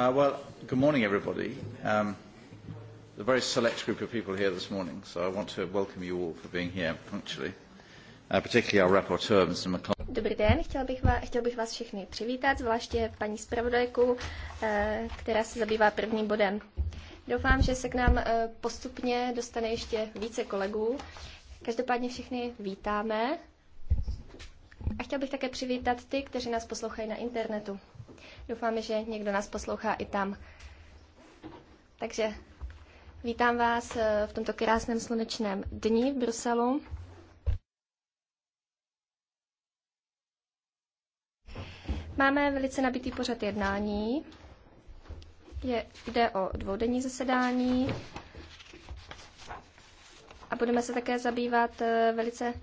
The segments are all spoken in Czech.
Uh, well, good morning, everybody. Um, a very select group of people here this morning, so I want to welcome you all for being here punctually, uh, particularly our rapporteur, Mr. McCall. Dobrý den, chtěl bych, vás, chtěl bych vás všechny přivítat, zvláště paní zpravodajku, uh, která se zabývá prvním bodem. Doufám, že se k nám uh, postupně dostane ještě více kolegů. Každopádně všechny vítáme a chtěl bych také přivítat ty, kteří nás poslouchají na internetu. Doufáme, že někdo nás poslouchá i tam. Takže vítám vás eh, v tomto krásném slunečném dni v Bruselu. Máme velice nabitý pořad jednání. Je, jde o dvoudenní zasedání a budeme se také zabývat eh, velice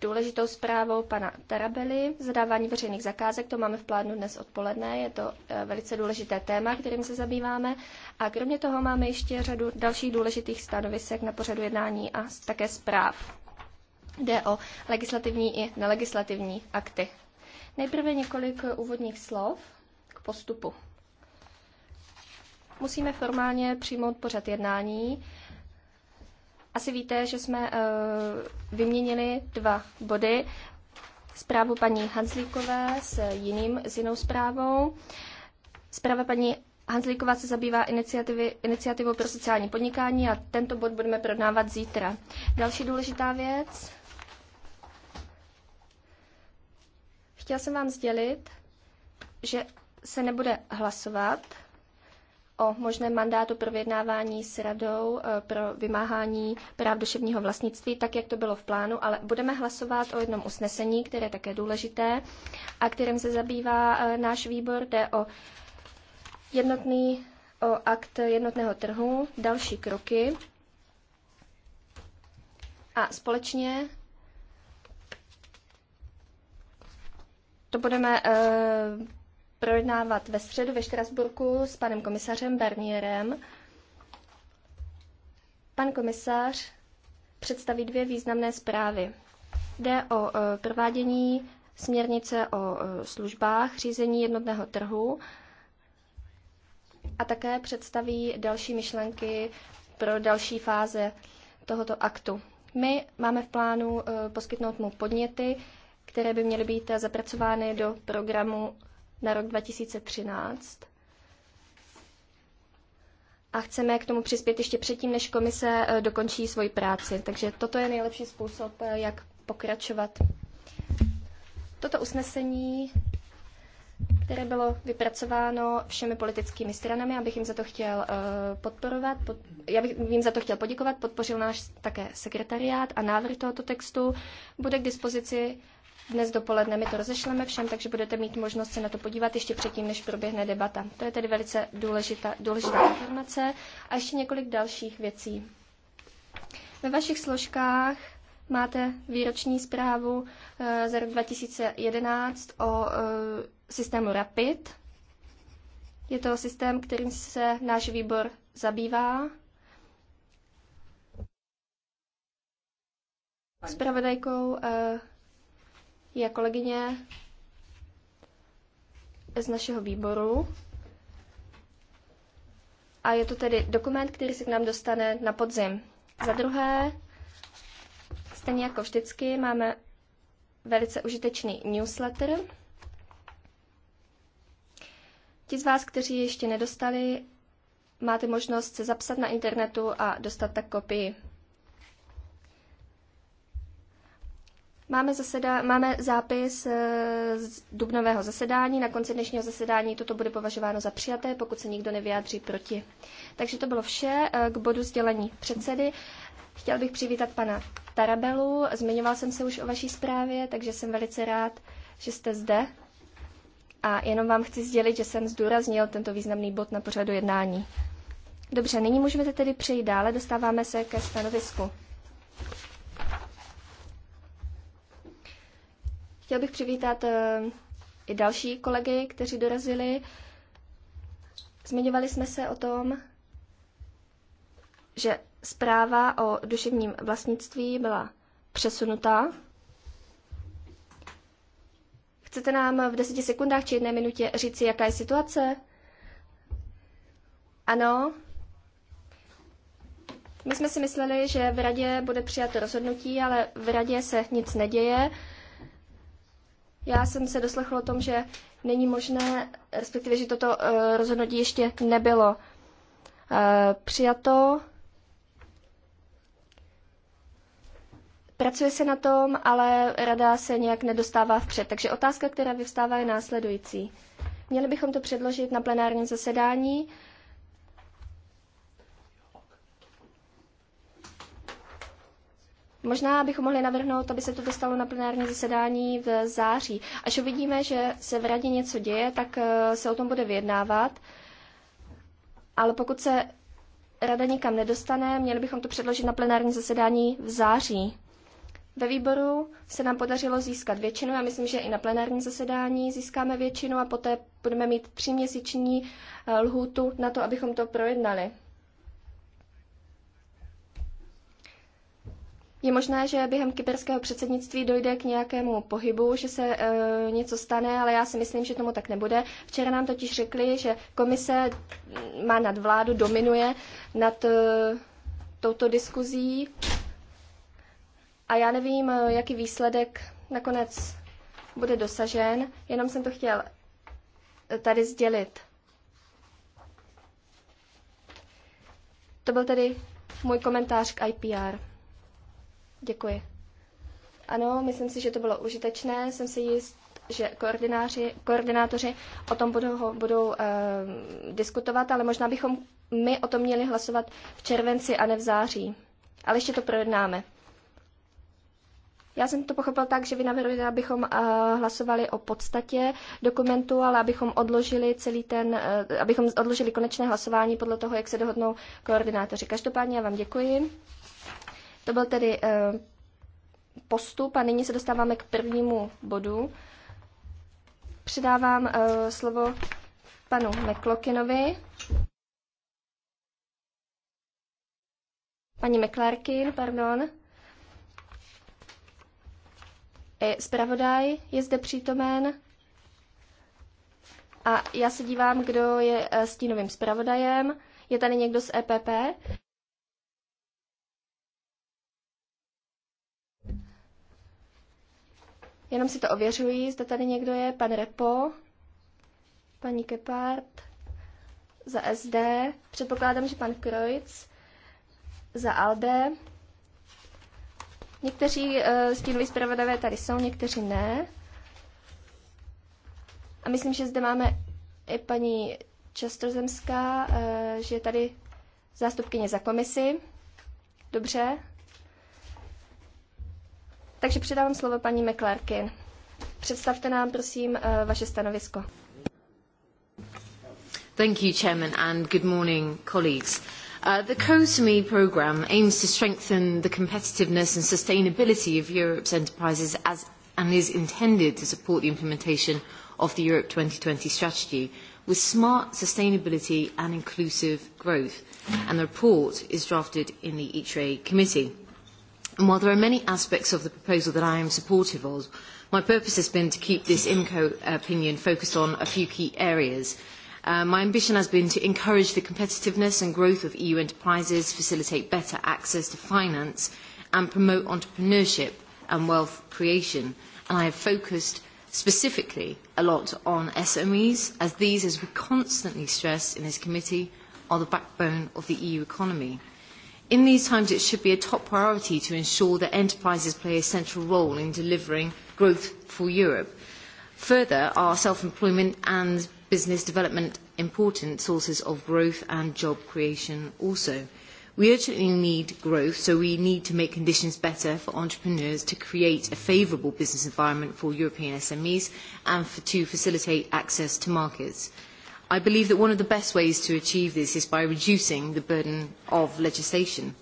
důležitou zprávou pana Tarabely. Zadávání veřejných zakázek, to máme v plánu dnes odpoledne, je to eh, velice důležité téma, kterým se zabýváme. A kromě toho máme ještě řadu dalších důležitých stanovisek na pořadu jednání a také zpráv. Jde o legislativní i nelegislativní akty. Nejprve několik úvodních slov k postupu. Musíme formálně přijmout pořad jednání asi víte, že jsme eh, vyměnili dva body. Zprávu paní Hanzlíkové s, jiným, s jinou zprávou. Zpráva paní Hanzlíková se zabývá iniciativou pro sociální podnikání a tento bod budeme prodávat zítra. Další důležitá věc. Chtěla jsem vám sdělit, že se nebude hlasovat o možném mandátu pro vyjednávání s radou eh, pro vymáhání práv duševního vlastnictví, tak jak to bylo v plánu, ale budeme hlasovat o jednom usnesení, které je také důležité a kterým se zabývá eh, náš výbor, jde o jednotný o akt jednotného trhu, další kroky a společně to budeme uh, projednávat ve středu ve Štrasburku s panem komisařem Bernierem. Pan komisař představí dvě významné zprávy. Jde o e, provádění směrnice o e, službách, řízení jednotného trhu a také představí další myšlenky pro další fáze tohoto aktu. My máme v plánu e, poskytnout mu podněty, které by měly být zapracovány do programu na rok 2013. A chceme k tomu přispět ještě předtím, než komise eh, dokončí svoji práci. Takže toto je nejlepší způsob, eh, jak pokračovat. Toto usnesení, které bylo vypracováno všemi politickými stranami, abych jim za to chtěl eh, podporovat, pod, já bych jim za to chtěl poděkovat, podpořil náš také sekretariát a návrh tohoto textu bude k dispozici dnes dopoledne my to rozešleme všem, takže budete mít možnost se na to podívat ještě předtím, než proběhne debata. To je tedy velice důležitá, důležitá informace. A ještě několik dalších věcí. Ve vašich složkách máte výroční zprávu e, za rok 2011 o e, systému RAPID. Je to systém, kterým se náš výbor zabývá. Zpravodajkou. e, eh, je kolegyně z našeho výboru. A je to tedy dokument, který se k nám dostane na podzim. Za druhé, stejně jako vždycky, máme velice užitečný newsletter. Ti z vás, kteří ještě nedostali, máte možnost se zapsat na internetu a dostat tak kopii. Máme, zaseda, máme zápis eh, z dubnového zasedání. Na konci dnešního zasedání toto bude považováno za přijaté, pokud se nikdo nevyjádří proti. Takže to bylo vše eh, k bodu sdělení předsedy. Chtěl bych přivítat pana Tarabelu. Zmiňoval jsem se už o vaší zprávě, takže jsem velice rád, že jste zde. A jenom vám chci sdělit, že jsem zdůraznil tento významný bod na pořadu jednání. Dobře, nyní můžeme tedy přejít dále. Dostáváme se ke stanovisku. Chtěl bych přivítat eh, i další kolegy, kteří dorazili. Zmiňovali jsme se o tom, že zpráva o duševním vlastnictví byla přesunuta. Chcete nám v deseti sekundách či jedné minutě říci, jaká je situace? Ano. My jsme si mysleli, že v radě bude přijato rozhodnutí, ale v radě se nic neděje. Já jsem se doslechla o tom, že není možné, respektive, že toto eh, rozhodnutí ještě nebylo eh, přijato. Pracuje se na tom, ale rada se nějak nedostává vpřed. Takže otázka, která vyvstává, je následující. Měli bychom to předložit na plenárním zasedání Možná bychom mohli navrhnout, aby se to dostalo na plenární zasedání v září. Až uvidíme, že se v radě něco děje, tak eh, se o tom bude vyjednávat. Ale pokud se rada nikam nedostane, měli bychom to předložit na plenární zasedání v září. Ve výboru se nám podařilo získat většinu Já myslím, že i na plenární zasedání získáme většinu a poté budeme mít tříměsíční eh, lhůtu na to, abychom to projednali. Je možné, že během kyperského předsednictví dojde k nějakému pohybu, že se e, něco stane, ale já si myslím, že tomu tak nebude. Včera nám totiž řekli, že komise mm, má nad vládu, dominuje nad e, touto diskuzí a já nevím, e, jaký výsledek nakonec bude dosažen, jenom jsem to chtěl e, tady sdělit. To byl tedy můj komentář k IPR. Děkuji. Ano, myslím si, že to bylo užitečné. Jsem si jist, že koordináři, koordinátoři o tom budou, budou uh, diskutovat, ale možná bychom my o tom měli hlasovat v červenci a ne v září. Ale ještě to projednáme. Já jsem to pochopil tak, že vy navrhujete, abychom eh, hlasovali o podstatě dokumentu, ale abychom odložili celý ten, eh, abychom odložili konečné hlasování podle toho, jak se dohodnou koordinátoři. Každopádně já vám děkuji. To byl tedy eh, postup a nyní se dostáváme k prvnímu bodu. Předávám eh, slovo panu McLaughlinovi. Paní McLarkin, pardon. I zpravodaj je zde přítomen. A já se dívám, kdo je eh, stínovým zpravodajem. Je tady někdo z EPP? Jenom si to ověřuji, zda tady někdo je. Pan Repo, paní Kepard za SD, předpokládám, že pan Krojc za ALD. Někteří uh, stínoví zpravodavé tady jsou, někteří ne. A myslím, že zde máme i paní Častrozemská, uh, že je tady zástupkyně za komisi. Dobře, takže předávám slovo paní McClarkin. Představte nám, prosím, eh, vaše stanovisko. Thank you, Chairman, and good morning, colleagues. Uh, the COSME programme aims to strengthen the competitiveness and sustainability of Europe's enterprises as, and is intended to support the implementation of the Europe 2020 strategy with smart sustainability and inclusive growth. And the report is drafted in the ITRE Committee. And while there are many aspects of the proposal that I am supportive of, my purpose has been to keep this IMCO opinion focused on a few key areas. Uh, my ambition has been to encourage the competitiveness and growth of EU enterprises, facilitate better access to finance, and promote entrepreneurship and wealth creation. And I have focused specifically a lot on SMEs, as these, as we constantly stress in this committee, are the backbone of the EU economy. In these times, it should be a top priority to ensure that enterprises play a central role in delivering growth for Europe. Further, are self-employment and business development important sources of growth and job creation also? We urgently need growth, so we need to make conditions better for entrepreneurs to create a favourable business environment for European SMEs and for, to facilitate access to markets. I believe that one of the best ways to achieve this is by reducing the burden of legislation.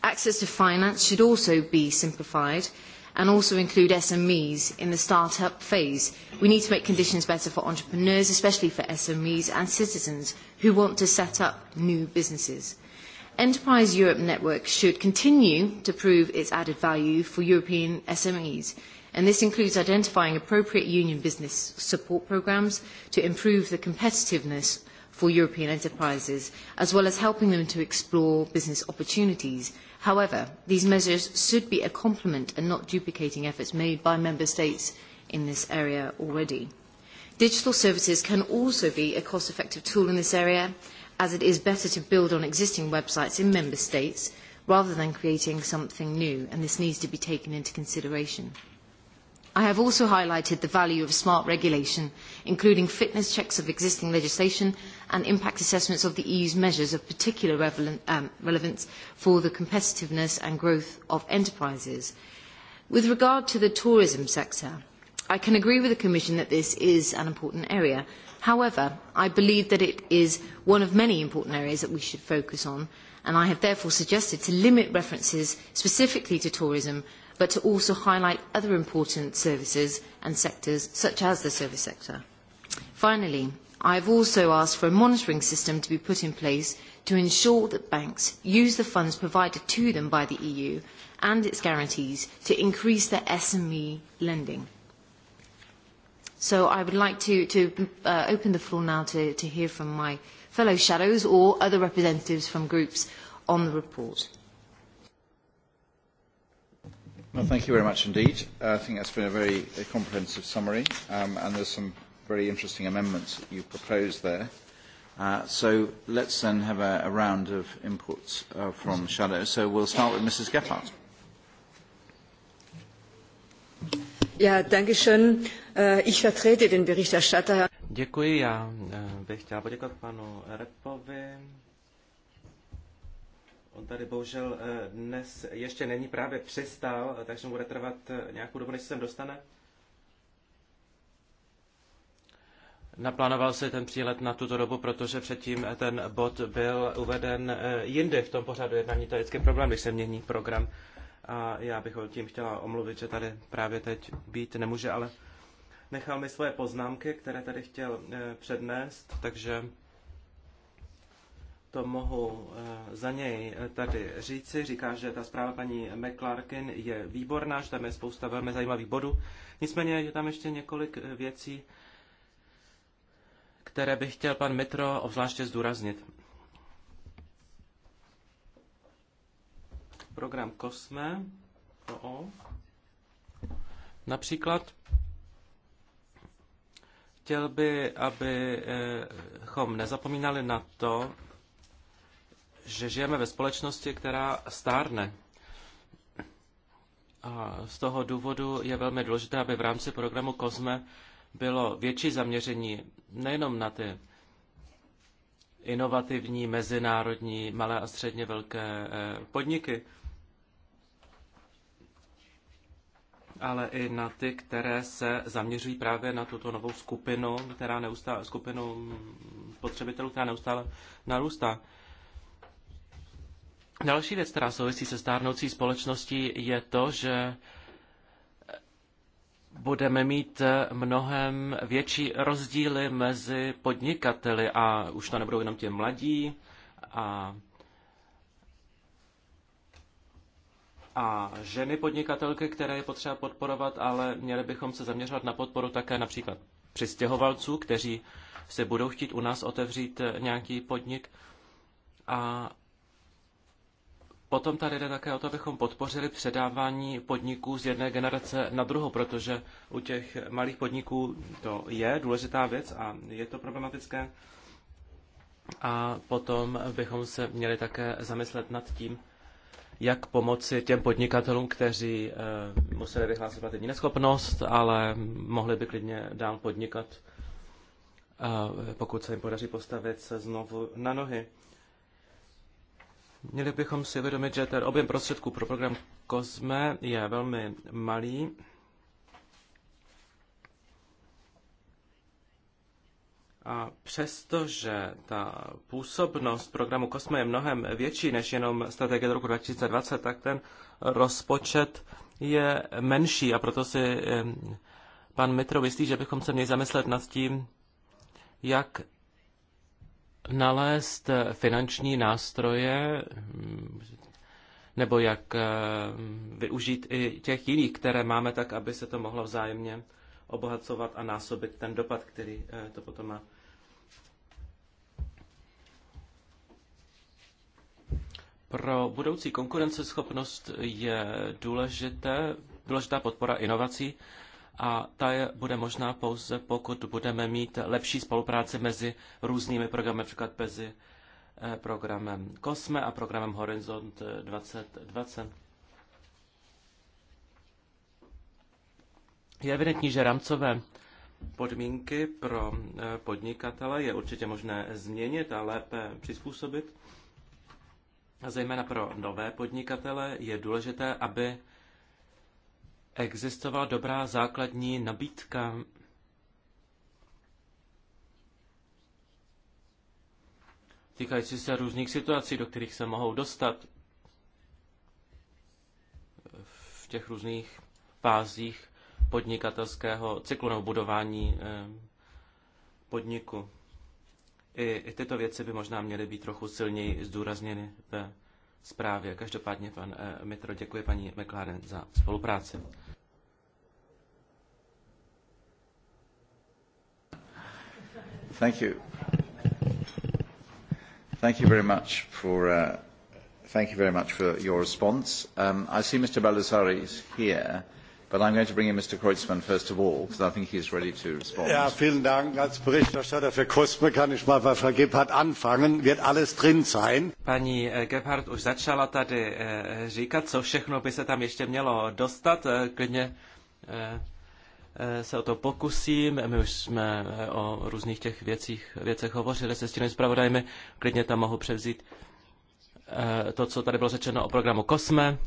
Access to finance should also be simplified and also include SMEs in the start-up phase. We need to make conditions better for entrepreneurs, especially for SMEs and citizens who want to set up new businesses. Enterprise Europe Network should continue to prove its added value for European SMEs and this includes identifying appropriate union business support programmes to improve the competitiveness for European enterprises, as well as helping them to explore business opportunities. However, these measures should be a complement and not duplicating efforts made by Member States in this area already. Digital services can also be a cost-effective tool in this area, as it is better to build on existing websites in Member States rather than creating something new, and this needs to be taken into consideration. I have also highlighted the value of smart regulation, including fitness checks of existing legislation and impact assessments of the EU's measures of particular um, relevance for the competitiveness and growth of enterprises. With regard to the tourism sector, I can agree with the Commission that this is an important area. However, I believe that it is one of many important areas that we should focus on, and I have therefore suggested to limit references specifically to tourism but to also highlight other important services and sectors, such as the service sector. Finally, I have also asked for a monitoring system to be put in place to ensure that banks use the funds provided to them by the EU and its guarantees to increase their SME lending. So I would like to, to uh, open the floor now to, to hear from my fellow shadows or other representatives from groups on the report. Well, thank you very much indeed. Uh, I think that's been a very a comprehensive summary, um, and there's some very interesting amendments that you proposed there. Uh, so let's then have a, a round of inputs uh, from Shadow. So we'll start with Mrs. Gephardt. Ja, danke schön. Uh, ich vertrete den Berichterstatter. Děkuji, já äh, bych chtěl poděkovat panu Repovi On tady bohužel eh, dnes ještě není právě přistál, eh, takže mu bude trvat eh, nějakou dobu, než se sem dostane. Naplánoval si ten přílet na tuto dobu, protože předtím ten bod byl uveden jindy v tom pořadu jednání. To je vždycky problém, když se mění program. A já bych ho tím chtěla omluvit, že tady právě teď být nemůže, ale nechal mi svoje poznámky, které tady chtěl přednést, takže to mohu eh, za něj eh, tady říci. Říká, že ta zpráva paní McClarkin je výborná, že tam je spousta velmi zajímavých bodů. Nicméně je tam ještě několik eh, věcí, které by chtěl pan Mitro obzvláště zdůraznit. Program Kosme, například chtěl by, abychom nezapomínali na to, že žijeme ve společnosti, která stárne. A z toho důvodu je velmi důležité, aby v rámci programu COSME bylo větší zaměření nejenom na ty inovativní, mezinárodní, malé a středně velké eh, podniky, ale i na ty, které se zaměřují právě na tuto novou skupinu, která neustále, skupinu spotřebitelů, která neustále narůstá. Další věc, která souvisí se stárnoucí společností, je to, že budeme mít mnohem větší rozdíly mezi podnikateli a už to nebudou jenom ti mladí a, a ženy podnikatelky, které je potřeba podporovat, ale měli bychom se zaměřovat na podporu také například přistěhovalců, kteří se budou chtít u nás otevřít nějaký podnik a Potom tady jde také o to, abychom podpořili předávání podniků z jedné generace na druhou, protože u těch malých podniků to je důležitá věc a je to problematické. A potom bychom se měli také zamyslet nad tím, jak pomoci těm podnikatelům, kteří eh, museli vyhlásit platební neschopnost, ale mohli by klidně dál podnikat, eh, pokud se jim podaří postavit se znovu na nohy. Měli bychom si uvědomit, že ten objem prostředků pro program COSME je velmi malý. A přestože ta působnost programu COSME je mnohem větší než jenom strategie do roku 2020, tak ten rozpočet je menší a proto si eh, pan Mitro myslí, že bychom se měli zamyslet nad tím, jak nalézt finanční nástroje nebo jak eh, využít i těch jiných, které máme, tak aby se to mohlo vzájemně obohacovat a násobit ten dopad, který eh, to potom má. Pro budoucí konkurenceschopnost je důležité, důležitá podpora inovací a ta je, bude možná pouze, pokud budeme mít lepší spolupráci mezi různými programy, například mezi eh, programem COSME a programem Horizont 2020. Eh, je evidentní, že rámcové podmínky pro eh, podnikatele je určitě možné změnit a lépe přizpůsobit. A zejména pro nové podnikatele je důležité, aby existovala dobrá základní nabídka. Týkající se různých situací, do kterých se mohou dostat v těch různých fázích podnikatelského cyklu nebo budování eh, podniku. I, I tyto věci by možná měly být trochu silněji zdůrazněny ve zprávě. Každopádně, pan eh, Mitro, děkuji paní McLaren za spolupráci. Thank you. Thank you very much for, uh, thank you very much for your response. Um, I see Mr. Baldessari is here, but I'm going to bring in Mr. Kreutzmann first of all, because I think he is ready to respond. Ja, vielen Dank. Als Berichterstatter für Kosme kann ich mal bei Frau Gebhardt anfangen. Wird alles drin sein? Pani eh, Gebhardt už začala tady uh, říkat, co všechno by se tam ještě mělo dostat. Uh, Klidně uh, Eh, se o to pokusím. My už jsme eh, o různých těch věcích, věcech hovořili se stínovými zpravodajmi. Klidně tam mohu převzít eh, to, co tady bylo řečeno o programu Kosme.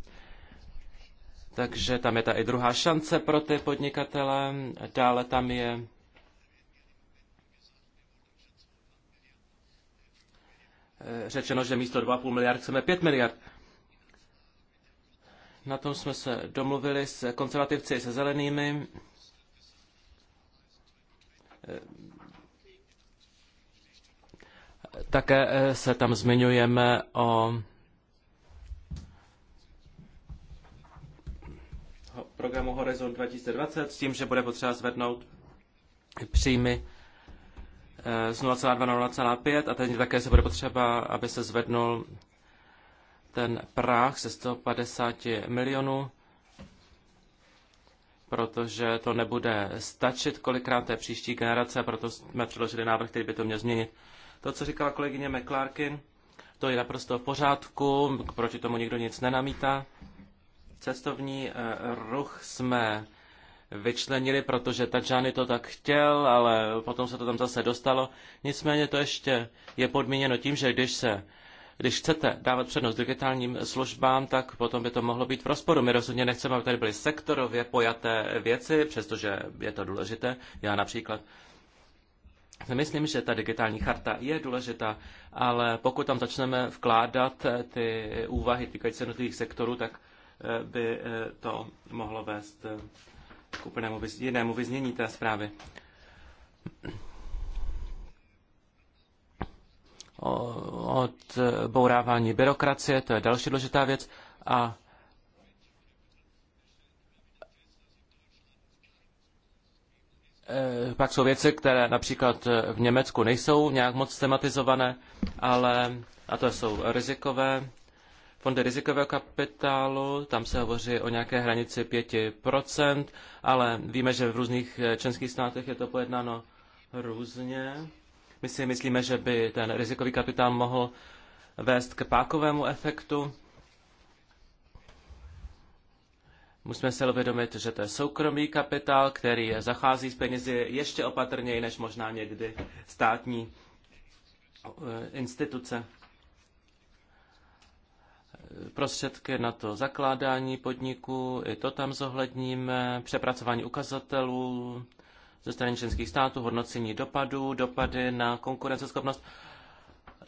Takže tam je ta i druhá šance pro ty podnikatele. Dále tam je řečeno, že místo 2,5 miliard chceme 5 miliard. Na tom jsme se domluvili s konzervativci, se zelenými. Také eh, se tam zmiňujeme o programu Horizon 2020 s tím, že bude potřeba zvednout příjmy eh, z 0,2 na 0,5 a teď také se bude potřeba, aby se zvednul ten práh ze 150 milionů protože to nebude stačit kolikrát té příští generace, proto jsme předložili návrh, který by to měl změnit. To, co říkala kolegyně McClarkin, to je naprosto v pořádku, proti tomu nikdo nic nenamítá. Cestovní eh, ruch jsme vyčlenili, protože Tadžány to tak chtěl, ale potom se to tam zase dostalo. Nicméně to ještě je podmíněno tím, že když se když chcete dávat přednost digitálním službám, tak potom by to mohlo být v rozporu. My rozhodně nechceme, aby tady byly sektorově pojaté věci, přestože je to důležité. Já například Myslím, že ta digitální charta je důležitá, ale pokud tam začneme vkládat ty úvahy týkající jednotlivých sektorů, tak eh, by eh, to mohlo vést eh, k úplnému jinému vyznění té zprávy. odbourávání byrokracie, to je další důležitá věc. A e, pak jsou věci, které například v Německu nejsou nějak moc tematizované, ale, a to jsou rizikové, fondy rizikového kapitálu, tam se hovoří o nějaké hranici 5%, ale víme, že v různých členských státech je to pojednáno různě. My si myslíme, že by ten rizikový kapitál mohl vést k pákovému efektu. Musíme si uvědomit, že to je soukromý kapitál, který zachází s penězi ještě opatrněji než možná někdy státní eh, instituce. Prostředky na to zakládání podniků, i to tam zohledníme, přepracování ukazatelů, ze strany členských států, hodnocení dopadů, dopady na konkurenceschopnost.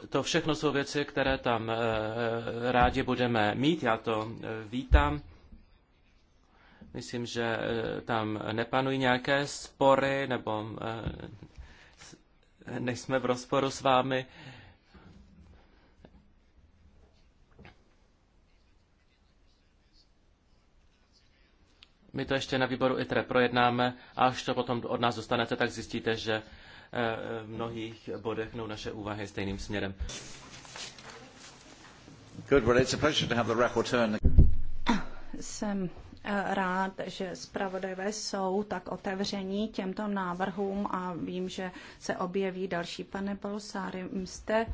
To všechno jsou věci, které tam eh, eh, rádi budeme mít. Já to eh, vítám. Myslím, že tam nepanují nějaké spory, nebo nejsme v rozporu s vámi. My to ještě na výboru ITRE projednáme a až to potom od nás dostanete, tak zjistíte, že eh, v mnohých bodech jdou naše úvahy stejným směrem. Good, well, it's a pleasure to have the rapporteur. Jsem eh, rád, že zpravodajové jsou tak otevření těmto návrhům a vím, že se objeví další. Pane Bolsáry, jste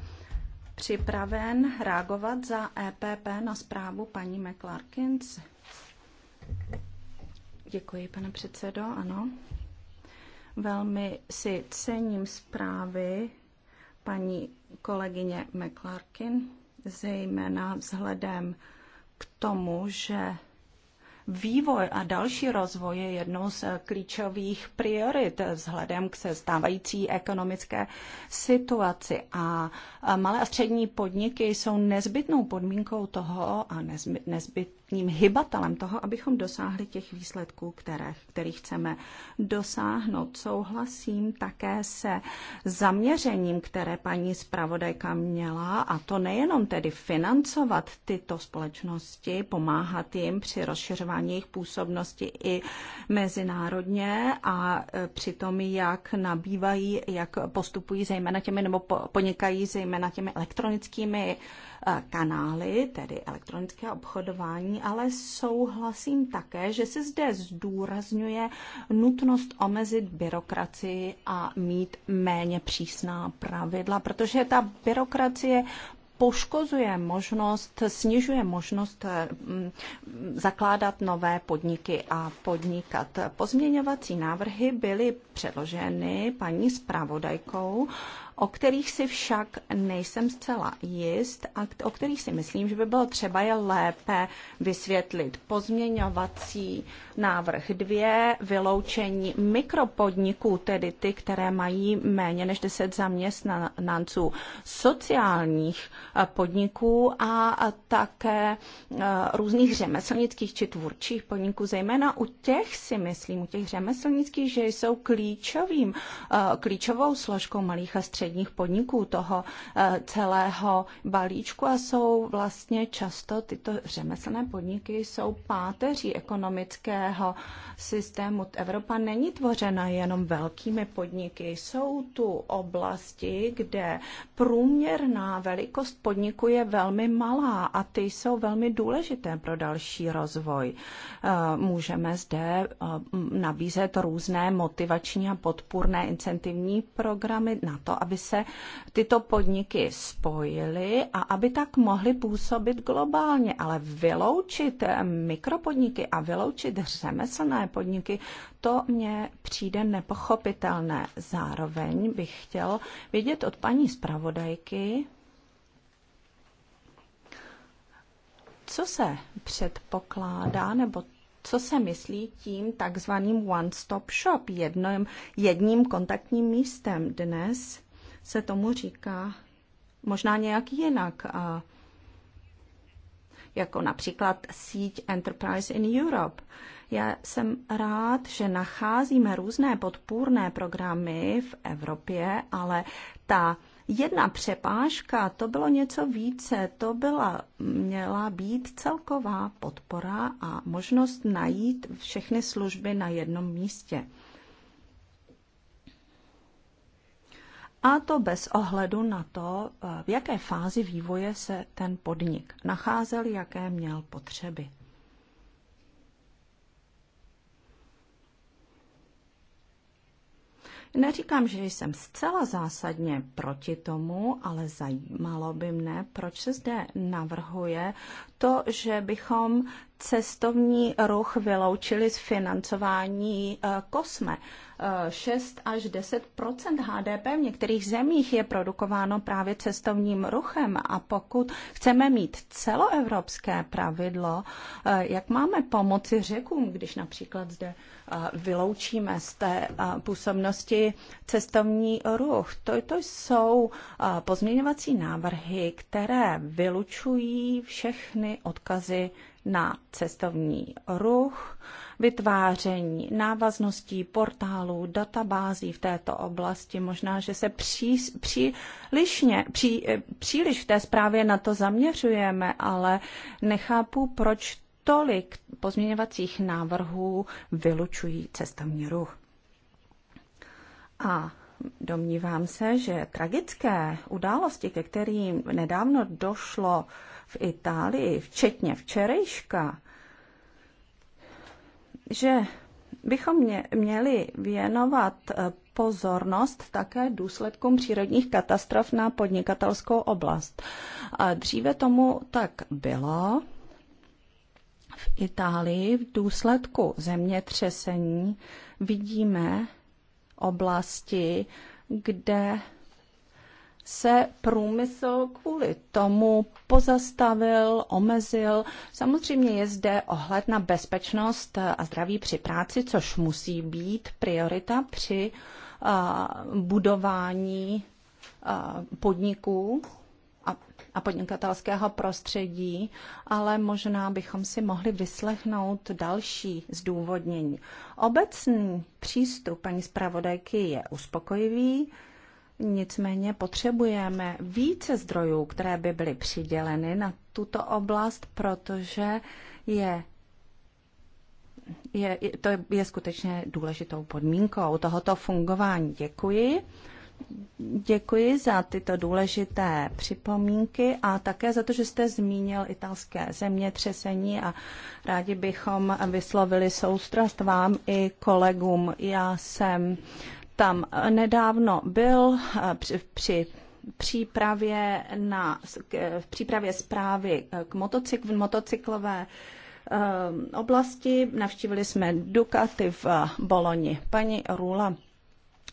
připraven reagovat za EPP na zprávu paní McClarkins? Děkuji, pane předsedo, ano. Velmi si cením zprávy paní kolegyně McClarkin, zejména vzhledem k tomu, že Vývoj a další rozvoj je jednou z klíčových priorit vzhledem k se stávající ekonomické situaci a malé a střední podniky jsou nezbytnou podmínkou toho a nezbyt, nezbyt, hlavním hybatelem toho, abychom dosáhli těch výsledků, které, kterých chceme dosáhnout. Souhlasím také se zaměřením, které paní zpravodajka měla, a to nejenom tedy financovat tyto společnosti, pomáhat jim při rozšiřování jejich působnosti i mezinárodně a e, při tom, jak nabývají, jak postupují zejména těmi nebo podnikají zejména těmi elektronickými Eh, kanály, tedy elektronické obchodování, ale souhlasím také, že se zde zdůrazňuje nutnost omezit byrokracii a mít méně přísná pravidla, protože ta byrokracie poškozuje možnost, snižuje možnost eh, mm, zakládat nové podniky a podnikat. Pozměňovací návrhy byly předloženy paní zpravodajkou o kterých si však nejsem zcela jist a o kterých si myslím, že by bylo třeba je lépe vysvětlit. Pozměňovací návrh 2, vyloučení mikropodniků, tedy ty, které mají méně než 10 zaměstnanců, sociálních eh, podniků a také eh, různých řemeslnických či tvůrčích podniků, zejména u těch si myslím, u těch řemeslnických, že jsou klíčovým, eh, klíčovou složkou malých a středních středních podniků toho eh, celého balíčku a jsou vlastně často tyto řemeslné podniky jsou páteří ekonomického systému. Evropa není tvořena jenom velkými podniky. Jsou tu oblasti, kde průměrná velikost podniku je velmi malá a ty jsou velmi důležité pro další rozvoj. Eh, můžeme zde eh, nabízet různé motivační a podpůrné incentivní programy na to, aby se tyto podniky spojily a aby tak mohly působit globálně. Ale vyloučit eh, mikropodniky a vyloučit řemeslné podniky, to mně přijde nepochopitelné. Zároveň bych chtěl vědět od paní zpravodajky, co se předpokládá nebo co se myslí tím takzvaným one-stop shop, jedním, jedním kontaktním místem dnes se tomu říká možná nějak jinak. A jako například síť Enterprise in Europe. Já jsem rád, že nacházíme různé podpůrné programy v Evropě, ale ta jedna přepážka, to bylo něco více, to byla, měla být celková podpora a možnost najít všechny služby na jednom místě. a to bez ohledu na to, eh, v jaké fázi vývoje se ten podnik nacházel, jaké měl potřeby. Neříkám, že jsem zcela zásadně proti tomu, ale zajímalo by mne, proč se zde navrhuje to, že bychom cestovní ruch vyloučili z financování eh, kosme. 6 eh, až 10 HDP v některých zemích je produkováno právě cestovním ruchem a pokud chceme mít celoevropské pravidlo, eh, jak máme pomoci řekům, když například zde vyloučíme z té působnosti cestovní ruch. To, to jsou pozměňovací návrhy, které vylučují všechny odkazy na cestovní ruch, vytváření návazností, portálů, databází v této oblasti. Možná, že se pří, lišně, pří, příliš v té zprávě na to zaměřujeme, ale nechápu, proč tolik pozměňovacích návrhů vylučují cestovní ruch. A domnívám se, že tragické události, ke kterým nedávno došlo, v Itálii, včetně včerejška, že bychom měli věnovat eh, pozornost také důsledkům přírodních katastrof na podnikatelskou oblast. A dříve tomu tak bylo. V Itálii v důsledku zemětřesení vidíme oblasti, kde se průmysl kvůli tomu pozastavil, omezil. Samozřejmě je zde ohled na bezpečnost a zdraví při práci, což musí být priorita při budování podniků a podnikatelského prostředí, ale možná bychom si mohli vyslechnout další zdůvodnění. Obecný přístup paní zpravodajky je uspokojivý, Nicméně potřebujeme více zdrojů, které by byly přiděleny na tuto oblast, protože je, je, to je skutečně důležitou podmínkou tohoto fungování. Děkuji. Děkuji za tyto důležité připomínky a také za to, že jste zmínil italské zemětřesení a rádi bychom vyslovili soustrast vám i kolegům. Já jsem uh, tam nedávno byl eh, při, při přípravě na, eh, v přípravě zprávy k motocykl, v motocyklové eh, oblasti. Navštívili jsme Ducati v Boloni. Paní Rula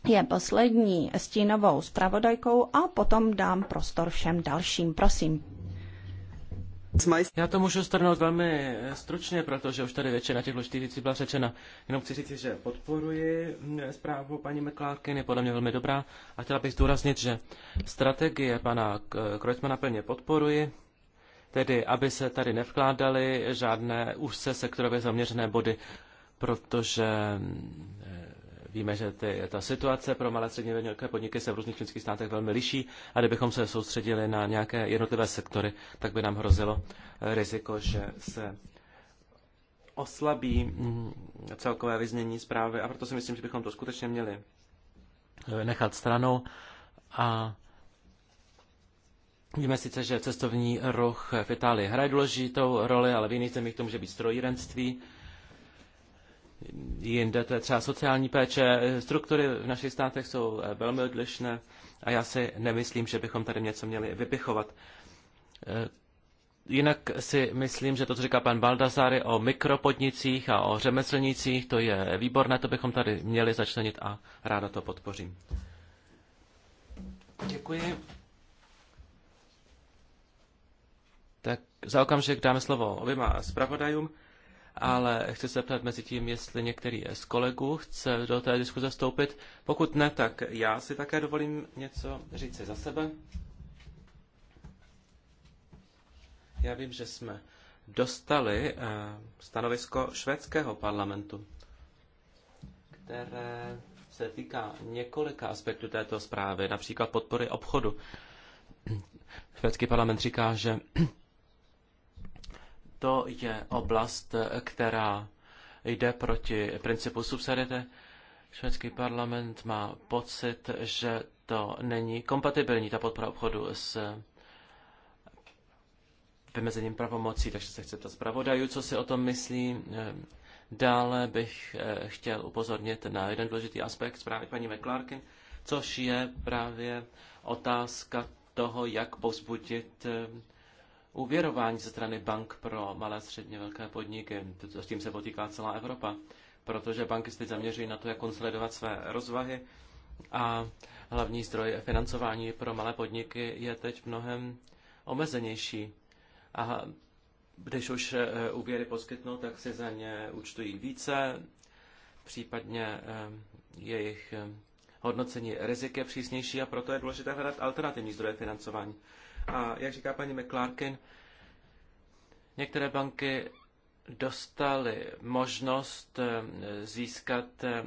je poslední stínovou zpravodajkou a potom dám prostor všem dalším. Prosím. Já to můžu strnout velmi eh, stručně, protože už tady většina těch důležitých věcí byla řečena. Jenom chci říct, že podporuji mm, zprávu paní McClarkin, je podle mě velmi dobrá a chtěla bych zdůraznit, že strategie pana Kreutzmana plně podporuji, tedy aby se tady nevkládaly žádné úzce sektorově zaměřené body, protože mm, Víme, že ty, ta situace pro malé střední velké podniky se v různých členských státech velmi liší a kdybychom se soustředili na nějaké jednotlivé sektory, tak by nám hrozilo eh, riziko, že se oslabí mm, celkové vyznění zprávy a proto si myslím, že bychom to skutečně měli eh, nechat stranou a Víme sice, že cestovní ruch v Itálii hraje důležitou roli, ale v jiných zemích to může být strojírenství jinde, to je třeba sociální péče. Struktury v našich státech jsou eh, velmi odlišné a já si nemyslím, že bychom tady něco měli vypichovat. Eh, jinak si myslím, že to, co říká pan Baldazary o mikropodnicích a o řemeslnicích, to je výborné, to bychom tady měli začlenit a ráda to podpořím. Děkuji. Tak za okamžik dáme slovo oběma zpravodajům ale chci se zeptat mezi tím, jestli některý z kolegů chce do té diskuze vstoupit. Pokud ne, tak já si také dovolím něco říct si za sebe. Já vím, že jsme dostali eh, stanovisko švédského parlamentu, které se týká několika aspektů této zprávy, například podpory obchodu. Švédský parlament říká, že to je oblast, která jde proti principu subsidiarity. Švédský parlament má pocit, že to není kompatibilní, ta podpora obchodu s vymezením pravomocí, takže se chce to zpravodajů, co si o tom myslí. Dále bych eh, chtěl upozornit na jeden důležitý aspekt zprávy paní McClarkin, což je právě otázka toho, jak pozbudit eh, úvěrování ze strany bank pro malé, středně velké podniky. S tím se potýká celá Evropa, protože banky se teď zaměřují na to, jak konsolidovat své rozvahy a hlavní zdroj financování pro malé podniky je teď mnohem omezenější. A když už eh, úvěry poskytnou, tak si za ně účtují více, případně eh, jejich eh, hodnocení rizik je přísnější a proto je důležité hledat alternativní zdroje financování. A jak říká paní McClarkin, některé banky dostaly možnost eh, získat eh,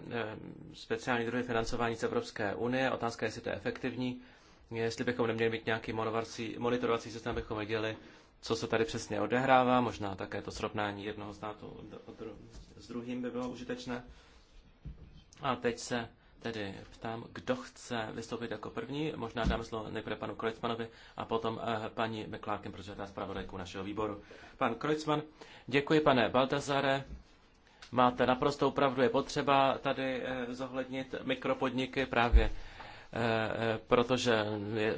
speciální druhy financování z Evropské unie. Otázka je, jestli to je efektivní. Jestli bychom neměli mít nějaký monitorovací systém, bychom věděli, co se tady přesně odehrává. Možná také to srovnání jednoho státu s druhým by bylo užitečné. A teď se tedy ptám, kdo chce vystoupit jako první. Možná dám slovo nejprve panu Krojcmanovi a potom eh, paní McClarkin, protože je zpravodajkou našeho výboru. Pan Krojcman, děkuji pane Baltazare. Máte naprostou pravdu, je potřeba tady eh, zohlednit mikropodniky právě eh, protože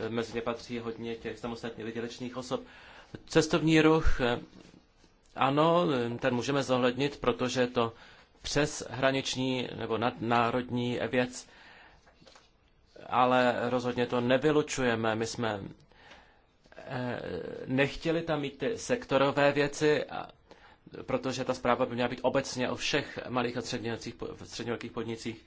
mezi ně patří hodně těch samostatně vydělečných osob. Cestovní ruch, ano, ten můžeme zohlednit, protože to přes hraniční nebo nadnárodní věc, ale rozhodně to nevylučujeme. My jsme eh, nechtěli tam mít ty sektorové věci, protože ta zpráva by měla být obecně o všech malých a středních podnicích.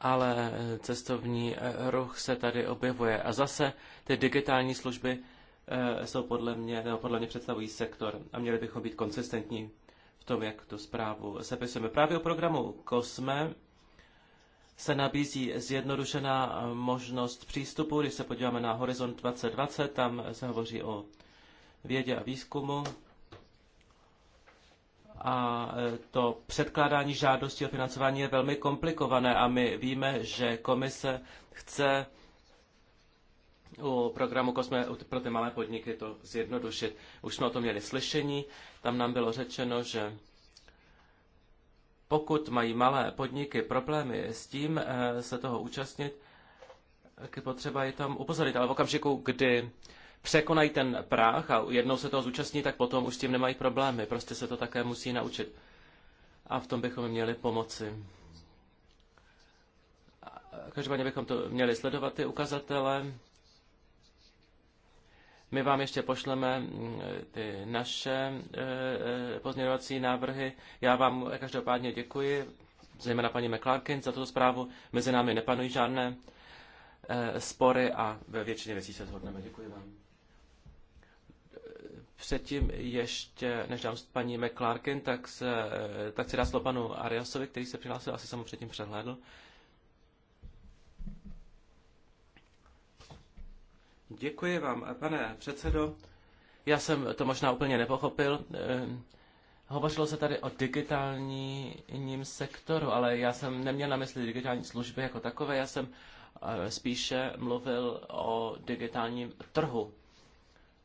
Ale eh, cestovní eh, ruch se tady objevuje. A zase ty digitální služby Eh, jsou podle mě, nebo podle mě představují sektor a měli bychom být konsistentní v tom, jak tu zprávu sepisujeme. Právě o programu COSME se nabízí zjednodušená možnost přístupu. Když se podíváme na Horizont 2020, tam se hovoří o vědě a výzkumu a eh, to předkládání žádostí o financování je velmi komplikované a my víme, že komise chce u programu Kosme pro ty malé podniky to zjednodušit. Už jsme o tom měli slyšení, tam nám bylo řečeno, že pokud mají malé podniky problémy s tím eh, se toho účastnit, tak je potřeba je tam upozornit. Ale v okamžiku, kdy překonají ten práh a jednou se toho zúčastní, tak potom už s tím nemají problémy. Prostě se to také musí naučit. A v tom bychom měli pomoci. Každopádně bychom to měli sledovat, ty ukazatele. My vám ještě pošleme mm, ty naše e, e, pozměňovací návrhy. Já vám každopádně děkuji, zejména paní McClarkin, za tuto zprávu. Mezi námi nepanují žádné e, spory a ve většině věcí se shodneme. Děkuji vám. Předtím ještě, než dám paní McClarkin, tak, se, tak si dá slovo panu Ariasovi, který se přihlásil, asi jsem mu předtím přehlédl. Děkuji vám, pane předsedo. Já jsem to možná úplně nepochopil. Eh, hovořilo se tady o digitálním sektoru, ale já jsem neměl na mysli digitální služby jako takové, já jsem eh, spíše mluvil o digitálním trhu,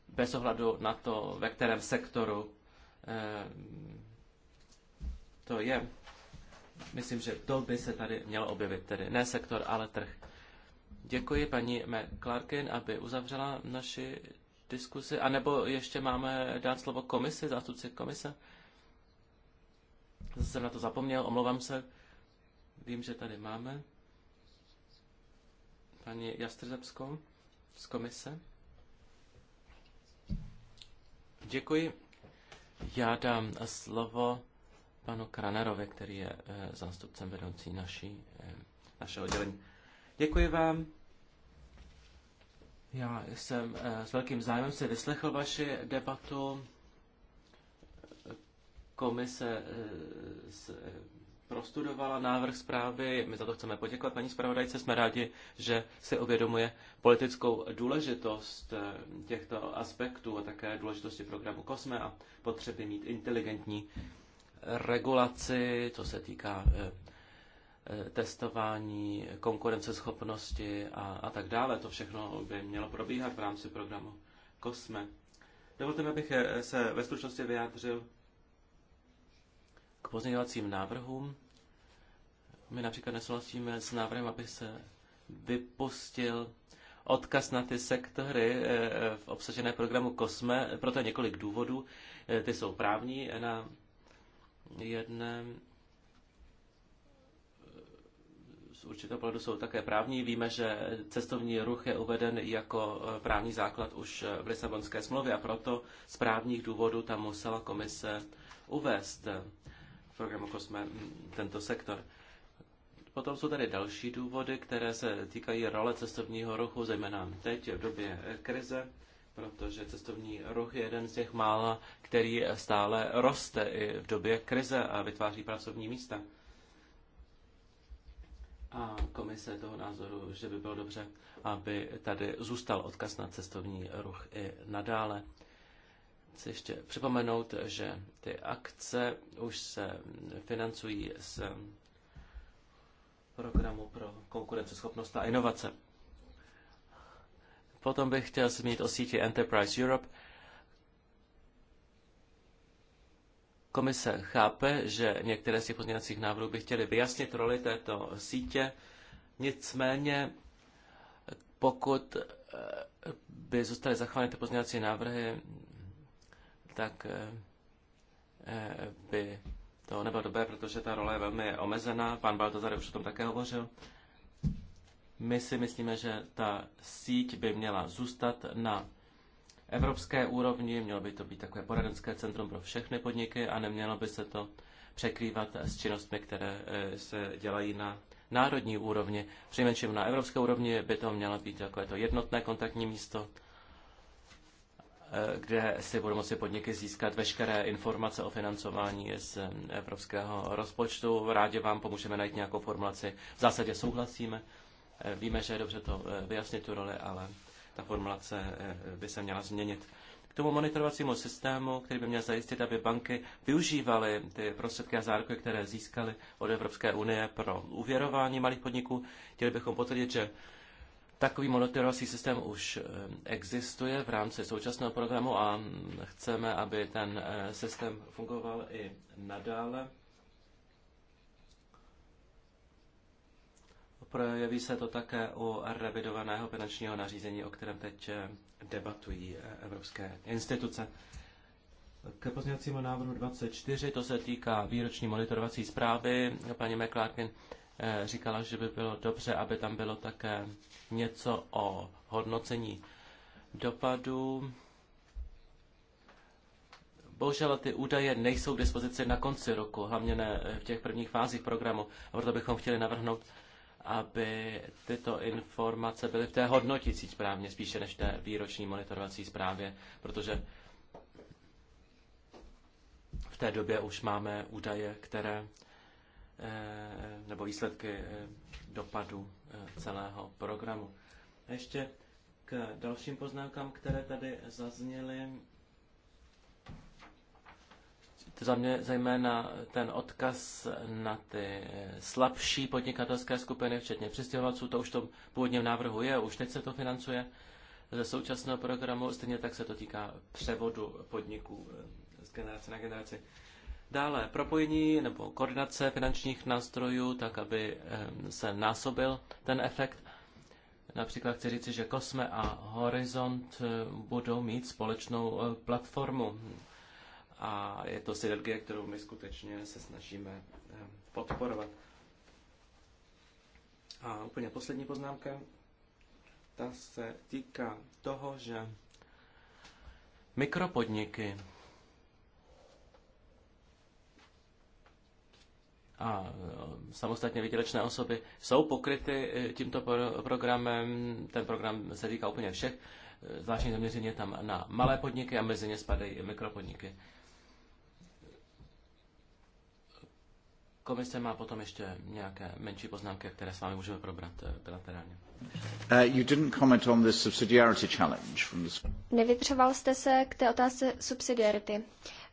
bez ohledu na to, ve kterém sektoru eh, to je. Myslím, že to by se tady mělo objevit, tedy ne sektor, ale trh. Děkuji paní McClarkin, aby uzavřela naši diskusi. A nebo ještě máme dát slovo komisi, zástupci komise? Zase jsem na to zapomněl, omlouvám se. Vím, že tady máme paní Jastrzebskou z komise. Děkuji. Já dám slovo panu Kranerovi, který je eh, zástupcem vedoucí naší, eh, našeho oddělení. Děkuji vám. Já jsem eh, s velkým zájmem si vyslechl vaši debatu. Komise eh, eh, prostudovala návrh zprávy. My za to chceme poděkovat paní zpravodajce. Jsme rádi, že si uvědomuje politickou důležitost těchto aspektů a také důležitosti programu COSME a potřeby mít inteligentní regulaci, co se týká Eh, testování konkurenceschopnosti a, a tak dále. To všechno by mělo probíhat v rámci programu COSME. Dovolte mi, abych eh, se ve stručnosti vyjádřil k pozměňovacím návrhům. My například nesouhlasíme s návrhem, aby se vypustil odkaz na ty sektory eh, v obsažené programu COSME. Proto je několik důvodů. Ty jsou právní na jedné určitého pohledu jsou také právní. Víme, že cestovní ruch je uveden jako eh, právní základ už eh, v Lisabonské smlouvě a proto z právních důvodů tam musela komise uvést eh, v programu Kosme mm, tento sektor. Potom jsou tady další důvody, které se týkají role cestovního ruchu, zejména teď v době krize, protože cestovní ruch je jeden z těch mála, který stále roste i v době krize a vytváří pracovní místa. A komise toho názoru, že by bylo dobře, aby tady zůstal odkaz na cestovní ruch i nadále. Chci ještě připomenout, že ty akce už se financují z programu pro konkurenceschopnost a inovace. Potom bych chtěl zmínit o síti Enterprise Europe. Komise chápe, že některé z těch pozměňovacích návrhů by chtěly vyjasnit roli této sítě, nicméně pokud eh, by zůstaly zachovány ty pozměňovací návrhy, tak eh, eh, by to nebylo dobré, protože ta role je velmi omezená. Pan Baltazar už o tom také hovořil. My si myslíme, že ta síť by měla zůstat na evropské úrovni, mělo by to být takové poradenské centrum pro všechny podniky a nemělo by se to překrývat s činnostmi, které eh, se dělají na národní úrovni. Přinejmenším na evropské úrovni by to mělo být takové to jednotné kontaktní místo, eh, kde si budou moci podniky získat veškeré informace o financování z evropského rozpočtu. Rádi vám pomůžeme najít nějakou formulaci. V zásadě souhlasíme. Eh, víme, že je dobře to vyjasnit tu roli, ale ta formulace eh, eh, by se měla změnit. K tomu monitorovacímu systému, který by měl zajistit, aby banky využívaly ty prostředky a záruky, které získaly od Evropské unie pro uvěrování malých podniků, chtěli bychom potvrdit, že Takový monitorovací systém už eh, existuje v rámci současného programu a mm, chceme, aby ten systém fungoval i nadále. Projeví se to také u revidovaného finančního nařízení, o kterém teď eh, debatují eh, evropské instituce. K pozměňovacímu návrhu 24, to se týká výroční monitorovací zprávy. Paní McClarkin eh, říkala, že by bylo dobře, aby tam bylo také něco o hodnocení dopadů. Bohužel ty údaje nejsou k dispozici na konci roku, hlavně ne v těch prvních fázích programu, a proto bychom chtěli navrhnout aby tyto informace byly v té hodnotící správně, spíše než té výroční monitorovací zprávě, protože v té době už máme údaje, které eh, nebo výsledky eh, dopadu eh, celého programu. Ještě k dalším poznámkám, které tady zazněly zejména ten odkaz na ty eh, slabší podnikatelské skupiny, včetně přistěhovalců, to už to původně v návrhu je, už teď se to financuje ze současného programu, stejně tak se to týká převodu podniků eh, z generace na generaci. Dále propojení nebo koordinace finančních nástrojů, tak aby eh, se násobil ten efekt. Například chci říci, že Kosme a Horizont budou mít společnou platformu a je to synergie, kterou my skutečně se snažíme eh, podporovat. A úplně poslední poznámka, ta se týká toho, že mikropodniky a eh, samostatně výdělečné osoby jsou pokryty eh, tímto programem. Ten program se týká úplně všech. Zvláštní zaměření je tam na malé podniky a mezi ně spadají i mikropodniky. Komise má potom ještě nějaké menší poznámky, které s vámi můžeme probrat eh, bilaterálně. Uh, you didn't comment on subsidiarity challenge from Nevytřoval jste se k té otázce subsidiarity,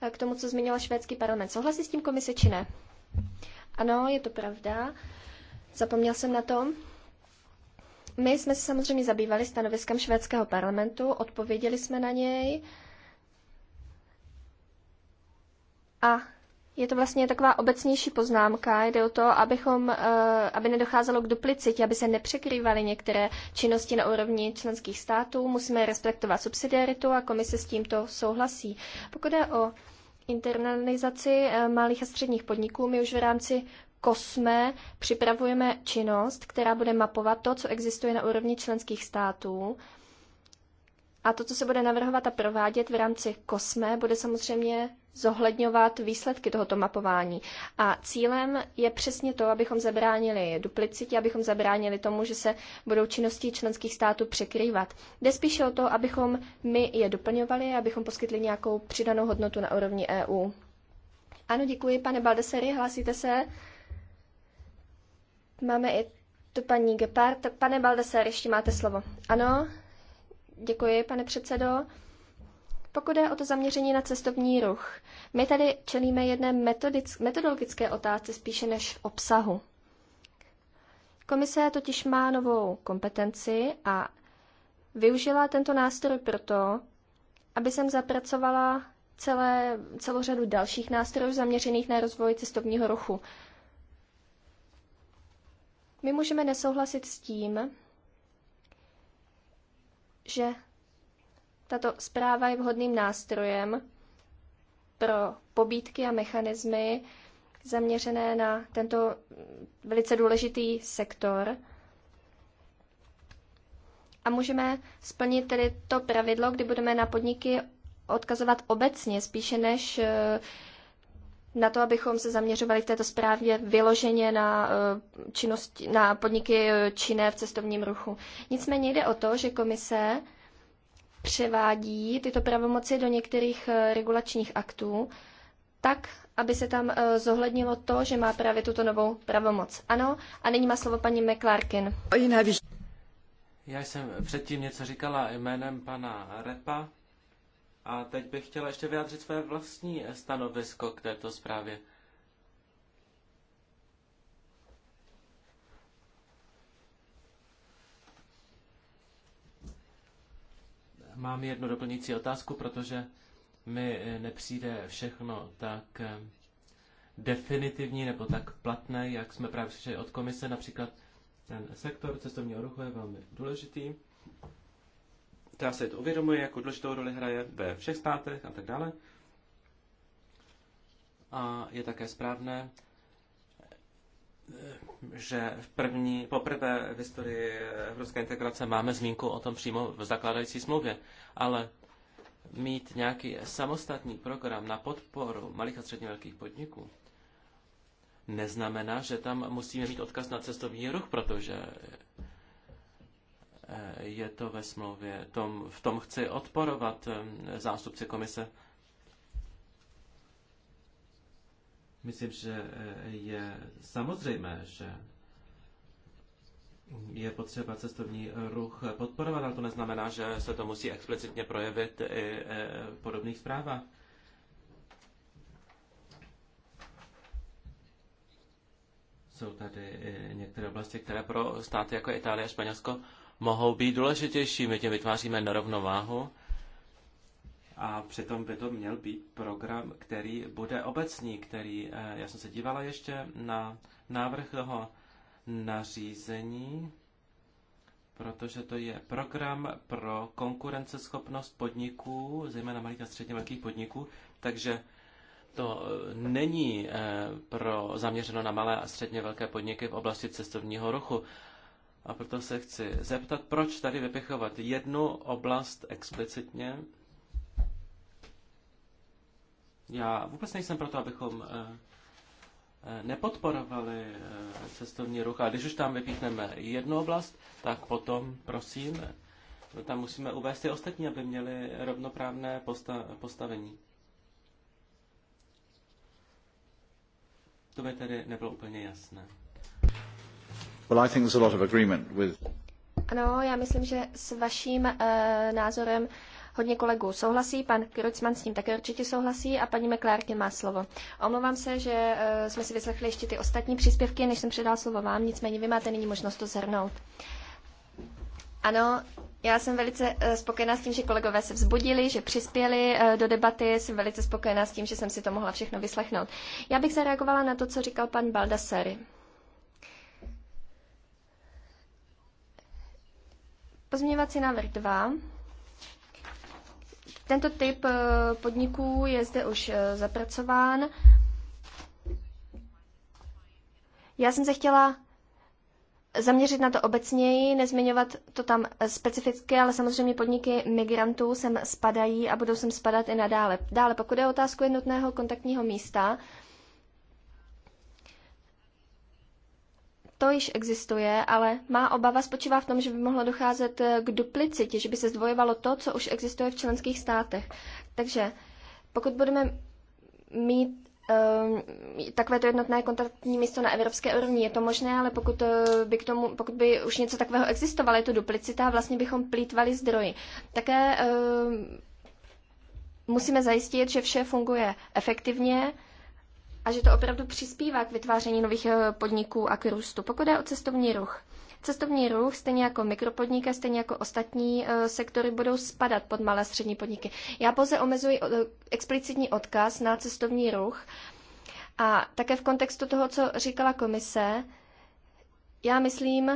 eh, k tomu, co zmiňoval švédský parlament. Souhlasí s tím komise či ne? Ano, je to pravda. Zapomněl jsem na to. My jsme se samozřejmě zabývali stanoviskem švédského parlamentu, odpověděli jsme na něj. A je to vlastně taková obecnější poznámka. Jde o to, abychom, eh, aby nedocházelo k duplicitě, aby se nepřekrývaly některé činnosti na úrovni členských států. Musíme respektovat subsidiaritu a komise s tímto souhlasí. Pokud je o internalizaci eh, malých a středních podniků, my už v rámci Kosme připravujeme činnost, která bude mapovat to, co existuje na úrovni členských států. A to, co se bude navrhovat a provádět v rámci kosme, bude samozřejmě zohledňovat výsledky tohoto mapování. A cílem je přesně to, abychom zabránili duplicitě, abychom zabránili tomu, že se budou činnosti členských států překrývat. Jde spíše o to, abychom my je doplňovali, abychom poskytli nějakou přidanou hodnotu na úrovni EU. Ano, děkuji, pane Baldeseri, hlásíte se? Máme i tu paní Gepard. Pane Baldeseri, ještě máte slovo. Ano, Děkuji, pane předsedo. Pokud je o to zaměření na cestovní ruch, my tady čelíme jedné metodologické otázce spíše než obsahu. Komise totiž má novou kompetenci a využila tento nástroj proto, aby jsem zapracovala celé, celou řadu dalších nástrojů zaměřených na rozvoj cestovního ruchu. My můžeme nesouhlasit s tím, že tato zpráva je vhodným nástrojem pro pobídky a mechanismy zaměřené na tento velice důležitý sektor. A můžeme splnit tedy to pravidlo, kdy budeme na podniky odkazovat obecně, spíše než na to, abychom se zaměřovali v této zprávě vyloženě na, eh, činnosti, na podniky eh, činné v cestovním ruchu. Nicméně jde o to, že komise převádí tyto pravomoci do některých eh, regulačních aktů, tak, aby se tam zohlednilo to, že má právě tuto novou pravomoc. Ano, a nyní má slovo paní McClarkin. Já jsem předtím něco říkala jménem pana Repa a teď bych chtěla ještě vyjádřit své vlastní stanovisko k této zprávě. Mám jednu doplňující otázku, protože mi nepřijde všechno tak eh, definitivní nebo tak platné, jak jsme právě slyšeli od komise. Například ten sektor cestovního ruchu je velmi důležitý která se to uvědomuje, jako důležitou roli hraje ve všech státech a tak dále. A je také správné, že v první, poprvé v historii evropské integrace máme zmínku o tom přímo v zakládající smlouvě, ale mít nějaký samostatný program na podporu malých a středně velkých podniků neznamená, že tam musíme mít odkaz na cestovní ruch, protože Eh, je to ve smlouvě. Tom, v tom chci odporovat eh, zástupci komise. Myslím, že eh, je samozřejmé, že je potřeba cestovní ruch podporovat, ale to neznamená, že se to musí explicitně projevit i v podobných zprávách. Jsou tady některé oblasti, které pro státy jako Itálie a Španělsko mohou být důležitější. My tím vytváříme nerovnováhu a přitom by to měl být program, který bude obecný, který, eh, já jsem se dívala ještě na návrh toho nařízení, protože to je program pro konkurenceschopnost podniků, zejména malých a středně velkých podniků, takže to eh, není eh, pro zaměřeno na malé a středně velké podniky v oblasti cestovního ruchu, a proto se chci zeptat, proč tady vypichovat jednu oblast explicitně. Já vůbec nejsem proto, abychom eh, eh, nepodporovali eh, cestovní ruch. A když už tam vypíchneme jednu oblast, tak potom, prosím, tam musíme uvést i ostatní, aby měli rovnoprávné posta- postavení. To by tedy nebylo úplně jasné. Well, I think there's a lot of agreement with... Ano, já myslím, že s vaším uh, názorem hodně kolegů souhlasí, pan Kreutzmann s ním také určitě souhlasí a paní McClarkin má slovo. Omlouvám se, že uh, jsme si vyslechli ještě ty ostatní příspěvky, než jsem předal slovo vám, nicméně vy máte nyní možnost to zhrnout. Ano, já jsem velice eh, spokojená s tím, že kolegové se vzbudili, že přispěli do debaty. Jsem velice spokojená s tím, že jsem si to mohla všechno vyslechnout. Já bych zareagovala na to, co říkal pan Baldassari. Pozměňovací návrh 2. Tento typ eh, podniků je zde už eh, zapracován. Já jsem se chtěla zaměřit na to obecněji, nezmiňovat to tam eh, specificky, ale samozřejmě podniky migrantů sem spadají a budou sem spadat i nadále. Dále, pokud je otázku jednotného kontaktního místa, to již existuje, ale má obava spočívá v tom, že by mohlo docházet eh, k duplicitě, že by se zdvojovalo to, co už existuje v členských státech. Takže pokud budeme mít eh, takovéto jednotné kontaktní místo na evropské úrovni. Je to možné, ale pokud eh, by, k tomu, pokud by už něco takového existovalo, je to duplicita, vlastně bychom plítvali zdroji. Také musíme zajistit, že vše funguje efektivně, a že to opravdu přispívá k vytváření nových eh, podniků a k růstu. Pokud je o cestovní ruch, Cestovní ruch, stejně jako mikropodniky, stejně jako ostatní eh, sektory, budou spadat pod malé střední podniky. Já pouze omezuji eh, explicitní odkaz na cestovní ruch a také v kontextu toho, co říkala komise, já myslím,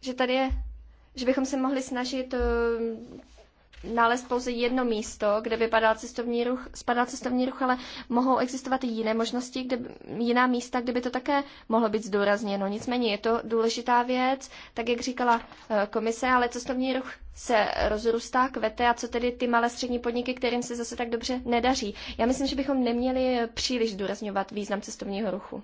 že tady je, že bychom se mohli snažit nalézt pouze jedno místo, kde by padal cestovní ruch, spadal cestovní ruch, ale mohou existovat i jiné možnosti, kde, jiná místa, kde by to také mohlo být zdůrazněno. Nicméně je to důležitá věc, tak jak říkala eh, komise, ale cestovní ruch se rozrůstá, kvete a co tedy ty malé střední podniky, kterým se zase tak dobře nedaří. Já myslím, že bychom neměli příliš zdůrazňovat význam cestovního ruchu.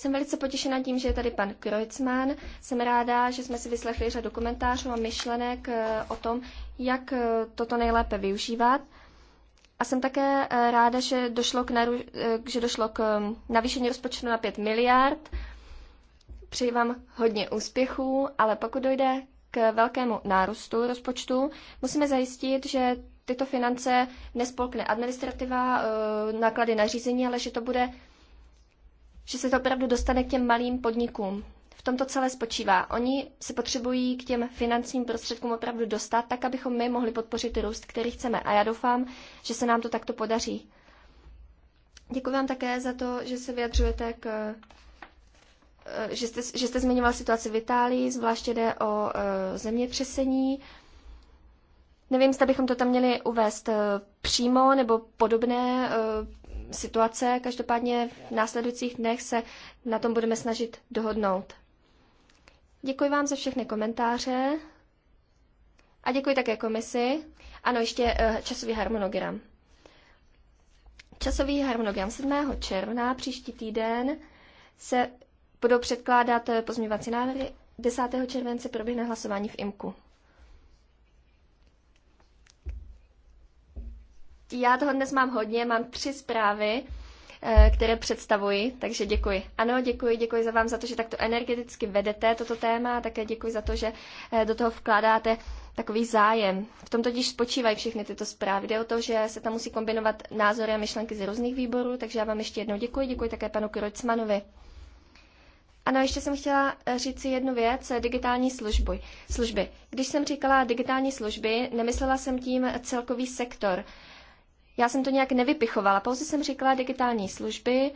Jsem velice potěšena tím, že je tady pan Kreutzmann. Jsem ráda, že jsme si vyslechli řadu komentářů a myšlenek eh, o tom, jak eh, toto nejlépe využívat. A jsem také eh, ráda, že došlo k, naru, že došlo k navýšení rozpočtu na 5 miliard. Přeji vám hodně úspěchů, ale pokud dojde k velkému nárůstu rozpočtu, musíme zajistit, že tyto finance nespolkne administrativa, náklady na řízení, ale že to bude že se to opravdu dostane k těm malým podnikům. V tomto celé spočívá. Oni se potřebují k těm finančním prostředkům opravdu dostat, tak abychom my mohli podpořit růst, který chceme. A já doufám, že se nám to takto podaří. Děkuji vám také za to, že se vyjadřujete k eh, že jste, že jste zmiňoval situaci v Itálii, zvláště jde o e, zemětřesení. Nevím, zda bychom to tam měli uvést e, přímo nebo podobné e, situace. Každopádně v následujících dnech se na tom budeme snažit dohodnout. Děkuji vám za všechny komentáře a děkuji také komisi. Ano, ještě eh, časový harmonogram. Časový harmonogram 7. června příští týden se budou předkládat eh, pozměňovací návrhy. 10. července proběhne hlasování v IMKU. Já toho dnes mám hodně, mám tři zprávy, eh, které představuji, takže děkuji. Ano, děkuji, děkuji za vám za to, že takto energeticky vedete toto téma a také děkuji za to, že eh, do toho vkládáte takový zájem. V tom totiž spočívají všechny tyto zprávy. Jde o to, že se tam musí kombinovat názory a myšlenky z různých výborů, takže já vám ještě jednou děkuji, děkuji také panu Krojcmanovi. Ano, ještě jsem chtěla eh, říct si jednu věc, digitální služby. služby. Když jsem říkala digitální služby, nemyslela jsem tím celkový sektor. Já jsem to nějak nevypichovala, pouze jsem říkala digitální služby,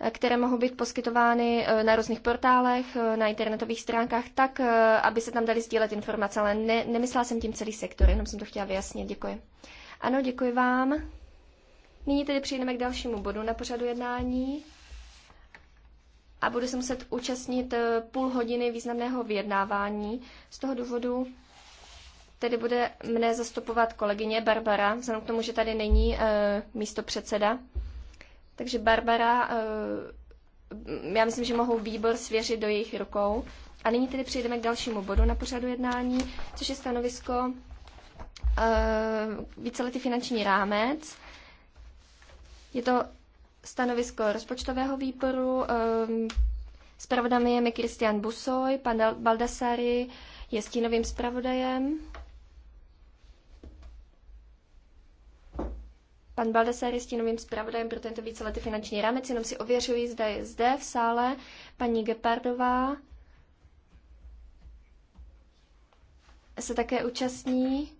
eh, které mohou být poskytovány eh, na různých portálech, eh, na internetových stránkách, tak, aby se tam dali sdílet informace, ale ne, nemyslela jsem tím celý sektor, jenom jsem to chtěla vyjasnit. Děkuji. Ano, děkuji vám. Nyní tedy přijdeme k dalšímu bodu na pořadu jednání a budu se muset účastnit půl hodiny významného vyjednávání. Z toho důvodu Tedy bude mne zastupovat kolegyně Barbara, vzhledem k tomu, že tady není uh, místo předseda. Takže Barbara, uh, já myslím, že mohou výbor svěřit do jejich rukou. A nyní tedy přejdeme k dalšímu bodu na pořadu jednání, což je stanovisko uh, víceletý finanční rámec. Je to stanovisko rozpočtového výboru. Uh, Spravodami je mi Kristian Busoj, pan Baldassari je stínovým zpravodajem. Pan Baldesar je stínovým zpravodajem pro tento víceletý finanční rámec, jenom si ověřuji, zda je zde v sále paní Gepardová. Se také účastní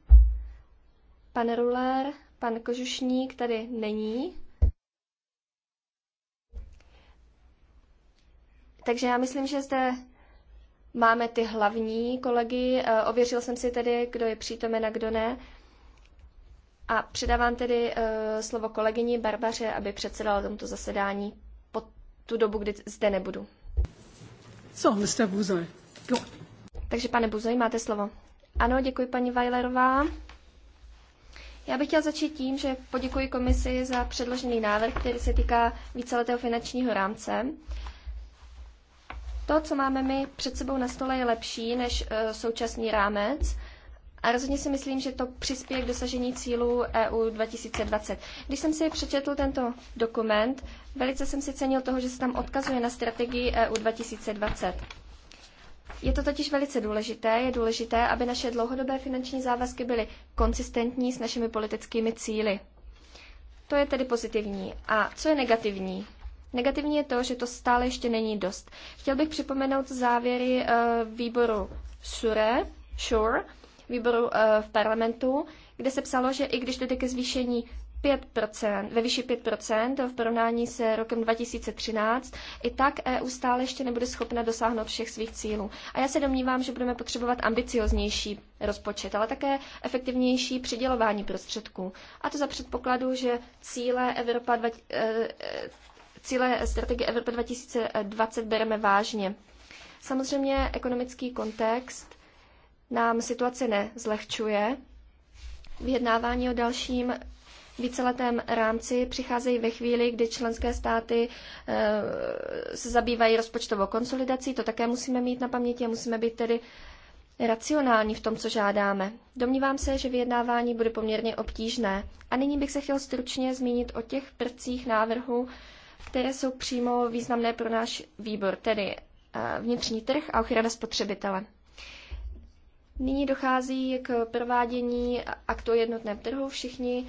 pan Ruler, pan Kožušník tady není. Takže já myslím, že zde máme ty hlavní kolegy. Eh, ověřil jsem si tedy, kdo je přítomen a kdo ne. A předávám tedy uh, slovo kolegyni Barbaře, aby předsedala tomuto zasedání po tu dobu, kdy zde nebudu. Co, Mr. Buzoj. Takže pane Buzoj, máte slovo. Ano, děkuji paní Weilerová. Já bych chtěla začít tím, že poděkuji komisi za předložený návrh, který se týká víceletého finančního rámce. To, co máme my před sebou na stole, je lepší než uh, současný rámec. A rozhodně si myslím, že to přispěje k dosažení cílů EU 2020. Když jsem si přečetl tento dokument, velice jsem si cenil toho, že se tam odkazuje na strategii EU 2020. Je to totiž velice důležité. Je důležité, aby naše dlouhodobé finanční závazky byly konsistentní s našimi politickými cíly. To je tedy pozitivní. A co je negativní? Negativní je to, že to stále ještě není dost. Chtěl bych připomenout závěry eh, výboru SURE, SURE, výboru eh, v parlamentu, kde se psalo, že i když dojde ke zvýšení 5%, ve výši 5% v porovnání se rokem 2013, i tak EU stále ještě nebude schopna dosáhnout všech svých cílů. A já se domnívám, že budeme potřebovat ambicioznější rozpočet, ale také efektivnější přidělování prostředků. A to za předpokladu, že cíle Evropa 20, eh, eh, cíle strategie Evropa 2020 bereme vážně. Samozřejmě ekonomický kontext nám situaci nezlehčuje. Vyjednávání o dalším víceletém rámci přicházejí ve chvíli, kdy členské státy eh, se zabývají rozpočtovou konsolidací. To také musíme mít na paměti a musíme být tedy racionální v tom, co žádáme. Domnívám se, že vyjednávání bude poměrně obtížné. A nyní bych se chtěl stručně zmínit o těch prcích návrhů, které jsou přímo významné pro náš výbor, tedy eh, vnitřní trh a ochrana spotřebitele. Nyní dochází k provádění aktu jednotném trhu. Všichni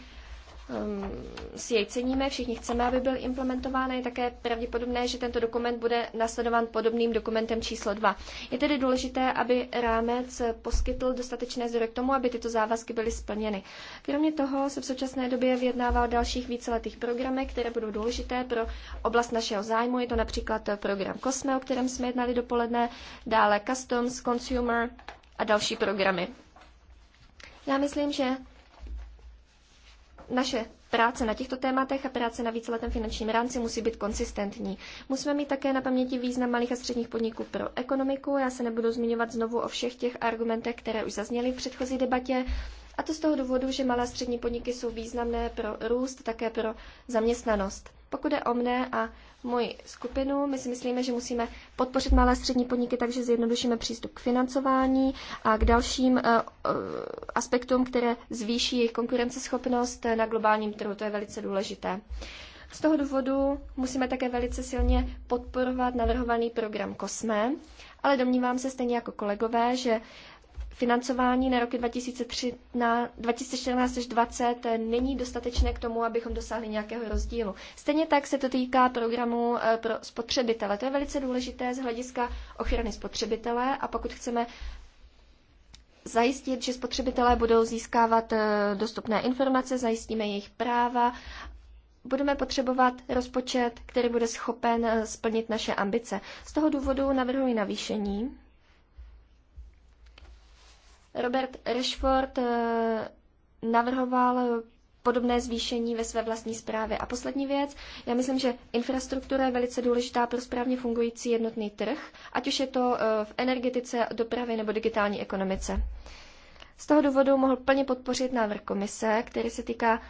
um, si jej ceníme, všichni chceme, aby byl implementován. Je také pravděpodobné, že tento dokument bude nasledován podobným dokumentem číslo 2. Je tedy důležité, aby rámec poskytl dostatečné zdroje k tomu, aby tyto závazky byly splněny. Kromě toho se v současné době vyjednává o dalších víceletých programech, které budou důležité pro oblast našeho zájmu. Je to například program COSME, o kterém jsme jednali dopoledne, dále Customs, Consumer, a další programy. Já myslím, že naše práce na těchto tématech a práce na víceletém finančním rámci musí být konsistentní. Musíme mít také na paměti význam malých a středních podniků pro ekonomiku. Já se nebudu zmiňovat znovu o všech těch argumentech, které už zazněly v předchozí debatě. A to z toho důvodu, že malé a střední podniky jsou významné pro růst, také pro zaměstnanost. Pokud je o mne a moji skupinu, my si myslíme, že musíme podpořit malé střední podniky, takže zjednodušíme přístup k financování a k dalším eh, eh, aspektům, které zvýší jejich konkurenceschopnost na globálním trhu. To je velice důležité. Z toho důvodu musíme také velice silně podporovat navrhovaný program COSME, ale domnívám se stejně jako kolegové, že financování na roky 2014 až 20 není dostatečné k tomu, abychom dosáhli nějakého rozdílu. Stejně tak se to týká programu eh, pro spotřebitele. To je velice důležité z hlediska ochrany spotřebitele a pokud chceme zajistit, že spotřebitelé budou získávat eh, dostupné informace, zajistíme jejich práva, budeme potřebovat rozpočet, který bude schopen eh, splnit naše ambice. Z toho důvodu navrhuji navýšení Robert Rashford eh, navrhoval podobné zvýšení ve své vlastní zprávě. A poslední věc, já myslím, že infrastruktura je velice důležitá pro správně fungující jednotný trh, ať už je to eh, v energetice, dopravě nebo digitální ekonomice. Z toho důvodu mohl plně podpořit návrh komise, který se týká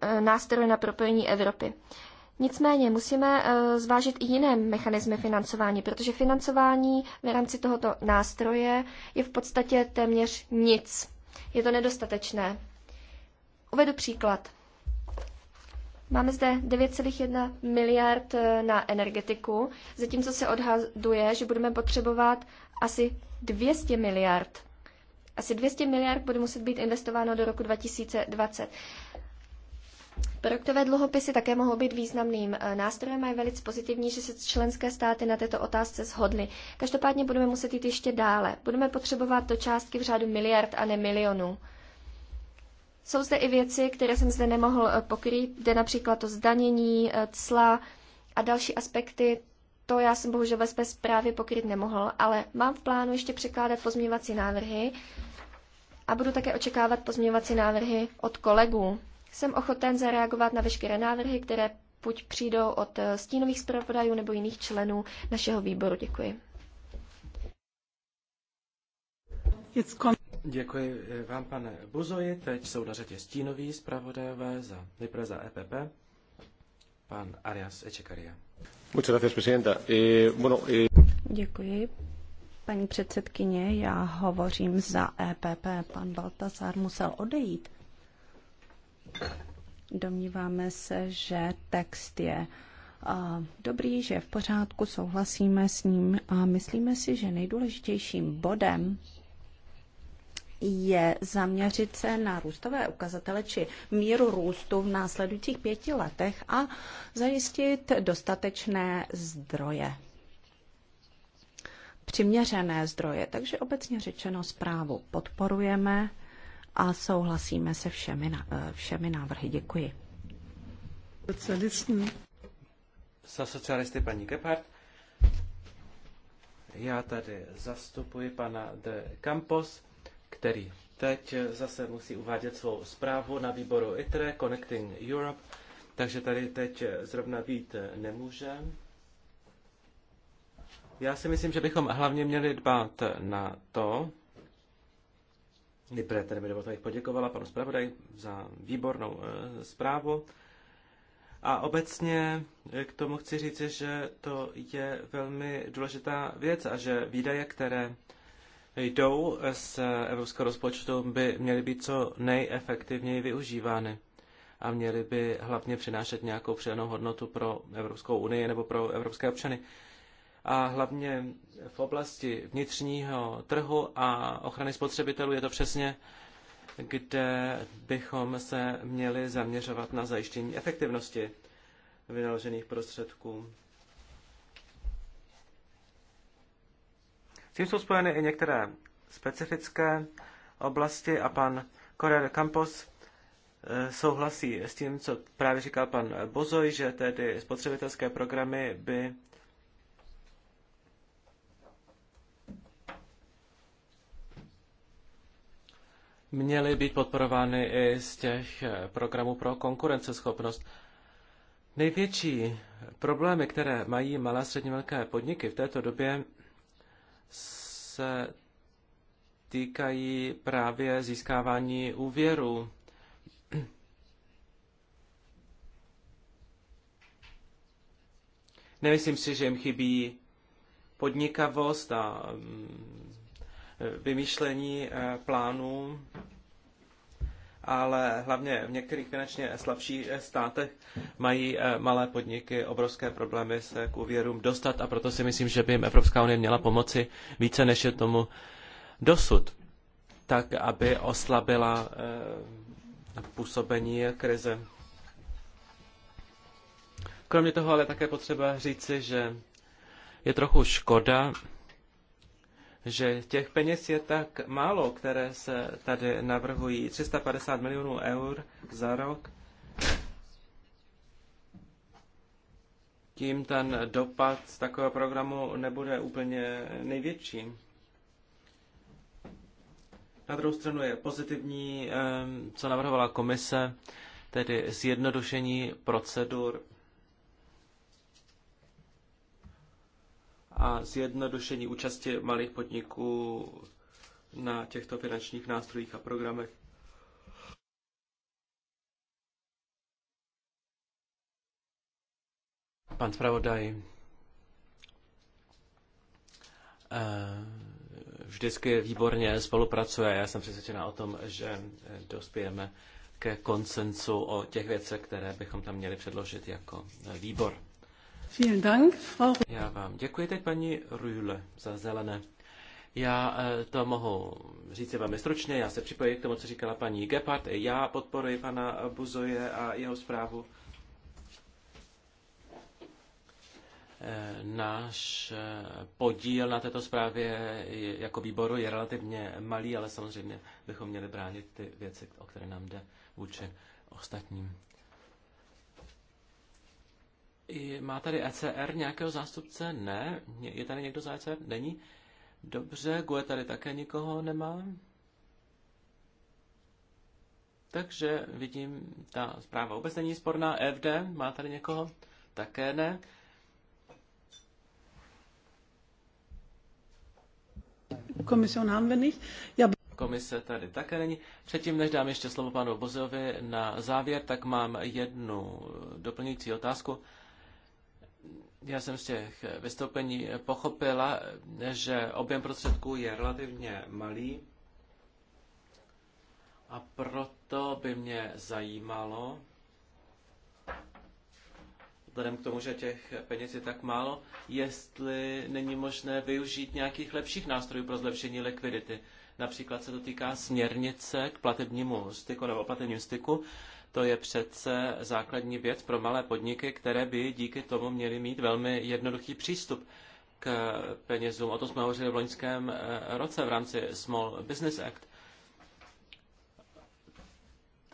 eh, nástroje na propojení Evropy. Nicméně musíme eh, zvážit i jiné mechanismy financování, protože financování v rámci tohoto nástroje je v podstatě téměř nic. Je to nedostatečné. Uvedu příklad. Máme zde 9,1 miliard eh, na energetiku, zatímco se odhaduje, že budeme potřebovat asi 200 miliard. Asi 200 miliard bude muset být investováno do roku 2020. Produktové dluhopisy také mohou být významným eh, nástrojem a je velice pozitivní, že se členské státy na této otázce shodly. Každopádně budeme muset jít ještě dále. Budeme potřebovat to částky v řádu miliard a ne milionů. Jsou zde i věci, které jsem zde nemohl eh, pokrýt, jde například to zdanění, eh, cla a další aspekty. To já jsem bohužel ve své zprávě pokryt nemohl, ale mám v plánu ještě překládat pozměňovací návrhy a budu také očekávat pozměňovací návrhy od kolegů. Jsem ochoten zareagovat na veškeré návrhy, které buď přijdou od eh, stínových zpravodajů nebo jiných členů našeho výboru. Děkuji. Děkuji eh, vám, pane Buzoji. Teď jsou na řadě stínoví zpravodajové za, nejprve za EPP. Pan Arias Echekaria. Eh, Děkuji. Paní předsedkyně, já hovořím za EPP. Pan Baltazar musel odejít. Domníváme se, že text je dobrý, že je v pořádku, souhlasíme s ním a myslíme si, že nejdůležitějším bodem je zaměřit se na růstové ukazatele či míru růstu v následujících pěti letech a zajistit dostatečné zdroje. Přiměřené zdroje. Takže obecně řečeno zprávu podporujeme a souhlasíme se všemi, eh, všemi návrhy. Děkuji. Socialisten. Za socialisty paní Gebhardt. Já tady zastupuji pana de Campos, který teď zase musí uvádět svou zprávu na výboru ITRE, Connecting Europe, takže tady teď zrovna být nemůže. Já si myslím, že bychom hlavně měli dbát na to, Nejprve tedy mi dovolte, abych poděkovala panu zpravodaji za výbornou e, zprávu. A obecně eh, k tomu chci říct, že to je velmi důležitá věc a že výdaje, které jdou z evropského rozpočtu, by měly být co nejefektivněji využívány a měly by hlavně přinášet nějakou přidanou hodnotu pro Evropskou unii nebo pro evropské občany a hlavně v oblasti vnitřního trhu a ochrany spotřebitelů je to přesně, kde bychom se měli zaměřovat na zajištění efektivnosti vynaložených prostředků. S tím jsou spojeny i některé specifické oblasti a pan Correr Campos eh, souhlasí s tím, co právě říkal pan Bozoj, že tedy spotřebitelské programy by měly být podporovány i z těch eh, programů pro konkurenceschopnost. Největší problémy, které mají malé a středně velké podniky v této době, se týkají právě získávání úvěru. Nemyslím si, že jim chybí podnikavost a mm, vymýšlení eh, plánů, ale hlavně v některých finančně slabších eh, státech mají eh, malé podniky obrovské problémy se k úvěrům dostat a proto si myslím, že by jim Evropská unie měla pomoci více, než je tomu dosud, tak aby oslabila působení krize. Kromě toho ale také potřeba říci, že je trochu škoda, že těch peněz je tak málo, které se tady navrhují, 350 milionů eur za rok, tím ten dopad z takového programu nebude úplně největší. Na druhou stranu je pozitivní, eh, co navrhovala komise, tedy zjednodušení procedur a zjednodušení účasti malých podniků na těchto finančních nástrojích a programech. Pan zpravodaj eh, vždycky výborně spolupracuje. Já jsem přesvědčená o tom, že eh, dospějeme ke koncensu o těch věcech, které bychom tam měli předložit jako eh, výbor. Vielen Dank, Frau... Já vám děkuji teď, paní Rühle, za zelené. Já eh, to mohu říct velmi stručně, já se připojím k tomu, co říkala paní Gepard. Já podporuji pana Buzoje a jeho zprávu. Eh, náš eh, podíl na této zprávě jako výboru je relativně malý, ale samozřejmě bychom měli bránit ty věci, o které nám jde vůči ostatním. Má tady ECR nějakého zástupce? Ne. Je tady někdo za ECR? Není. Dobře, GUE tady také nikoho nemá. Takže vidím, ta zpráva vůbec není sporná. E FD, má tady někoho? Také ne. Komise tady také není. Předtím, než dám ještě slovo panu Bozovi na závěr, tak mám jednu doplňující otázku. Já jsem z těch vystoupení pochopila, že objem prostředků je relativně malý a proto by mě zajímalo, vzhledem k tomu, že těch peněz je tak málo, jestli není možné využít nějakých lepších nástrojů pro zlepšení likvidity. Například se to týká směrnice k platebnímu styku nebo platebním styku, to je přece základní věc pro malé podniky, které by díky tomu měly mít velmi jednoduchý přístup k penězům. O tom jsme hovořili v loňském eh, roce v rámci Small Business Act.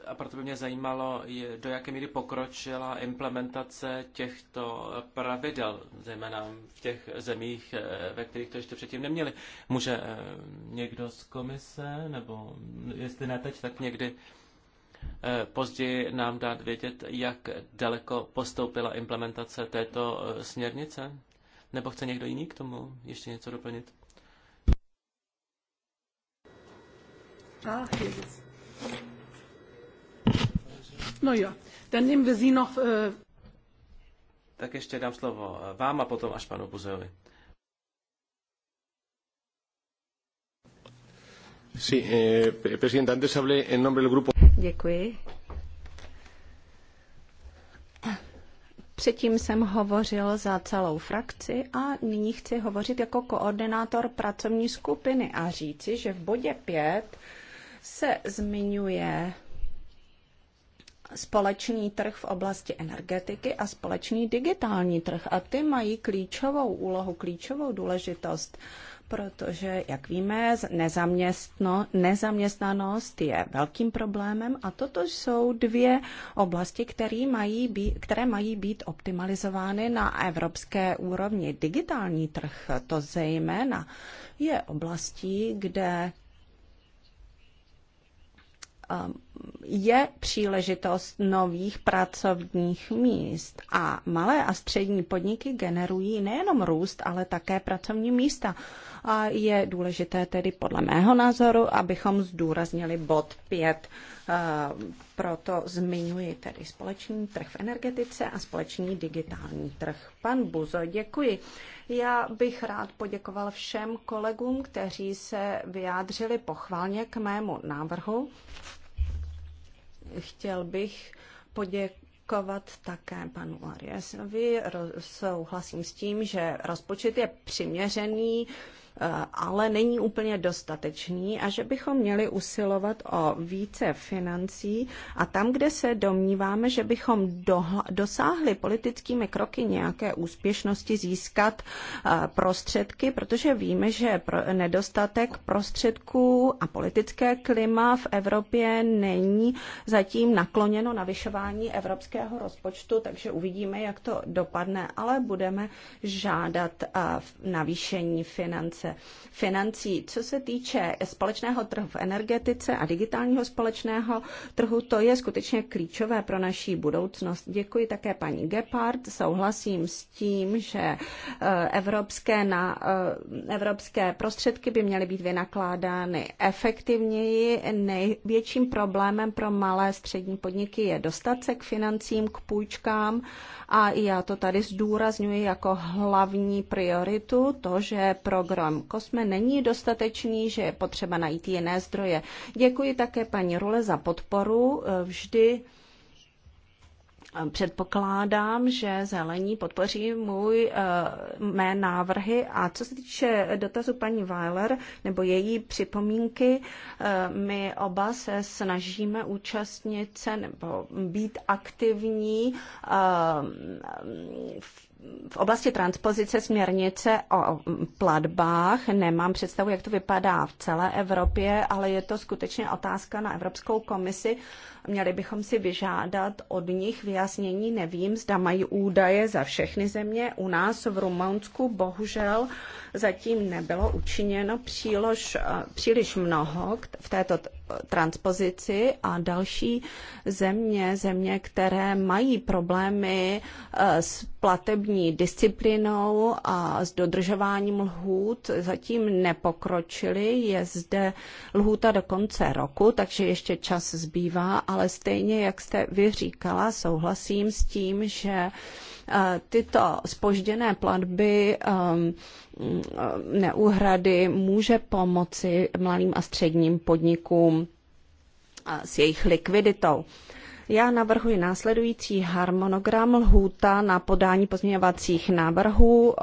A proto by mě zajímalo, do jaké míry pokročila implementace těchto pravidel, zejména v těch zemích, eh, ve kterých to ještě předtím neměli. Může eh, někdo z komise, nebo jestli ne teď, tak někdy Eh, později nám dát vědět, jak daleko postoupila implementace této eh, směrnice? Nebo chce někdo jiný k tomu ještě něco doplnit? Ach, No jo, ten jim Vezínov... Tak ještě dám slovo eh, vám a potom až panu Buzejovi. Sí, eh, presidente, antes hablé en nombre del grupo. Děkuji. Předtím jsem hovořil za celou frakci a nyní chci hovořit jako koordinátor pracovní skupiny a říci, že v bodě 5 se zmiňuje společný trh v oblasti energetiky a společný digitální trh. A ty mají klíčovou úlohu, klíčovou důležitost protože, jak víme, nezaměstno, nezaměstnanost je velkým problémem a toto jsou dvě oblasti, které mají, být, které mají být optimalizovány na evropské úrovni. Digitální trh to zejména je oblastí, kde um, je příležitost nových pracovních míst a malé a střední podniky generují nejenom růst, ale také pracovní místa. A je důležité tedy podle mého názoru, abychom zdůraznili bod 5. E, proto zmiňuji tedy společný trh v energetice a společný digitální trh. Pan Buzo, děkuji. Já bych rád poděkoval všem kolegům, kteří se vyjádřili pochválně k mému návrhu. Chtěl bych poděkovat také panu Ariasovi. Souhlasím s tím, že rozpočet je přiměřený Eh, ale není úplně dostatečný a že bychom měli usilovat o více financí a tam, kde se domníváme, že bychom dosáhli politickými kroky nějaké úspěšnosti získat eh, prostředky, protože víme, že nedostatek prostředků a politické klima v Evropě není zatím nakloněno navyšování evropského rozpočtu, takže uvidíme, jak to dopadne, ale budeme žádat eh, navýšení finance ministrice financí. Co se týče společného trhu v energetice a digitálního společného trhu, to je skutečně klíčové pro naší budoucnost. Děkuji také paní Gepard. Souhlasím s tím, že eh, evropské, na, eh, evropské prostředky by měly být vynakládány efektivněji. Největším problémem pro malé střední podniky je dostat se k financím, k půjčkám a já to tady zdůrazňuji jako hlavní prioritu, to, že program Kosme není dostatečný, že je potřeba najít jiné zdroje. Děkuji také paní Rule za podporu. E, Vždy e, Předpokládám, že zelení podpoří můj, e, mé návrhy a co se týče dotazu paní Weiler nebo její připomínky, my oba se snažíme účastnit se nebo být aktivní v v oblasti transpozice směrnice o platbách nemám představu, jak to vypadá v celé Evropě, ale je to skutečně otázka na Evropskou komisi. Měli bychom si vyžádat od nich vyjasnění. Nevím, zda mají údaje za všechny země. U nás v Rumunsku bohužel zatím nebylo učiněno přílož, příliš mnoho v této transpozici a další země, země, které mají problémy eh, s platební disciplinou a s dodržováním lhůt, zatím nepokročily. Je zde lhůta do konce roku, takže ještě čas zbývá, ale stejně, jak jste vy říkala, souhlasím s tím, že Eh, tyto spožděné platby ehm, mm, neúhrady může pomoci malým a středním podnikům eh, s jejich likviditou. Já navrhuji následující harmonogram lhůta na podání pozměňovacích návrhů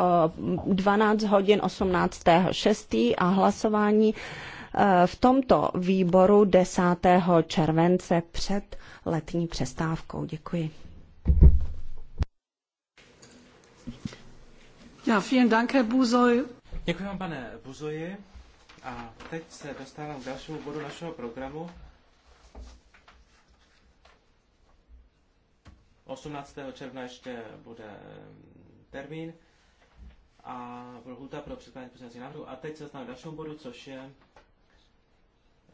12 eh, hodin 18. 6. a hlasování v tomto výboru 10. července před letní přestávkou. Děkuji. Ja, vielen Dank, Herr Buzoj. Děkuji vám, pane Buzoji. A teď se dostávám k dalšímu bodu našeho programu. 18. června ještě bude termín a lhůta pro předkládání pozměňovacích návrhů. A teď se dostávám k dalšímu bodu, což je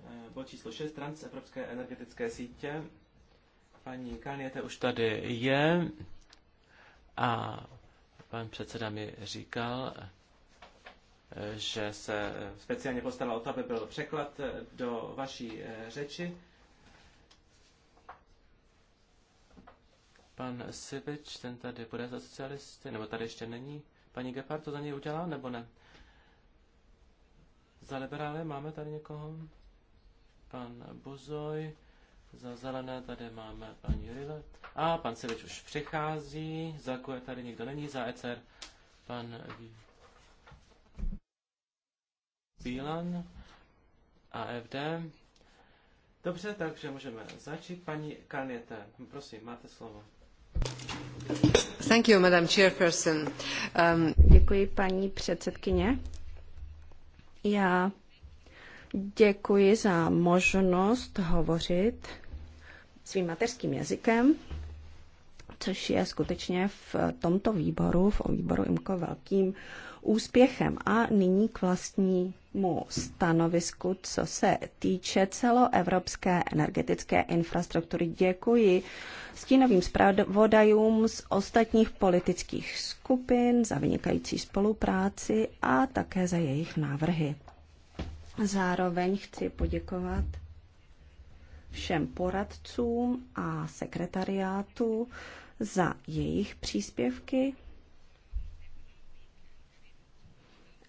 eh, bod číslo 6, transevropské energetické sítě. Paní Kalniete už tady je a Pan předseda mi říkal, že se speciálně postaral o to, aby byl překlad do vaší eh, řeči. Pan Sivič, ten tady bude za socialisty, nebo tady ještě není. Paní Gepard to za něj udělá, nebo ne? Za liberály máme tady někoho? Pan Bozoj. Za zelené tady máme paní Rile. A pan Sevič už přichází. Za koje tady nikdo není. Za ECR pan Bílan a FD. Dobře, takže můžeme začít. Paní Kaněte, prosím, máte slovo. Thank you, Madam Chairperson. Um... Děkuji, paní předsedkyně. Já děkuji za možnost hovořit svým mateřským jazykem, což je skutečně v tomto výboru, v výboru IMKO velkým úspěchem. A nyní k vlastnímu stanovisku, co se týče celoevropské energetické infrastruktury. Děkuji stínovým zpravodajům z ostatních politických skupin za vynikající spolupráci a také za jejich návrhy. Zároveň chci poděkovat všem poradcům a sekretariátu za jejich příspěvky.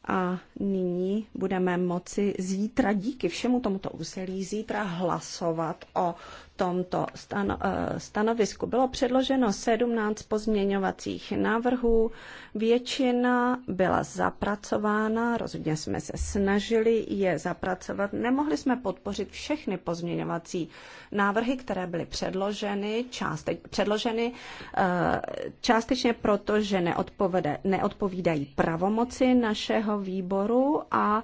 A nyní budeme moci zítra díky všemu tomuto úsilí zítra hlasovat o tomto stano, eh, stanovisku. Bylo předloženo 17 pozměňovacích návrhů, většina byla zapracována, rozhodně jsme se snažili je zapracovat. Nemohli jsme podpořit všechny pozměňovací návrhy, které byly předloženy, částe, předloženy eh, částečně proto, že neodpovídají pravomoci našeho výboru a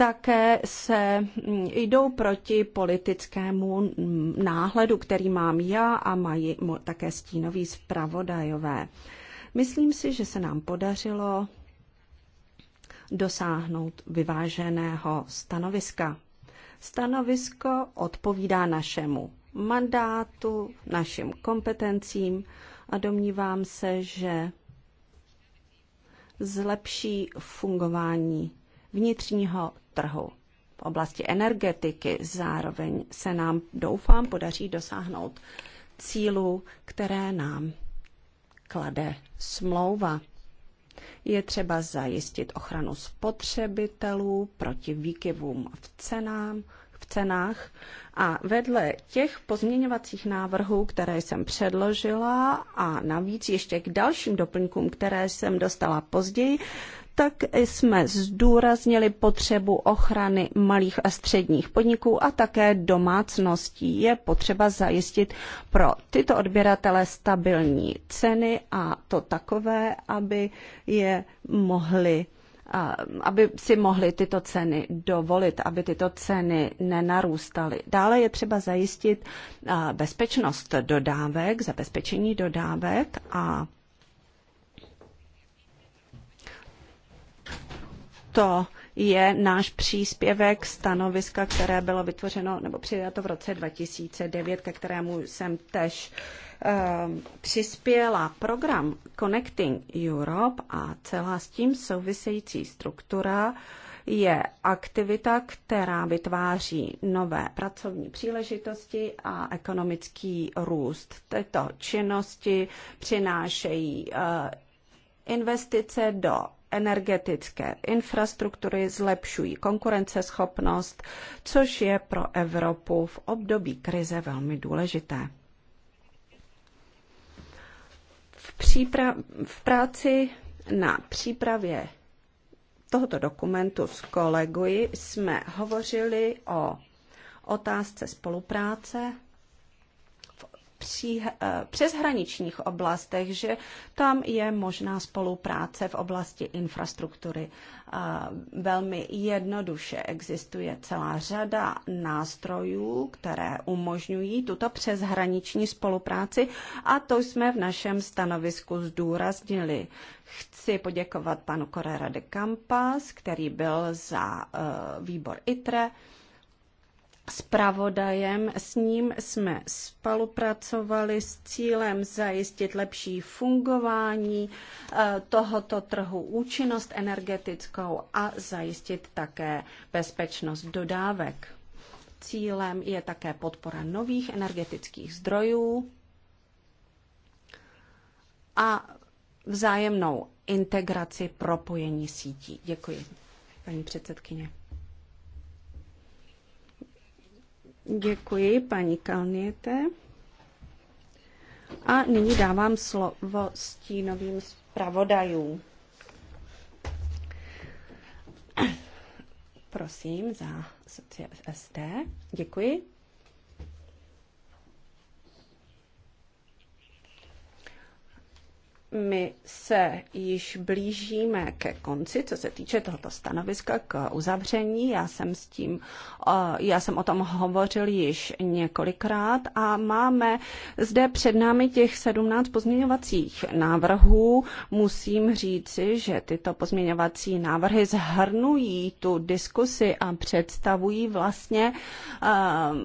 také se mm, jdou proti politickému náhledu, který mám já a mají také stínoví zpravodajové. Myslím si, že se nám podařilo dosáhnout vyváženého stanoviska. Stanovisko odpovídá našemu mandátu, našim kompetencím a domnívám se, že zlepší fungování vnitřního trhu v oblasti energetiky. Zároveň se nám, doufám, podaří dosáhnout cílu, které nám klade smlouva. Je třeba zajistit ochranu spotřebitelů proti výkyvům v cenám, v cenách a vedle těch pozměňovacích návrhů, které jsem předložila a navíc ještě k dalším doplňkům, které jsem dostala později, tak jsme zdůraznili potřebu ochrany malých a středních podniků a také domácností. Je potřeba zajistit pro tyto odběratele stabilní ceny a to takové, aby je mohli aby si mohli tyto ceny dovolit, aby tyto ceny nenarůstaly. Dále je třeba zajistit bezpečnost dodávek, zabezpečení dodávek a to je náš příspěvek stanoviska, které bylo vytvořeno nebo přijato v roce 2009, ke kterému jsem tež um, přispěla program Connecting Europe a celá s tím související struktura je aktivita, která vytváří nové pracovní příležitosti a ekonomický růst. Tyto činnosti přinášejí uh, investice do energetické infrastruktury zlepšují konkurenceschopnost, což je pro Evropu v období krize velmi důležité. V, přípra- v práci na přípravě tohoto dokumentu s kolegy jsme hovořili o otázce spolupráce pří, eh, přeshraničních oblastech, že tam je možná spolupráce v oblasti infrastruktury. Eh, velmi jednoduše existuje celá řada nástrojů, které umožňují tuto přeshraniční spolupráci a to jsme v našem stanovisku zdůraznili. Chci poděkovat panu Correra de Campas, který byl za eh, výbor ITRE, zpravodajem. S ním jsme spolupracovali s cílem zajistit lepší fungování eh, tohoto trhu, účinnost energetickou a zajistit také bezpečnost dodávek. Cílem je také podpora nových energetických zdrojů a vzájemnou integraci propojení sítí. Děkuji, paní předsedkyně. Děkuji, paní Kalniete. A nyní dávám slovo stínovým zpravodajům. Prosím za SD. Děkuji. my se již blížíme ke konci, co se týče tohoto stanoviska k uzavření. Já jsem s tím, já jsem o tom hovořil již několikrát a máme zde před námi těch 17 pozměňovacích návrhů. Musím říci, že tyto pozměňovací návrhy zhrnují tu diskusi a představují vlastně ehm,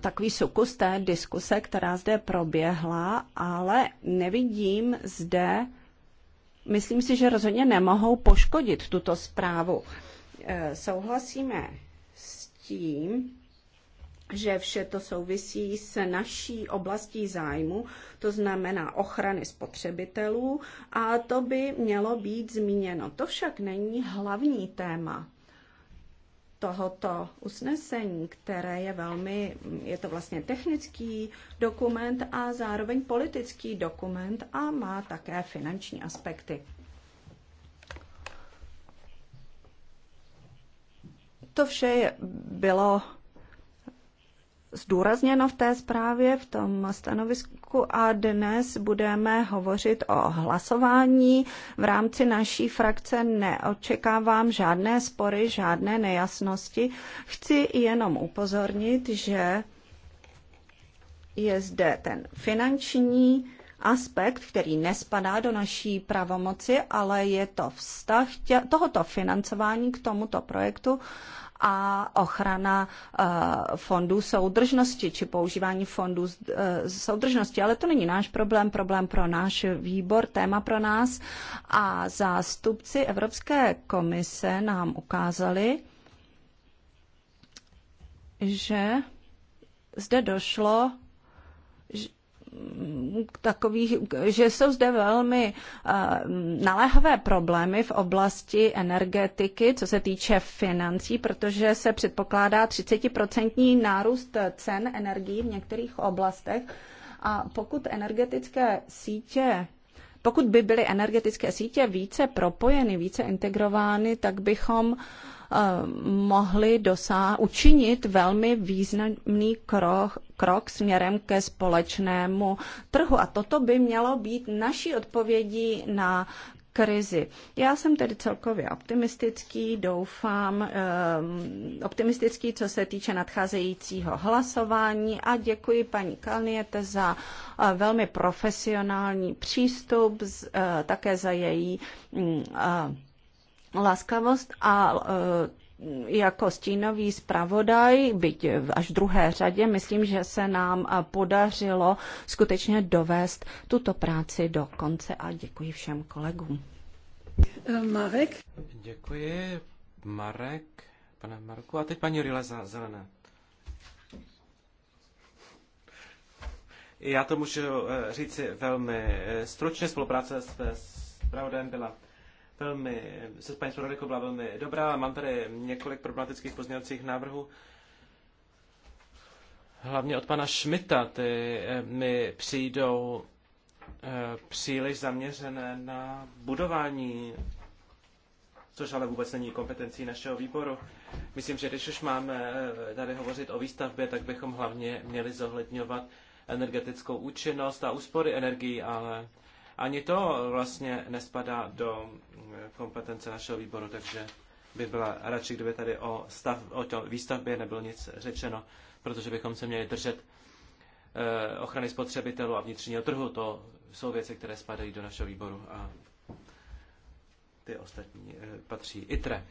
takový sukus té diskuse, která zde proběhla, ale nevidím zde, myslím si, že rozhodně nemohou poškodit tuto zprávu. Eh, souhlasíme s tím, že vše to souvisí s naší oblastí zájmu, to znamená ochrany spotřebitelů, a to by mělo být zmíněno. To však není hlavní téma tohoto usnesení, které je velmi, je to vlastně technický dokument a zároveň politický dokument a má také finanční aspekty. To vše bylo zdůrazněno v té zprávě, v tom stanovisku a dnes budeme hovořit o hlasování. V rámci naší frakce neočekávám žádné spory, žádné nejasnosti. Chci jenom upozornit, že je zde ten finanční aspekt, který nespadá do naší pravomoci, ale je to vztah tohoto financování k tomuto projektu a ochrana eh, fondů soudržnosti či používání fondů eh, soudržnosti. Ale to není náš problém, problém pro náš výbor, téma pro nás. A zástupci Evropské komise nám ukázali, že zde došlo takový, že jsou zde velmi eh, naléhavé problémy v oblasti energetiky, co se týče financí, protože se předpokládá 30% nárůst cen energií v některých oblastech. A pokud energetické sítě pokud by byly energetické sítě více propojeny, více integrovány, tak bychom uh, Eh, mohli dosá- učinit velmi významný krok, krok směrem ke společnému trhu. A toto by mělo být naší odpovědí na krizi. Já jsem tedy celkově optimistický, doufám, um, optimistický, co se týče nadcházejícího hlasování a děkuji paní Kalniete za uh, velmi profesionální přístup, z, uh, také za její um, uh, laskavost a e, jako stínový zpravodaj, byť až v druhé řadě, myslím, že se nám e, podařilo skutečně dovést tuto práci do konce a děkuji všem kolegům. E, Marek? Děkuji, Marek, pane Marku. A teď paní Rile Zelená. Já to můžu říci velmi stručně. Spolupráce s pravodem byla velmi, se paní zpravodajkou byla velmi dobrá. Mám tady několik problematických pozměňovacích návrhů. Hlavně od pana Šmita ty eh, mi přijdou eh, příliš zaměřené na budování, což ale vůbec není kompetencí našeho výboru. Myslím, že když už máme eh, tady hovořit o výstavbě, tak bychom hlavně měli zohledňovat energetickou účinnost a úspory energií, ale ani to vlastně nespadá do kompetence našeho výboru, takže by byla radši, kdyby tady o, stav, o tě, výstavbě nebylo nic řečeno, protože bychom se měli držet eh, ochrany spotřebitelů a vnitřního trhu. To jsou věci, které spadají do našeho výboru a ty ostatní eh, patří ITRE.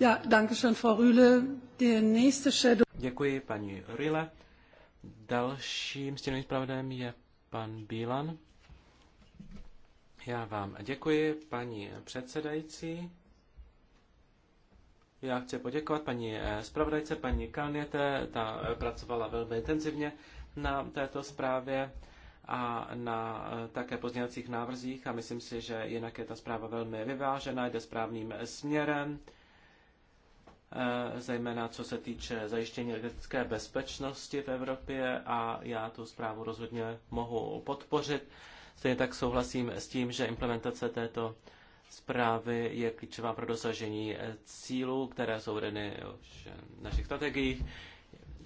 Ja, danke schön, Frau Rühle. Der nächste Shadow... Děkuji, paní Rühle. Dalším stěnovým zpravodajem je pan Bílan. Já vám děkuji, paní předsedající. Já chci poděkovat paní eh, zpravodajce, paní Kalněte, ta eh, pracovala velmi intenzivně na této zprávě a na eh, také pozdějacích návrzích a myslím si, že jinak je ta zpráva velmi vyvážená, jde správným směrem, zejména co se týče zajištění energetické bezpečnosti v Evropě a já tu zprávu rozhodně mohu podpořit. Stejně tak souhlasím s tím, že implementace této zprávy je klíčová pro dosažení eh, cílů, které jsou vedeny eh, eh, v našich strategiích.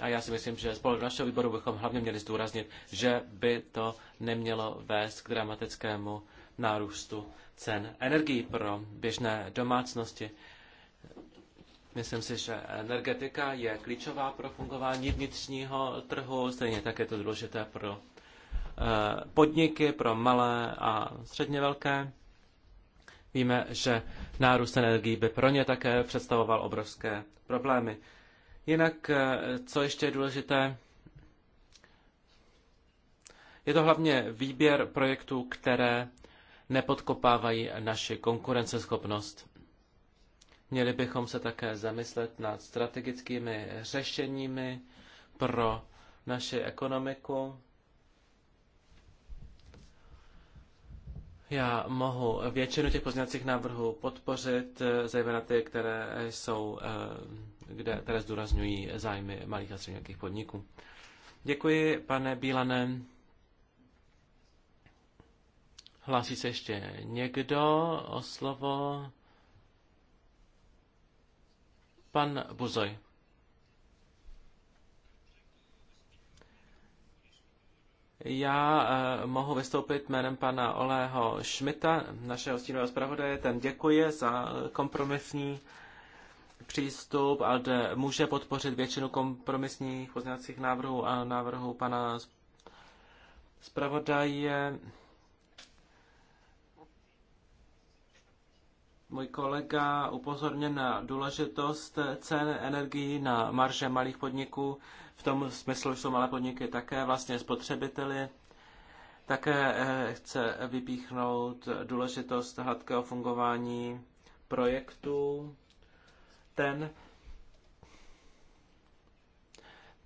A já si myslím, že spolu našeho výboru bychom hlavně měli zdůraznit, že by to nemělo vést k dramatickému nárůstu cen energií pro běžné domácnosti. Myslím si, že energetika je klíčová pro fungování vnitřního trhu, stejně tak je to důležité pro Eh, podniky, pro malé a středně velké. Víme, že nárůst energií by pro ně také představoval obrovské problémy. Jinak, eh, co ještě je důležité, je to hlavně výběr projektů, které nepodkopávají naši konkurenceschopnost. Měli bychom se také zamyslet nad strategickými řešeními pro naši ekonomiku. Já mohu většinu těch pozměňovacích návrhů podpořit, eh, zejména ty, které jsou, eh, kde, které zdůrazňují zájmy malých a středních podniků. Děkuji, pane Bílane. Hlásí se ještě někdo o slovo? Pan Buzoj. Já eh, mohu vystoupit jménem pana Olého Šmita, našeho stínového zpravodaje. Ten děkuje za kompromisní přístup a může podpořit většinu kompromisních pozměňovacích návrhů a návrhů pana zpravodaje. Můj kolega upozorněn na důležitost cen energií na marže malých podniků v tom smyslu jsou malé podniky také vlastně spotřebiteli. Také eh, chce vypíchnout důležitost hladkého fungování projektu. Ten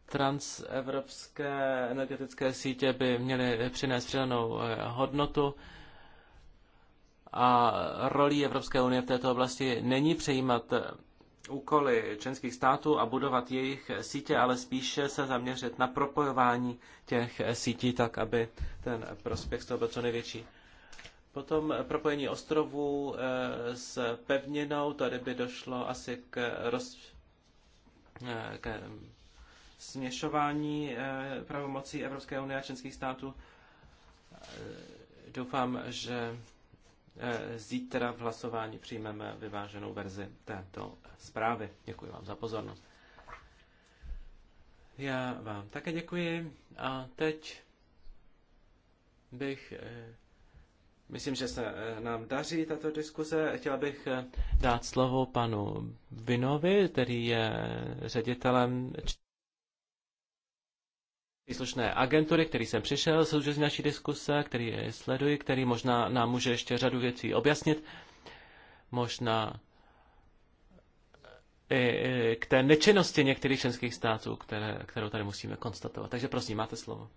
transevropské energetické sítě by měly přinést přidanou eh, hodnotu a rolí Evropské unie v této oblasti není přejímat eh, úkoly členských států a budovat jejich sítě, ale spíše se zaměřit na propojování těch sítí tak, aby ten prospěch z toho byl co největší. Potom propojení ostrovů eh, s pevninou, tady by došlo asi k, roz, eh, k eh, směšování pravomocí Evropské unie a členských států. Doufám, že Eh, zítra v hlasování přijmeme vyváženou verzi této zprávy. Děkuji vám za pozornost. Já vám také děkuji a teď bych, eh, myslím, že se eh, nám daří tato diskuze. Chtěla bych dát slovo panu Vinovi, který je ředitelem příslušné agentury, který jsem přišel, součástí naší diskuse, který sleduji, který možná nám může ještě řadu věcí objasnit. Možná i eh, eh, k té nečinnosti některých členských států, které, kterou tady musíme konstatovat. Takže prosím, máte slovo.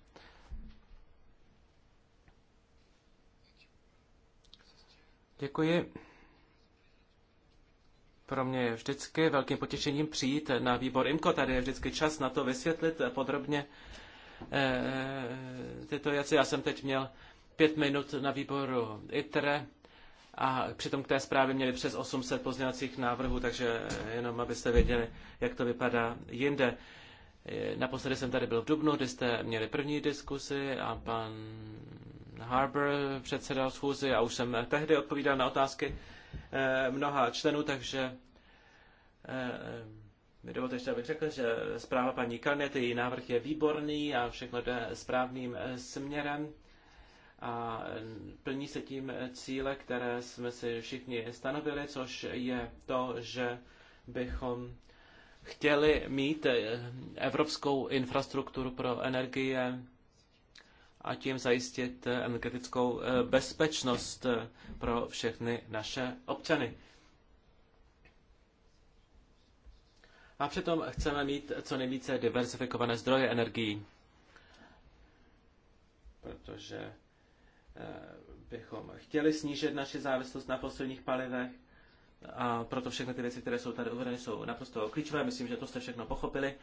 Děkuji. Pro mě je vždycky velkým potěšením přijít na výbor IMCO. Tady je vždycky čas na to vysvětlit podrobně Eh, tyto věci. Já jsem teď měl pět minut na výboru ITRE a přitom k té zprávě měli přes 800 pozměňovacích návrhů, takže jenom abyste věděli, jak to vypadá jinde. Eh, naposledy jsem tady byl v Dubnu, kdy jste měli první diskusi a pan Harbour předsedal schůzi a už jsem tehdy odpovídal na otázky eh, mnoha členů, takže mě dovolte ještě, abych řekl, že zpráva paní Kanety, její návrh je výborný a všechno jde správným eh, směrem a plní se tím cíle, které jsme si všichni stanovili, což je to, že bychom chtěli mít eh, evropskou infrastrukturu pro energie a tím zajistit eh, energetickou bezpečnost pro všechny naše občany. A přitom chceme mít co nejvíce diversifikované zdroje energií, protože eh, bychom chtěli snížit naši závislost na fosilních palivech a proto všechny ty věci, které jsou tady uvedeny, jsou naprosto klíčové. Myslím, že to jste všechno pochopili.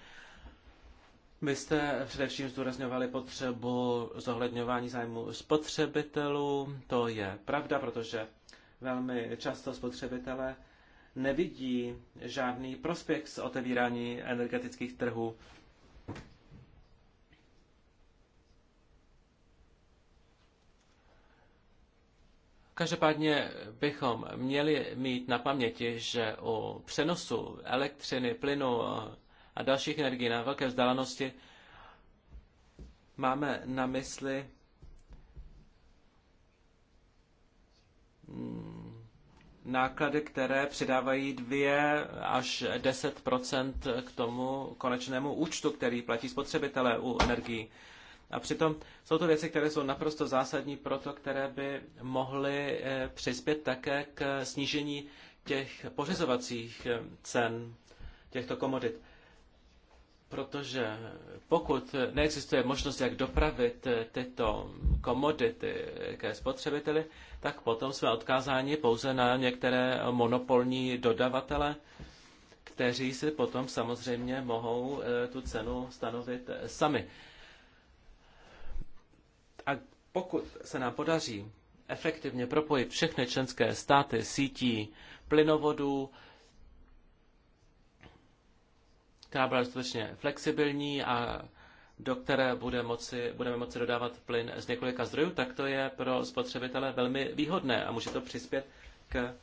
Vy jste především zdůrazňovali potřebu zohledňování zájmu spotřebitelů. To je pravda, protože velmi často spotřebitelé nevidí žádný prospěch z otevírání energetických trhů. Každopádně bychom měli mít na paměti, že u přenosu elektřiny, plynu a dalších energií na velké vzdálenosti máme na mysli náklady, které přidávají 2 až 10 k tomu konečnému účtu, který platí spotřebitelé u energií. A přitom jsou to věci, které jsou naprosto zásadní pro to, které by mohly eh, přispět také k snížení těch pořizovacích eh, cen těchto komodit protože pokud neexistuje možnost, jak dopravit eh, tyto komodity eh, ke spotřebiteli, tak potom jsme odkázáni pouze na některé monopolní dodavatele, kteří si potom samozřejmě mohou eh, tu cenu stanovit sami. A pokud se nám podaří efektivně propojit všechny členské státy sítí plynovodů, která byla dostatečně flexibilní a do které bude moci, budeme moci dodávat plyn z několika zdrojů, tak to je pro spotřebitele velmi výhodné a může to přispět k,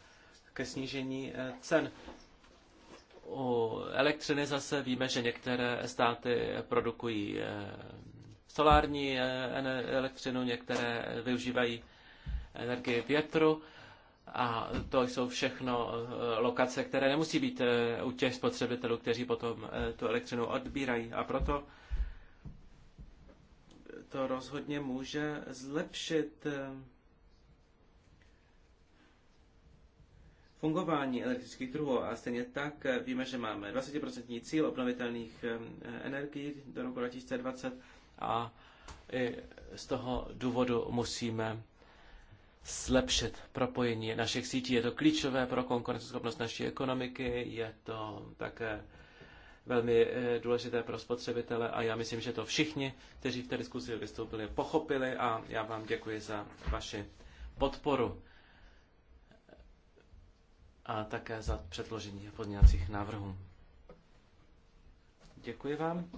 ke snížení eh, cen. U elektřiny zase víme, že některé státy produkují eh, solární eh, elektřinu, některé využívají energii větru a to jsou všechno eh, lokace, které nemusí být eh, u těch spotřebitelů, kteří potom eh, tu elektřinu odbírají. A proto to rozhodně může zlepšit fungování elektrických trhů. A stejně tak víme, že máme 20% cíl obnovitelných energií do roku 2020 a i z toho důvodu musíme zlepšit propojení našich sítí. Je to klíčové pro konkurenceschopnost naší ekonomiky, je to také velmi eh, důležité pro spotřebitele a já myslím, že to všichni, kteří v té diskuzi vystoupili, pochopili a já vám děkuji za vaši podporu a také za předložení pozměňovacích návrhů. Děkuji vám.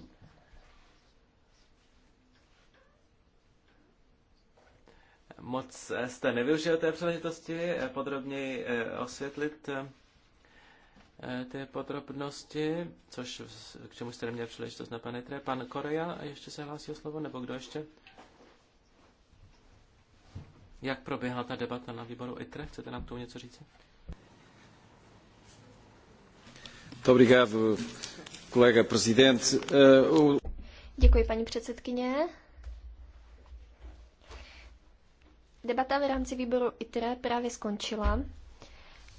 moc eh, jste nevyužil té příležitosti eh, podrobněji eh, osvětlit ty podrobnosti, což k čemu jste neměl příležitost na panetre. Pan Korea ještě se hlásí o slovo, nebo kdo ještě? Jak proběhla ta debata na výboru ITRE? Chcete nám k tomu něco říct? Děkuji, paní předsedkyně. Debata v rámci výboru ITRE právě skončila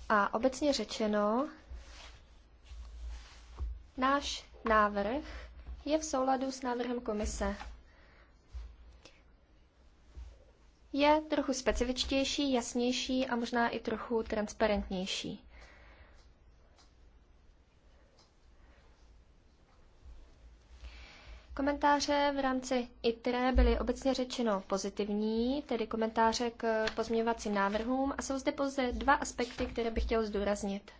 a obecně řečeno, náš návrh je v souladu s návrhem komise. Je trochu specifičtější, jasnější a možná i trochu transparentnější. Komentáře v rámci ITRE byly obecně řečeno pozitivní, tedy komentáře k pozměňovacím návrhům a jsou zde pouze dva aspekty, které bych chtěl zdůraznit.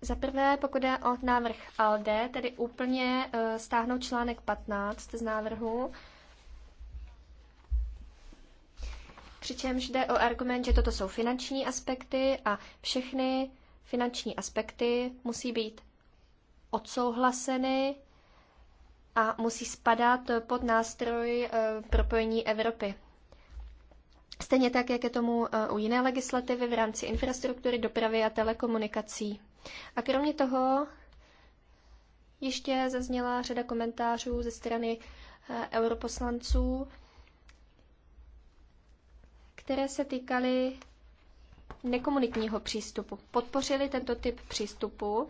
Za prvé, pokud je o návrh ALDE, tedy úplně eh, stáhnout článek 15 z návrhu, přičemž jde o argument, že toto jsou finanční aspekty a všechny finanční aspekty musí být odsouhlaseny a musí spadat pod nástroj eh, propojení Evropy. Stejně tak, jak je tomu eh, u jiné legislativy v rámci infrastruktury, dopravy a telekomunikací. A kromě toho ještě zazněla řada komentářů ze strany eh, europoslanců, které se týkaly nekomunitního přístupu. Podpořili tento typ přístupu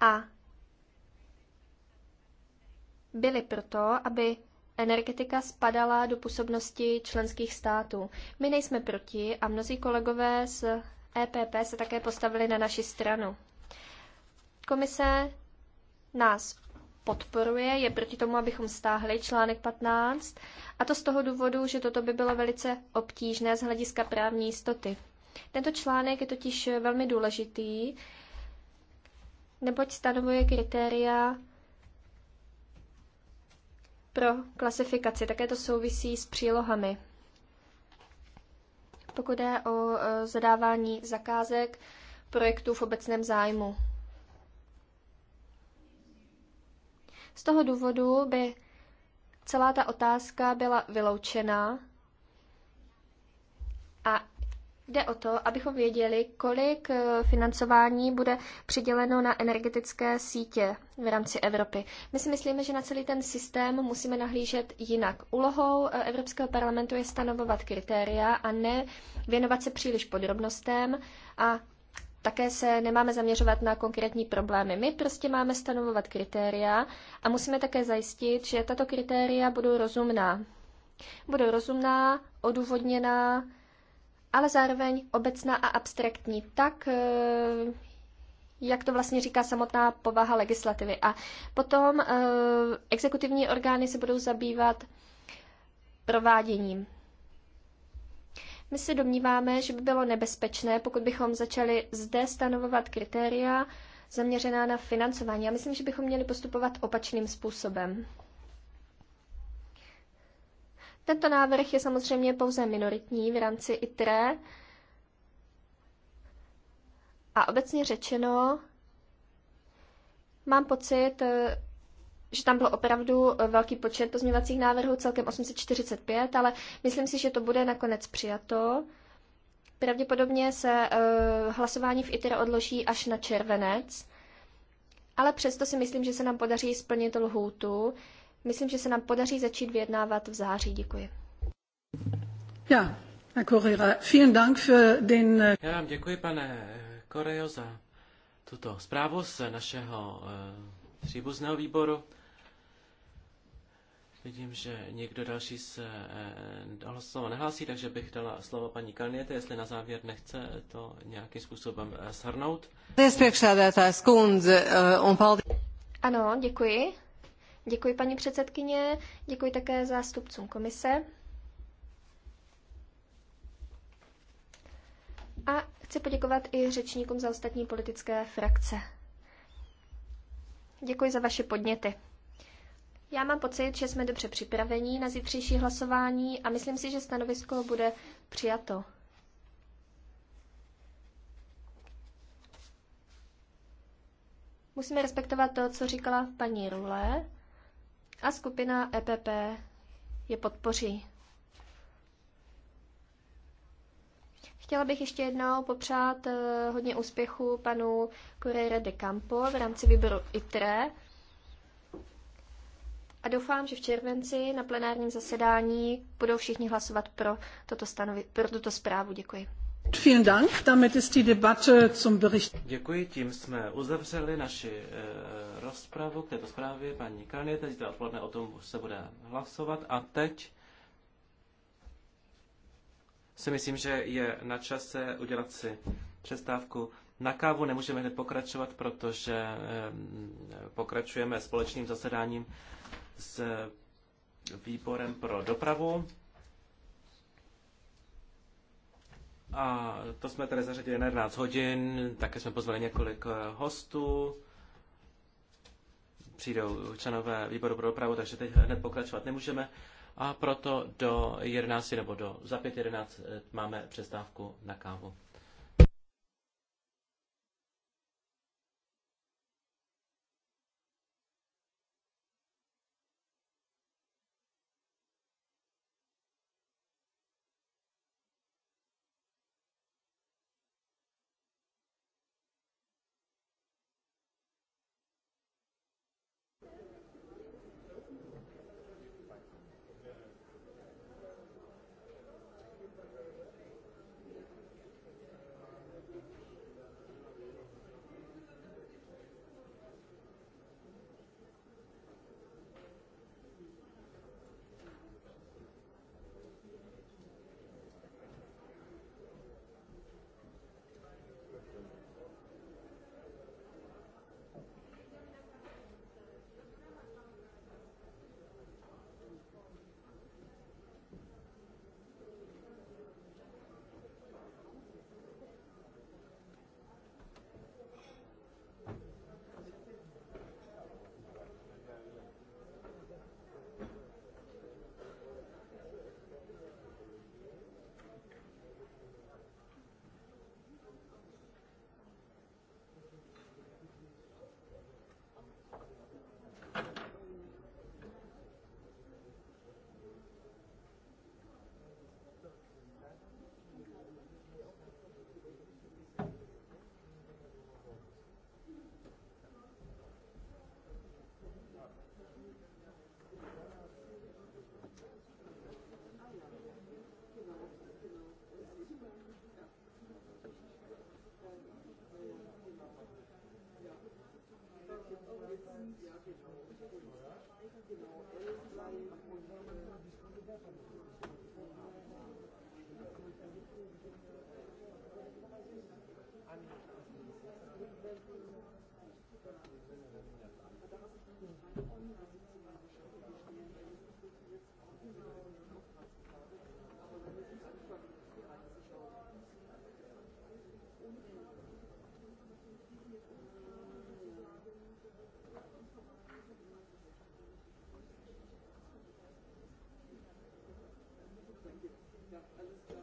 a byly proto, aby energetika spadala do působnosti členských států. My nejsme proti a mnozí kolegové z EPP se také postavili na naši stranu. Komise nás podporuje, je proti tomu, abychom stáhli článek 15, a to z toho důvodu, že toto by bylo velice obtížné z hlediska právní jistoty. Tento článek je totiž velmi důležitý, neboť stanovuje kritéria pro klasifikaci. Také to souvisí s přílohami. Pokud je o e, zadávání zakázek projektů v obecném zájmu. Z toho důvodu by celá ta otázka byla vyloučena a Jde o to, abychom věděli, kolik eh, financování bude přiděleno na energetické sítě v rámci Evropy. My si myslíme, že na celý ten systém musíme nahlížet jinak. Úlohou eh, Evropského parlamentu je stanovovat kritéria a ne věnovat se příliš podrobnostem a také se nemáme zaměřovat na konkrétní problémy. My prostě máme stanovovat kritéria a musíme také zajistit, že tato kritéria budou rozumná. Budou rozumná, odůvodněná, ale zároveň obecná a abstraktní, tak eh, jak to vlastně říká samotná povaha legislativy. A potom eh, exekutivní orgány se budou zabývat prováděním. My se domníváme, že by bylo nebezpečné, pokud bychom začali zde stanovovat kritéria zaměřená na financování. Já myslím, že bychom měli postupovat opačným způsobem. Tento návrh je samozřejmě pouze minoritní v rámci ITRE a obecně řečeno mám pocit, že tam byl opravdu velký počet pozměňovacích návrhů, celkem 845, ale myslím si, že to bude nakonec přijato. Pravděpodobně se eh, hlasování v ITER odloží až na červenec, ale přesto si myslím, že se nám podaří splnit lhůtu. Myslím, že se nám podaří začít vyjednávat v září. Děkuji. Ja, Herr Correa, vielen Dank für den... Äh, Já vám děkuji, pane eh, Correo, za tuto zprávu z našeho e, příbuzného výboru. Vidím, že někdo další se e, slovo nehlásí, takže bych dala slovo paní Kalniete, jestli na závěr nechce to nějakým způsobem e, shrnout. Ano, děkuji. Děkuji paní předsedkyně, děkuji také zástupcům komise. A chci poděkovat i řečníkům za ostatní politické frakce. Děkuji za vaše podněty. Já mám pocit, že jsme dobře připraveni na zítřejší hlasování a myslím si, že stanovisko bude přijato. Musíme respektovat to, co říkala paní Rule, a skupina EPP je podpoří. Chtěla bych ještě jednou popřát eh, hodně úspěchu panu Correire de Campo v rámci výboru ITRE. A doufám, že v červenci na plenárním zasedání budou všichni hlasovat pro, toto stanovi- pro tuto zprávu. Děkuji. Děkuji, tím jsme uzavřeli naši e, rozpravu k této zprávě paní Kalnie. Teď odpoledne o tom se bude hlasovat. A teď si myslím, že je na čase udělat si přestávku na kávu. Nemůžeme hned pokračovat, protože e, pokračujeme společným zasedáním s výborem pro dopravu. A to jsme tady zařadili na 11 hodin, také jsme pozvali několik eh, hostů. Přijdou členové výboru pro dopravu, takže teď hned pokračovat nemůžeme. A proto do 11 nebo do za 5.11 eh, máme přestávku na kávu. you know, es la klar, alles klar.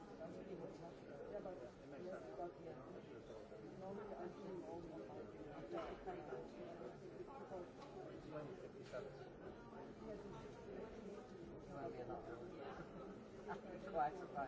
Schweizer Wein.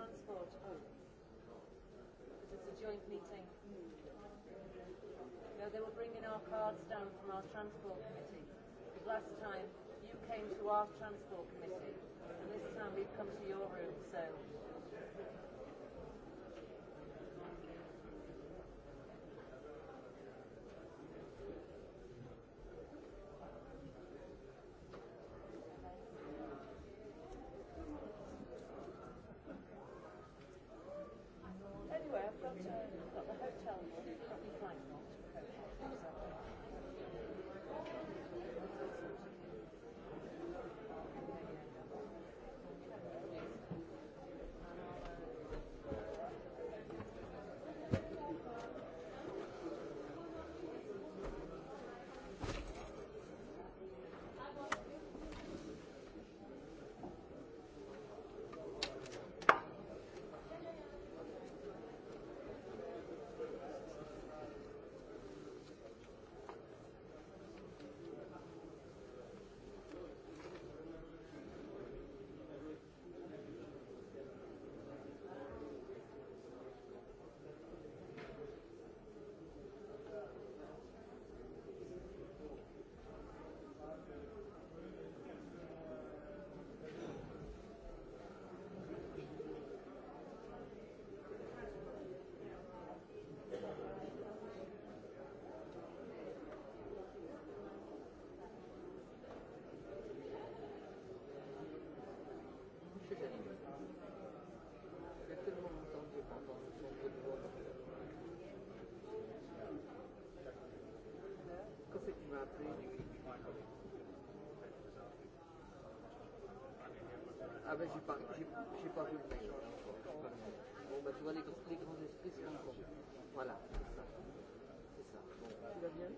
Transport on? Oh. Because it's a joint meeting. Mm. No, they were bringing our cards down from our Transport Committee. Because last time you came to our Transport Committee, and this time we've come to your room, so avec ben j'ai pas, j'ai, j'ai pas vu le mec. Bon ben tu vois les, les grands esprits se rencontrent. Voilà, c'est ça. C'est ça. Bon. Tu vas bien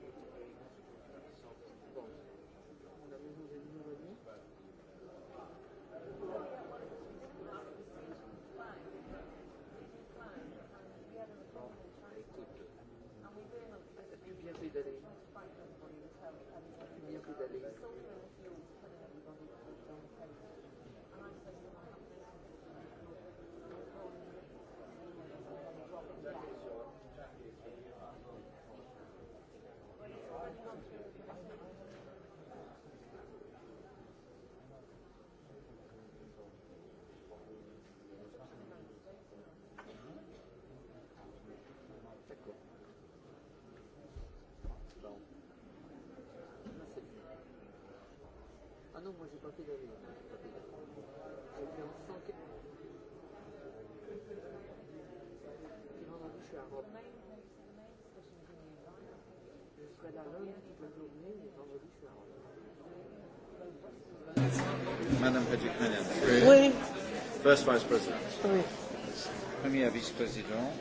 Oui. First Vice President. Premier vice-président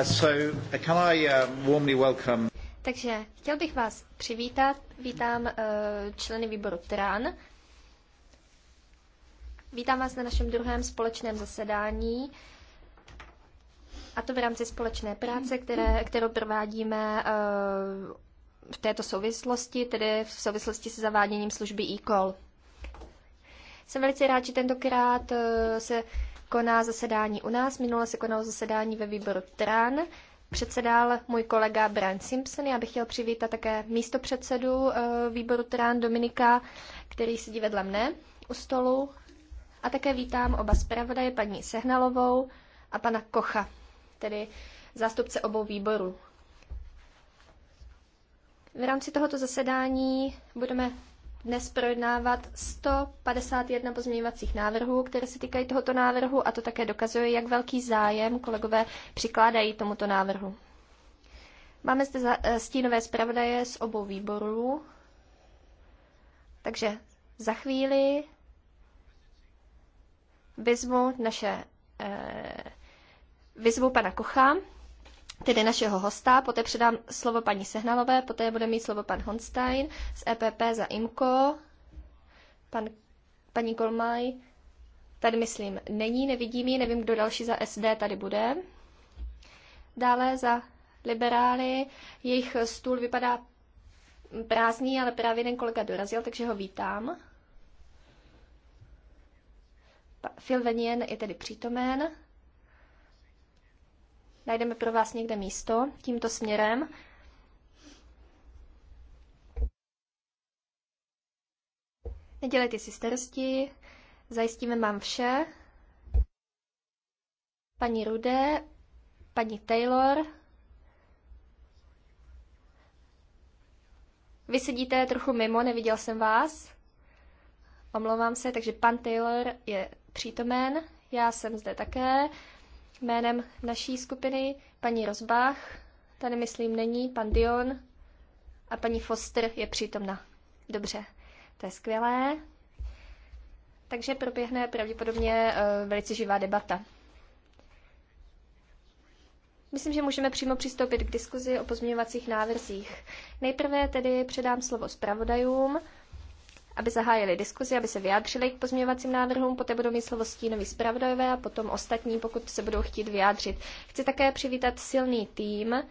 Uh, uh, uh, Takže chtěl bych vás přivítat. Vítám uh, členy výboru TRAN. Vítám vás na našem druhém společném zasedání, a to v rámci společné práce, které, kterou provádíme uh, v této souvislosti, tedy v souvislosti se zaváděním služby e-call. Jsem velice rád, že tentokrát uh, se uh, koná zasedání u nás, minule se konalo zasedání ve výboru TRAN, předsedal můj kolega Brian Simpson. Já bych chtěl přivítat také místo předsedu eh, výboru TRAN Dominika, který sedí vedle mne u stolu. A také vítám oba zpravodaje, paní Sehnalovou a pana Kocha, tedy zástupce obou výborů. V rámci tohoto zasedání budeme dnes projednávat 151 pozměňovacích návrhů, které se týkají tohoto návrhu a to také dokazuje, jak velký zájem kolegové přikládají tomuto návrhu. Máme zde eh, stínové zpravodaje z obou výborů, takže za chvíli vyzvu naše eh, vyzvu pana Kocha, tedy našeho hosta, poté předám slovo paní Sehnalové, poté bude mít slovo pan Honstein z EPP za IMKO, pan, paní Kolmaj, tady myslím není, nevidím ji, nevím, kdo další za SD tady bude. Dále za liberály, jejich stůl vypadá prázdný, ale právě jeden kolega dorazil, takže ho vítám. Phil Venien je tedy přítomen. Najdeme pro vás někde místo tímto směrem. Nedělejte si starosti, zajistíme vám vše. Paní Rudé, paní Taylor. Vy sedíte trochu mimo, neviděl jsem vás. Omlouvám se, takže pan Taylor je přítomen, já jsem zde také. Jménem naší skupiny paní Rozbách, tady myslím není, pan Dion a paní Foster je přítomna. Dobře, to je skvělé. Takže proběhne pravděpodobně eh, velice živá debata. Myslím, že můžeme přímo přistoupit k diskuzi o pozměňovacích návrzích. Nejprve tedy předám slovo zpravodajům aby zahájili diskuzi, aby se vyjádřili k pozměňovacím návrhům, poté budou mít slovo stínový zpravodajové a potom ostatní, pokud se budou chtít vyjádřit. Chci také přivítat silný tým,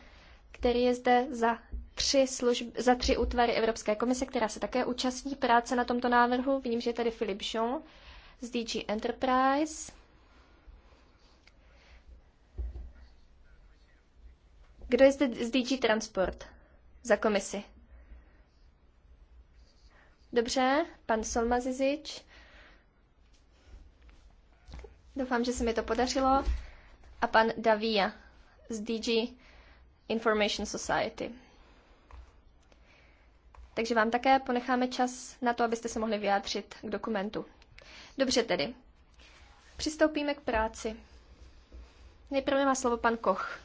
který je zde za tři, služb, za tři útvary Evropské komise, která se také účastní práce na tomto návrhu. Vím, že je tady Filip Jean z DG Enterprise. Kdo je zde z DG Transport za komisi? Dobře, pan Solmazizič. Doufám, že se mi to podařilo. A pan Davia z DG Information Society. Takže vám také ponecháme čas na to, abyste se mohli vyjádřit k dokumentu. Dobře tedy. Přistoupíme k práci. Nejprve má slovo pan Koch.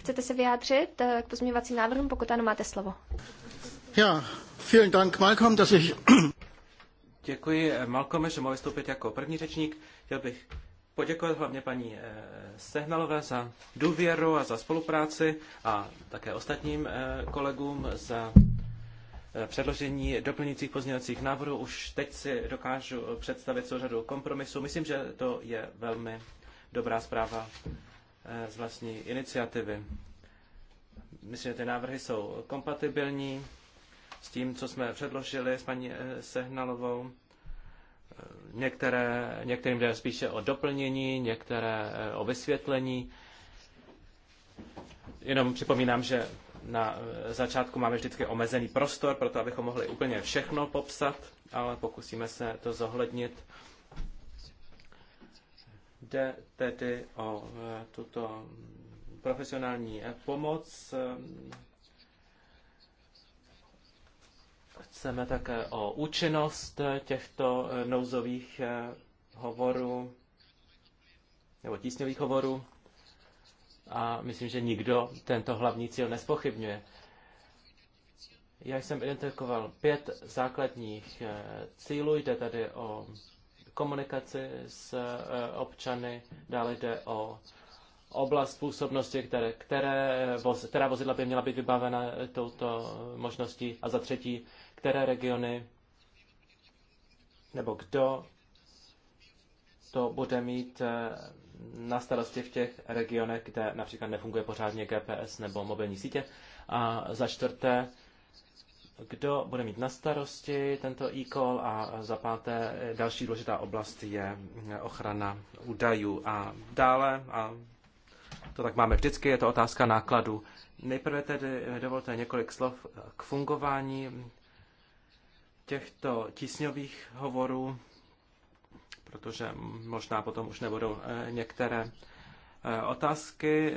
Chcete se vyjádřit eh, k pozměňovacím návrhům? Pokud ano, máte slovo. Já Vielen Dank, Malcolm, dass ich... Děkuji eh, Malcolme, že mohu vystoupit jako první řečník. Chtěl bych poděkovat hlavně paní eh, Sehnalové za důvěru a za spolupráci a také ostatním eh, kolegům za předložení doplňujících pozměňovacích návrhů. Už teď si dokážu představit celou řadu kompromisů. Myslím, že to je velmi dobrá zpráva z vlastní iniciativy. Myslím, že ty návrhy jsou kompatibilní s tím, co jsme předložili s paní eh, Sehnalovou. Eh, některé, některým jde spíše o doplnění, některé eh, o vysvětlení. Jenom připomínám, že na začátku máme vždycky omezený prostor, proto abychom mohli úplně všechno popsat, ale pokusíme se to zohlednit. Jde tedy o tuto profesionální pomoc Chceme také o účinnost těchto eh, nouzových eh, hovorů nebo tísňových hovorů a myslím, že nikdo tento hlavní cíl nespochybňuje. Já jsem identifikoval pět základních eh, cílů. Jde tady o komunikaci s občany, dále jde o oblast působnosti, které, které která vozidla by měla být vybavena touto možností a za třetí které regiony nebo kdo to bude mít eh, na starosti v těch regionech, kde například nefunguje pořádně GPS nebo mobilní sítě. A za čtvrté, kdo bude mít na starosti tento e-call a za páté další důležitá oblast je ochrana údajů a dále a to tak máme vždycky, je to otázka nákladu. Nejprve tedy dovolte několik slov k fungování těchto tisňových hovorů, protože možná potom už nebudou eh, některé eh, otázky.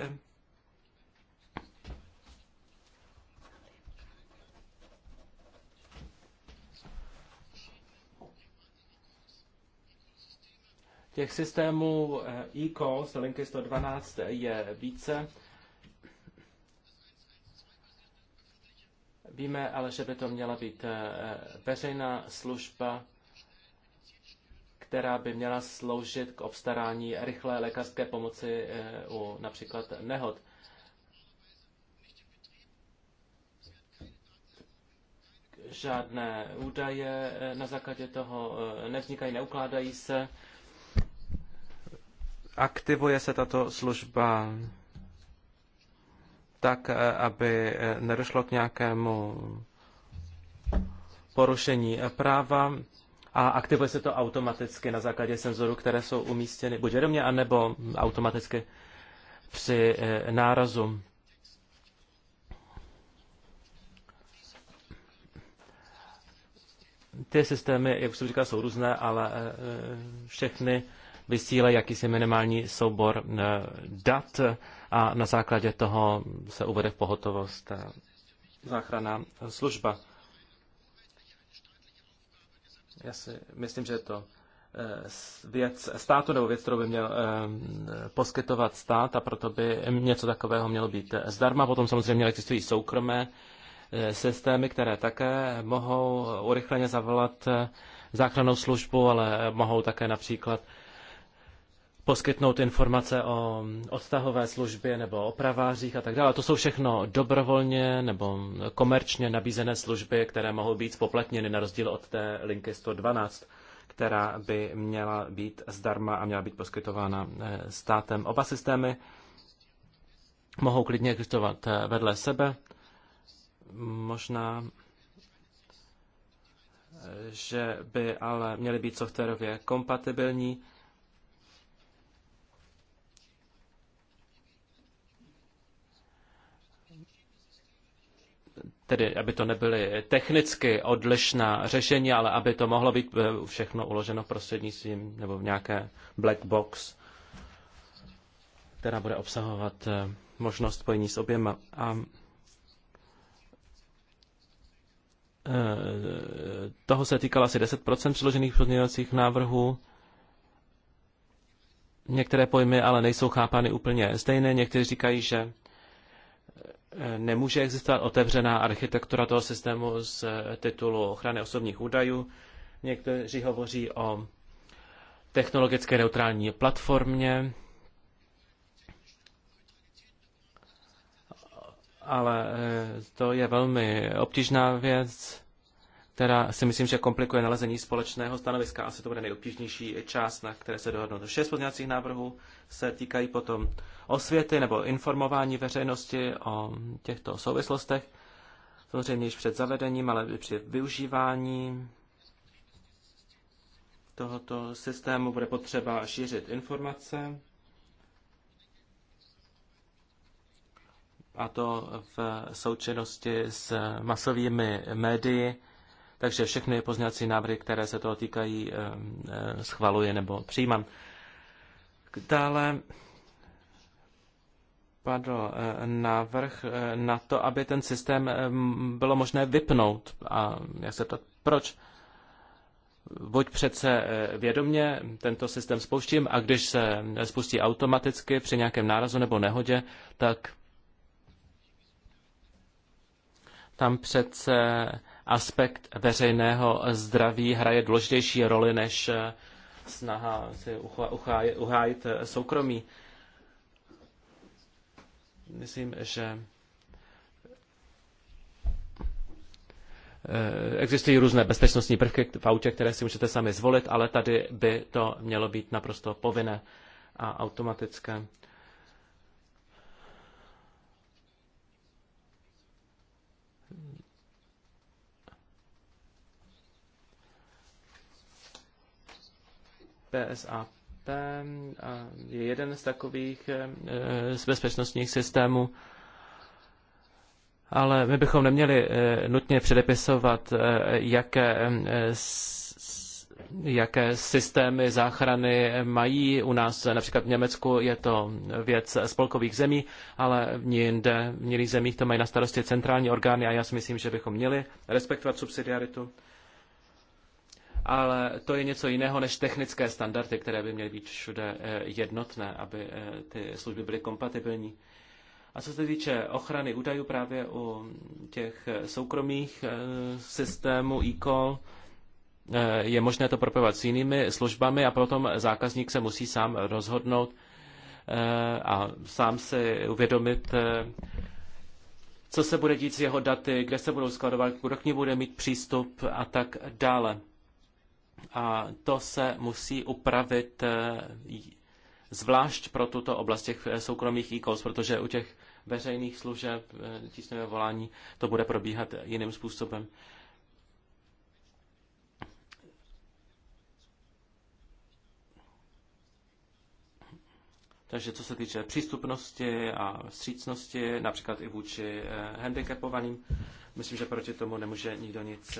Těch systémů eh, e-calls, linky 112, je více. Víme ale, že by to měla být eh, veřejná služba, která by měla sloužit k obstarání rychlé lékařské pomoci eh, u například nehod. Žádné údaje eh, na základě toho nevznikají, neukládají se. Aktivuje se tato služba tak eh, aby eh, nedošlo k nějakému porušení eh, práva a aktivuje se to automaticky na základě senzorů, které jsou umístěny buď vědomě, anebo automaticky při nárazu. Ty systémy, jak jsem říkal, jsou různé, ale všechny vysílají jakýsi minimální soubor eh, dat a na základě toho se uvede v pohotovost eh, záchranná služba. Já si myslím, že je to eh, věc státu nebo věc, kterou by měl poskytovat stát a proto by něco takového mělo být zdarma. Potom samozřejmě existují soukromé systémy, které také mohou urychleně zavolat záchrannou službu, ale mohou také například poskytnout informace o odtahové službě nebo o pravářích a tak dále. To jsou všechno dobrovolně nebo komerčně nabízené služby, které mohou být spoplatněny na rozdíl od té linky 112, která by měla být zdarma a měla být poskytována eh, státem. Oba systémy mohou klidně existovat eh, vedle sebe. Možná eh, že by ale měly být softwarově kompatibilní tedy aby to nebyly technicky odlišná řešení, ale aby to mohlo být eh, všechno uloženo prostřednictvím nebo v nějaké black box, která bude obsahovat eh, možnost spojení s oběma. A eh, toho se týkalo asi 10% přiložených pozměňovacích návrhů. Některé pojmy ale nejsou chápány úplně stejné. Někteří říkají, že nemůže existovat otevřená architektura toho systému z titulu ochrany osobních údajů. Někteří hovoří o technologické neutrální platformě, ale eh, to je velmi obtížná věc která si myslím, že komplikuje nalezení společného stanoviska. Asi to bude nejobtížnější část, na které se dohodnou. Šest pozměňovacích návrhů se týkají potom osvěty nebo informování veřejnosti o těchto souvislostech. Samozřejmě již před zavedením, ale i při využívání tohoto systému bude potřeba šířit informace. A to v součinnosti s masovými médii takže všechny pozměňovací návrhy, které se toho týkají, eh, eh, schvaluje nebo přijímám. Dále padl eh, návrh na to, aby ten systém bylo možné vypnout. A já se ptám, proč? Buď přece vědomě tento systém spouštím a když se spustí automaticky při nějakém nárazu nebo nehodě, tak tam přece aspekt veřejného zdraví hraje důležitější roli než eh, snaha si uhájit eh, soukromí. Myslím, že eh, existují různé bezpečnostní prvky v autě, které si můžete sami zvolit, ale tady by to mělo být naprosto povinné a automatické. PSAP je jeden z takových eh, eh, z bezpečnostních systémů, ale my bychom neměli eh, nutně předepisovat, jaké, jaké systémy záchrany mají. U nás například v Německu je to věc spolkových zemí, ale v jinde, v jiných zemích to mají na starosti centrální orgány a já si myslím, že bychom měli respektovat subsidiaritu ale to je něco jiného než technické standardy, které by měly být všude eh, jednotné, aby eh, ty služby byly kompatibilní. A co se týče ochrany údajů právě u těch eh, soukromých systémů e-call, je možné to propojovat s jinými službami a potom zákazník se musí sám rozhodnout a sám si uvědomit, co se bude dít s jeho daty, kde se budou skladovat, kdo k ní bude mít přístup a tak dále a to se musí upravit eh, zvlášť pro tuto oblast těch eh, soukromých e-calls, protože u těch veřejných služeb eh, tísňového volání to bude probíhat jiným způsobem. Takže co se týče přístupnosti a vstřícnosti, například i vůči handicapovaným, myslím, že proti tomu nemůže nikdo nic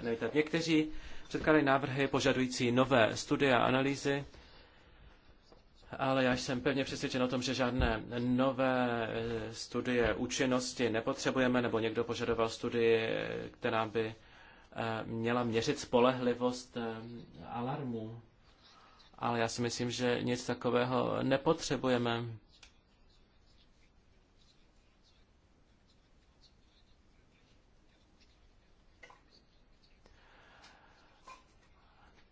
nevítat. Někteří předkládají návrhy požadující nové studie a analýzy, ale já jsem pevně přesvědčen o tom, že žádné nové eh, studie účinnosti nepotřebujeme, nebo někdo požadoval studii, která by eh, měla měřit spolehlivost eh, alarmu. Ale já si myslím, že nic takového nepotřebujeme.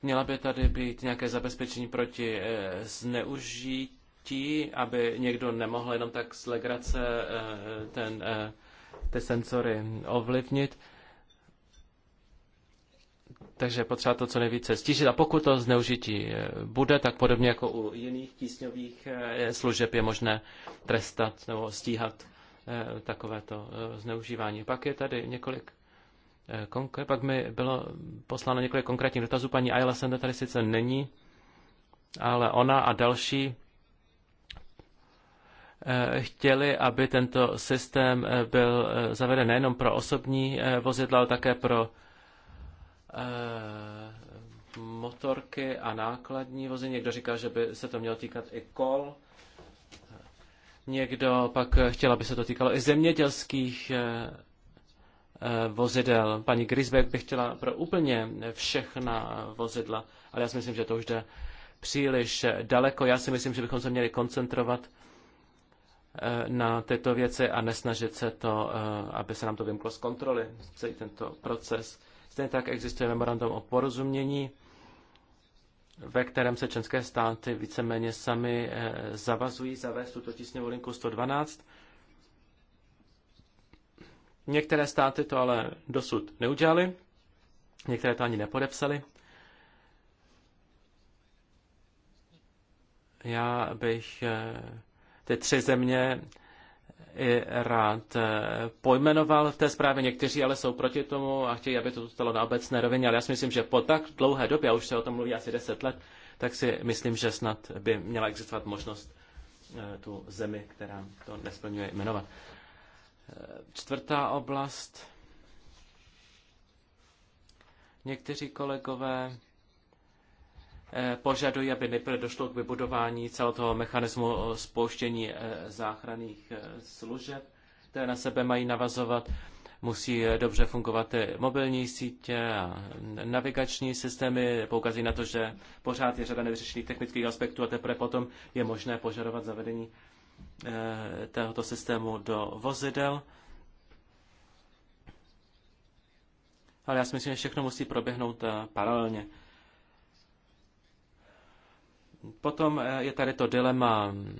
Měla by tady být nějaké zabezpečení proti eh, zneužití, aby někdo nemohl jenom tak z legrace eh, ten, eh, ty senzory ovlivnit. Takže potřeba to co nejvíce stížit. A pokud to zneužití bude, tak podobně jako u jiných tísňových služeb je možné trestat nebo stíhat takovéto zneužívání. Pak je tady několik Eh, konkr- pak mi bylo posláno několik konkrétních dotazů. Paní Ayla Sende tady sice není, ale ona a další eh, chtěli, aby tento systém eh, byl zaveden nejenom pro osobní vozidla, ale také pro motorky a nákladní vozy. Někdo říká, že by se to mělo týkat i kol. Někdo pak chtěl, aby se to týkalo i zemědělských Eh, vozidel. Paní Grisbeck by chtěla pro úplně všechna vozidla, ale já si myslím, že to už jde příliš daleko. Já si myslím, že bychom se měli koncentrovat eh, na tyto věci a nesnažit se to, eh, aby se nám to vymklo z kontroly, celý tento proces. Stejně tak existuje memorandum o porozumění, ve kterém se české státy víceméně sami zavazují zavést tuto tísňovou linku 112 Některé státy to ale dosud neudělali, některé to ani nepodepsali. Já bych eh, ty tři země i rád eh, pojmenoval v té zprávě. Někteří ale jsou proti tomu a chtějí, aby to zůstalo na obecné rovině, ale já si myslím, že po tak dlouhé době, a už se o tom mluví asi 10 let, tak si myslím, že snad by měla existovat možnost eh, tu zemi, která to nesplňuje, jmenovat. Čtvrtá oblast. Někteří kolegové eh, požadují, aby nejprve došlo k vybudování celého toho mechanismu spouštění eh, záchranných eh, služeb, které na sebe mají navazovat. Musí dobře fungovat mobilní sítě a navigační systémy. Poukazují na to, že pořád je řada nevyřešených technických aspektů a teprve potom je možné požadovat zavedení Eh, tohoto systému do vozidel. Ale já si myslím, že všechno musí proběhnout eh, paralelně. Potom eh, je tady to dilema mm,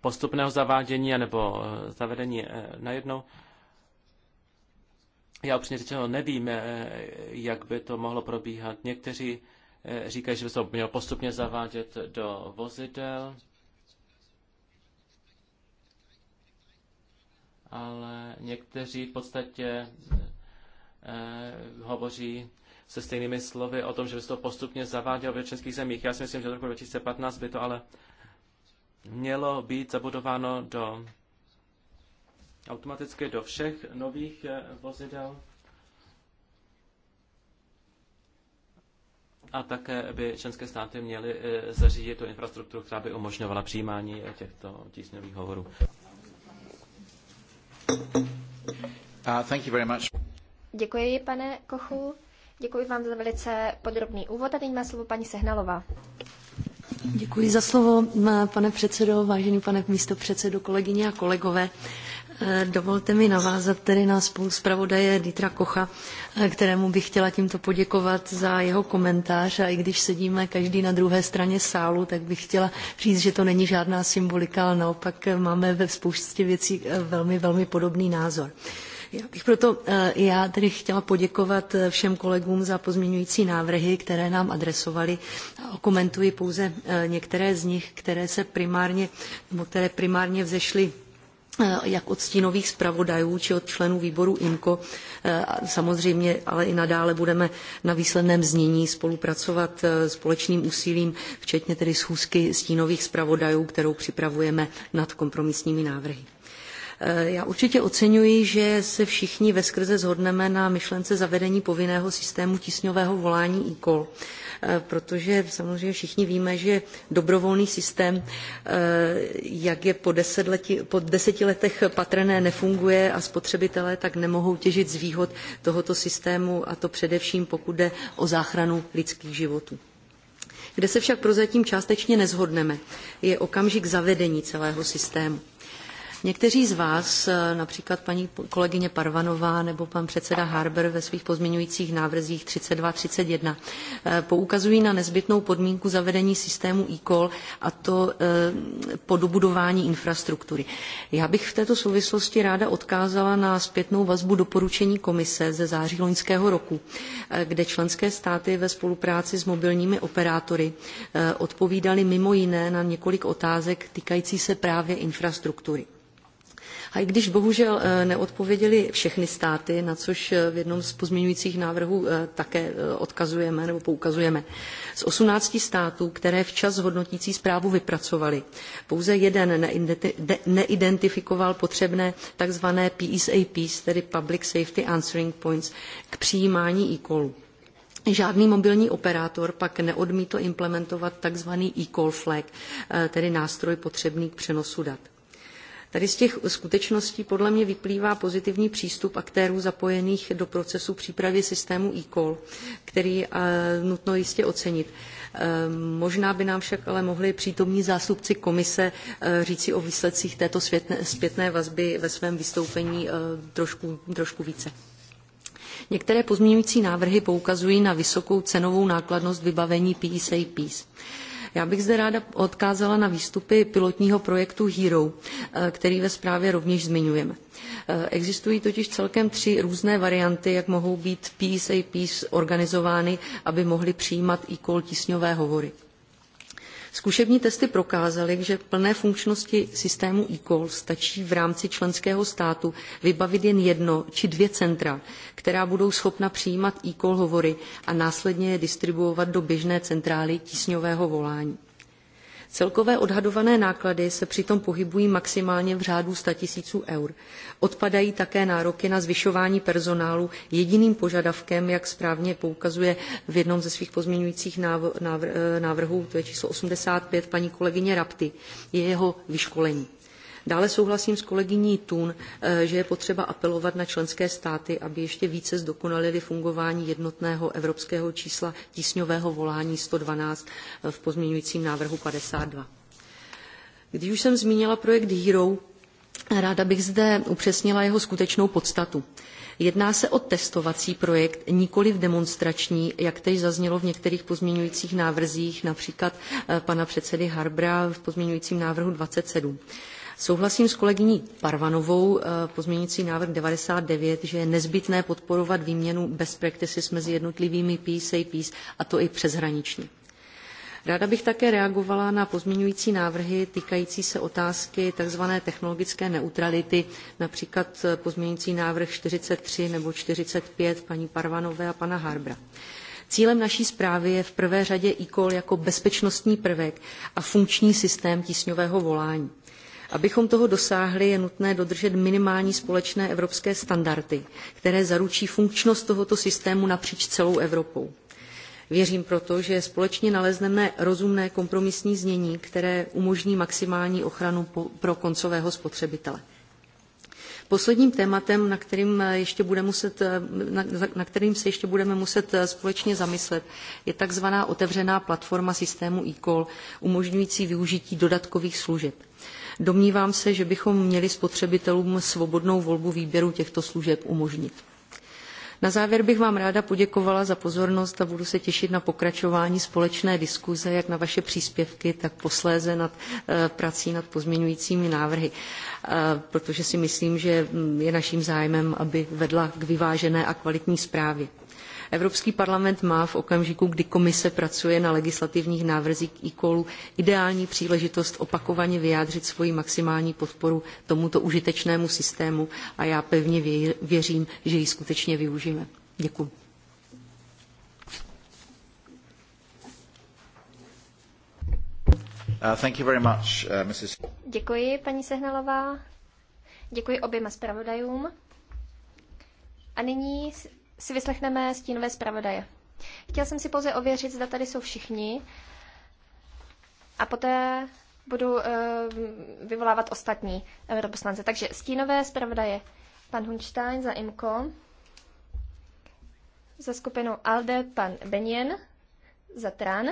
postupného zavádění nebo zavedení najednou. Já upřímně řečeno nevím, jak by to mohlo probíhat. Někteří říkají, že by se to mělo postupně zavádět do vozidel. ale někteří v podstatě eh, hovoří se stejnými slovy o tom, že by se to postupně zavádělo v českých zemích. Já si myslím, že do roku 2015 by to ale mělo být zabudováno do automaticky do všech nových eh, vozidel. A také by členské státy měly eh, zařídit tu infrastrukturu, která by umožňovala přijímání eh, těchto tísňových hovorů. Uh, Děkuji, pane Kochu. Děkuji vám za velice podrobný úvod a teď má slovo paní Sehnalová. Děkuji za slovo, pane předsedo, vážený pane předsedo, kolegyně a kolegové. Eh, dovolte mi navázat tedy na spoluzpravodaje Dítra Kocha, eh, kterému bych chtěla tímto poděkovat za jeho komentář a i když sedíme každý na druhé straně sálu, tak bych chtěla říct, že to není žádná symbolika, ale naopak eh, máme ve spoustě věcí velmi, velmi podobný názor. Já bych proto já tedy chtěla poděkovat všem kolegům za pozměňující návrhy, které nám adresovali. Komentuji pouze některé z nich, které se primárně, nebo které primárně vzešly Eh, jak od stínových zpravodajů či od členů výboru IMCO. Eh, samozřejmě ale i nadále budeme na výsledném znění spolupracovat eh, společným úsilím, včetně tedy schůzky stínových zpravodajů, kterou připravujeme nad kompromisními návrhy. Já určitě oceňuji, že se všichni veskrze shodneme na myšlence zavedení povinného systému tísňového volání e-call Eh, protože samozřejmě všichni víme, že dobrovolný systém, eh, jak je po, desetleti, po deseti letech patrné, nefunguje a spotřebitelé tak nemohou těžit z výhod tohoto systému, a to především pokud jde o záchranu lidských životů. Kde se však prozatím částečně nezhodneme, je okamžik zavedení celého systému. Někteří z vás, eh, například paní kolegyně Parvanová nebo pan předseda Harber ve svých pozměňujících návrzích 32 31, eh, poukazují na nezbytnou podmínku zavedení systému e-call a to eh, po dobudování infrastruktury. Já bych v této souvislosti ráda odkázala na zpětnou vazbu doporučení komise ze září loňského roku, kde členské státy ve spolupráci s mobilními operátory odpovídali mimo jiné na několik otázek týkající se právě infrastruktury. A i když bohužel eh, neodpověděli všechny státy, na což eh, v jednom z pozměňujících návrhů eh, také odkazujeme nebo poukazujeme, z 18 států, které včas hodnotící zprávu vypracovali, pouze jeden neidentifikoval potřebné tzv. PSAPs, tedy Public Safety Answering Points, k přijímání e-callu. Žádný mobilní operátor pak neodmítl implementovat tzv. e-call flag, tedy nástroj potřebný k přenosu dat. Tady z těch skutečností podle mě vyplývá pozitivní přístup aktérů zapojených do procesu přípravy systému e-call, který eh, nutno jistě ocenit. Eh, možná by nám však ale mohli přítomní zástupci komise eh, říci o výsledcích této zpětné vazby ve svém vystoupení trošku, trošku více. Některé pozměňující návrhy poukazují na vysokou cenovou nákladnost vybavení PSAPs. Já bych zde ráda odkázala na výstupy pilotního projektu Hero, eh, který ve zprávě rovněž zmiňujeme. Eh, existují totiž celkem tři různé varianty, jak mohou být PSAPs organizovány, aby mohly přijímat e-call tísňové hovory. Zkušební testy prokázaly, že plné funkčnosti systému eCall stačí v rámci členského státu vybavit jen jedno či dvě centra, která budou schopna přijímat eCall hovory a následně je distribuovat do běžné centrály tísňového volání. Celkové odhadované náklady se přitom pohybují maximálně v řádu 100 tisíců eur. Odpadají také nároky na zvyšování personálu jediným požadavkem, jak správně poukazuje v jednom ze svých pozměňujících eh, návrhů, to je číslo 85, paní kolegyně Rapty, je jeho vyškolení. Dále souhlasím s kolegyní Tun, eh, že je potřeba apelovat na členské státy, aby ještě více zdokonalili fungování jednotného evropského čísla tísňového volání 112 eh, v pozměňujícím návrhu 52. Když už jsem zmínila projekt Hero, ráda bych zde upřesnila jeho skutečnou podstatu. Jedná se o testovací projekt, nikoli v demonstrační, jak teď zaznělo v některých pozměňujících návrzích, například eh, pana předsedy Harbra v pozměňujícím návrhu 27. Souhlasím s kolegyní Parvanovou eh, pozměňující návrh 99, že je nezbytné podporovat výměnu best practices mezi jednotlivými PSAPs a to i přeshraničně. Ráda bych také reagovala na pozměňující návrhy týkající se otázky tzv. technologické neutrality, například eh, pozměňující návrh 43 nebo 45 paní Parvanové a pana Harbra. Cílem naší zprávy je v prvé řadě e jako bezpečnostní prvek a funkční systém tísňového volání. Abychom toho dosáhli, je nutné dodržet minimální společné evropské standardy, které zaručí funkčnost tohoto systému napříč celou Evropou. Věřím proto, že společně nalezneme rozumné kompromisní znění, které umožní maximální ochranu pro koncového spotřebitele. Posledním tématem, na kterým, ještě bude muset, na, na kterým se ještě budeme muset společně zamyslet, je takzvaná otevřená platforma systému eCall, umožňující využití dodatkových služeb. Domnívám se, že bychom měli spotřebitelům svobodnou volbu výběru těchto služeb umožnit. Na závěr bych vám ráda poděkovala za pozornost a budu se těšit na pokračování společné diskuze, jak na vaše příspěvky, tak posléze nad eh, prací nad pozměňujícími návrhy, eh, protože si myslím, že mm, je naším zájmem, aby vedla k vyvážené a kvalitní zprávě. Evropský parlament má v okamžiku, kdy komise pracuje na legislativních návrzích k e-callu, ideální příležitost opakovaně vyjádřit svoji maximální podporu tomuto užitečnému systému a já pevně věřím, že ji skutečně využijeme. Děkuji. Uh, much, uh, Děkuji, paní Sehnalová. Děkuji oběma zpravodajům. A nyní si vyslechneme stínové zpravodaje. Chtěl jsem si pouze ověřit, zda tady jsou všichni a poté budu uh, vyvolávat ostatní europoslance. Takže stínové zpravodaje pan Hunstein za IMKO, za skupinu ALDE pan Benjen, za TRAN,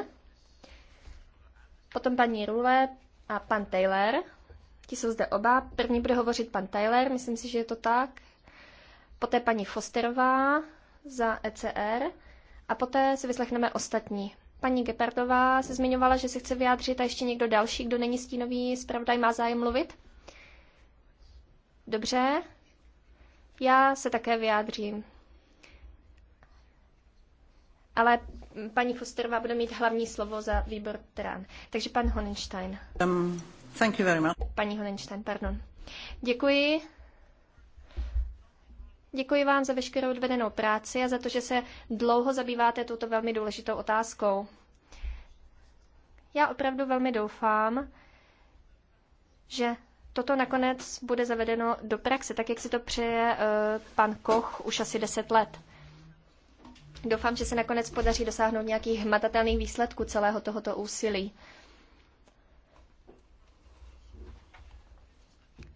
potom paní Rule a pan Taylor. Ti jsou zde oba. První bude hovořit pan Taylor, myslím si, že je to tak poté paní Fosterová za ECR a poté si vyslechneme ostatní. Paní Gepardová se zmiňovala, že se chce vyjádřit a ještě někdo další, kdo není stínový zpravodaj, má zájem mluvit? Dobře, já se také vyjádřím. Ale paní Fosterová bude mít hlavní slovo za výbor TRAN. Takže pan Honenstein. Um, thank you very much. Paní Honenstein, pardon. Děkuji. Děkuji vám za veškerou odvedenou práci a za to, že se dlouho zabýváte touto velmi důležitou otázkou. Já opravdu velmi doufám, že toto nakonec bude zavedeno do praxe, tak jak si to přeje eh, pan Koch už asi 10 let. Doufám, že se nakonec podaří dosáhnout nějakých hmatatelných výsledků celého tohoto úsilí.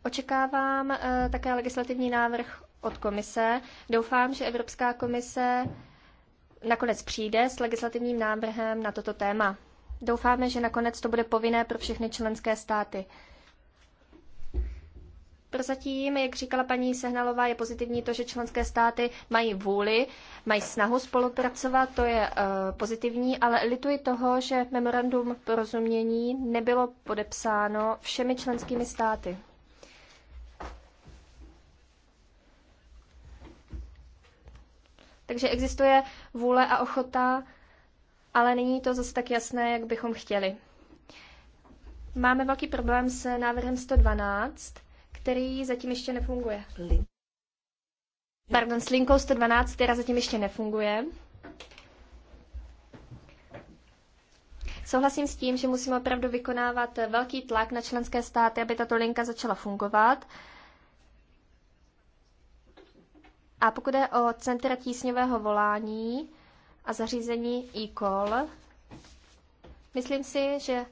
Očekávám eh, také legislativní návrh od komise. Doufám, že Evropská komise nakonec přijde s legislativním návrhem na toto téma. Doufáme, že nakonec to bude povinné pro všechny členské státy. Prozatím, jak říkala paní Sehnalová, je pozitivní to, že členské státy mají vůli, mají snahu spolupracovat, to je uh, pozitivní, ale lituji toho, že memorandum porozumění nebylo podepsáno všemi členskými státy. Takže existuje vůle a ochota, ale není to zase tak jasné, jak bychom chtěli. Máme velký problém s návrhem 112, který zatím ještě nefunguje. Pardon, s linkou 112, která zatím ještě nefunguje. Souhlasím s tím, že musíme opravdu vykonávat velký tlak na členské státy, aby tato linka začala fungovat. A pokud je o centra tísňového volání a zařízení e-call, myslím si, že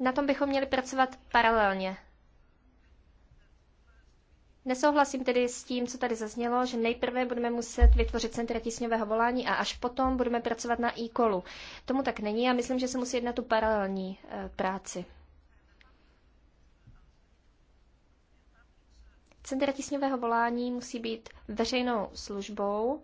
na tom bychom měli pracovat paralelně. Nesouhlasím tedy s tím, co tady zaznělo, že nejprve budeme muset vytvořit centra tísňového volání a až potom budeme pracovat na e-callu. Tomu tak není a myslím, že se musí jednat tu paralelní eh, práci. Centra tisňového volání musí být veřejnou službou,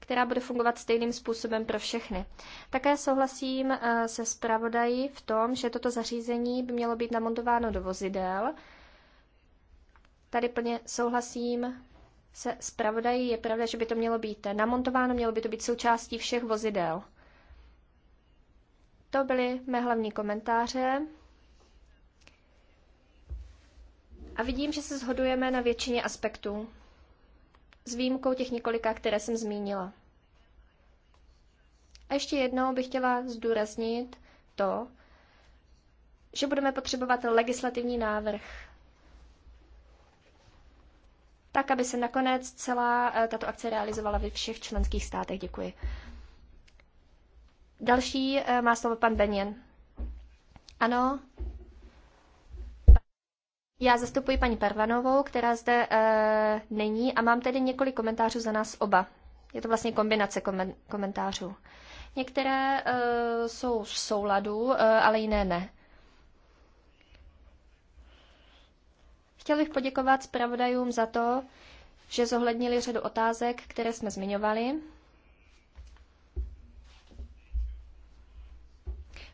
která bude fungovat stejným způsobem pro všechny. Také souhlasím eh, se zpravodají v tom, že toto zařízení by mělo být namontováno do vozidel. Tady plně souhlasím se zpravodají. Je pravda, že by to mělo být namontováno, mělo by to být součástí všech vozidel. To byly mé hlavní komentáře. A vidím, že se shodujeme na většině aspektů, s výjimkou těch několika, které jsem zmínila. A ještě jednou bych chtěla zdůraznit to, že budeme potřebovat legislativní návrh, tak aby se nakonec celá eh, tato akce realizovala ve všech členských státech. Děkuji. Další eh, má slovo pan Benjen. Ano, já zastupuji paní Parvanovou, která zde e, není a mám tedy několik komentářů za nás oba. Je to vlastně kombinace komen- komentářů. Některé e, jsou v souladu, e, ale jiné ne. Chtěl bych poděkovat zpravodajům za to, že zohlednili řadu otázek, které jsme zmiňovali.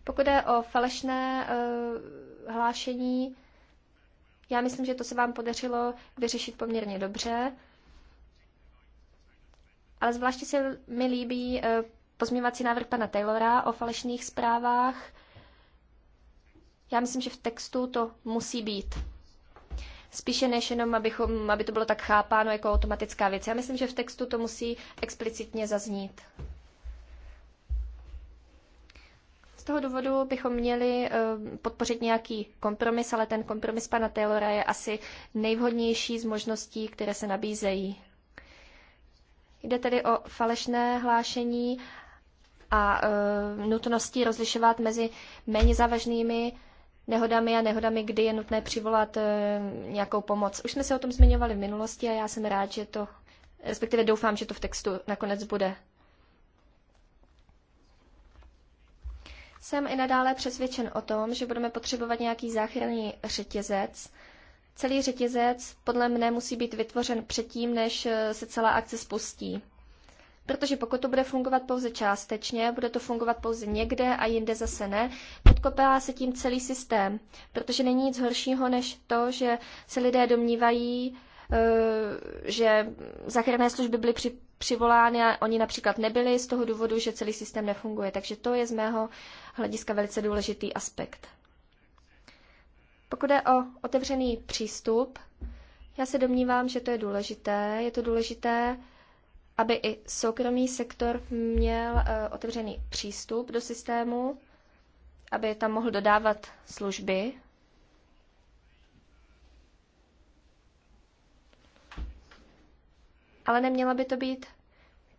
Pokud je o falešné e, hlášení, já myslím, že to se vám podařilo vyřešit poměrně dobře. Ale zvláště se mi líbí eh, pozměvací návrh pana Taylora o falešných zprávách. Já myslím, že v textu to musí být. Spíše než jenom, abychom, aby to bylo tak chápáno jako automatická věc. Já myslím, že v textu to musí explicitně zaznít. Z toho důvodu bychom měli eh, podpořit nějaký kompromis, ale ten kompromis pana Taylora je asi nejvhodnější z možností, které se nabízejí. Jde tedy o falešné hlášení a eh, nutností rozlišovat mezi méně závažnými nehodami a nehodami, kdy je nutné přivolat eh, nějakou pomoc. Už jsme se o tom zmiňovali v minulosti a já jsem rád, že to, respektive doufám, že to v textu nakonec bude. Jsem i nadále přesvědčen o tom, že budeme potřebovat nějaký záchranný řetězec. Celý řetězec podle mne musí být vytvořen předtím, než eh, se celá akce spustí. Protože pokud to bude fungovat pouze částečně, bude to fungovat pouze někde a jinde zase ne, podkopá se tím celý systém. Protože není nic horšího než to, že se lidé domnívají, eh, že záchranné služby byly přivolány a oni například nebyli z toho důvodu, že celý systém nefunguje. Takže to je z mého hlediska velice důležitý aspekt. Pokud je o otevřený přístup, já se domnívám, že to je důležité. Je to důležité, aby i soukromý sektor měl eh, otevřený přístup do systému, aby tam mohl dodávat služby ale neměla by to být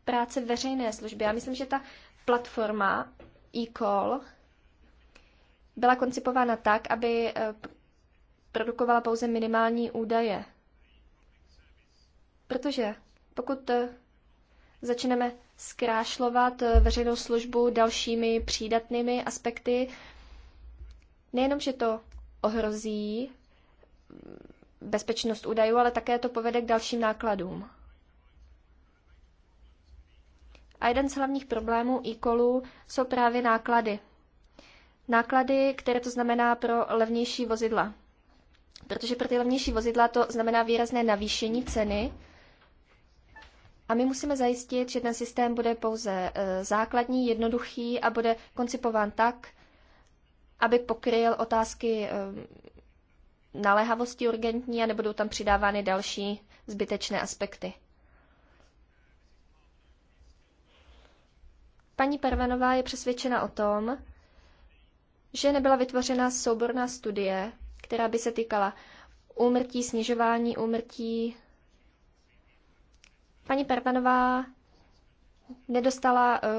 práce veřejné služby. Já myslím, že ta platforma e-call byla koncipována tak, aby eh, produkovala pouze minimální údaje. Protože pokud eh, začneme zkrášlovat eh, veřejnou službu dalšími přídatnými aspekty, nejenom, že to ohrozí mm, bezpečnost údajů, ale také to povede k dalším nákladům. A jeden z hlavních problémů e jsou právě náklady. Náklady, které to znamená pro levnější vozidla. Protože pro ty levnější vozidla to znamená výrazné navýšení ceny. A my musíme zajistit, že ten systém bude pouze e, základní, jednoduchý a bude koncipován tak, aby pokryl otázky e, naléhavosti urgentní a nebudou tam přidávány další zbytečné aspekty. Paní Pervanová je přesvědčena o tom, že nebyla vytvořena souborná studie, která by se týkala úmrtí, snižování úmrtí. Paní Pervanová nedostala uh,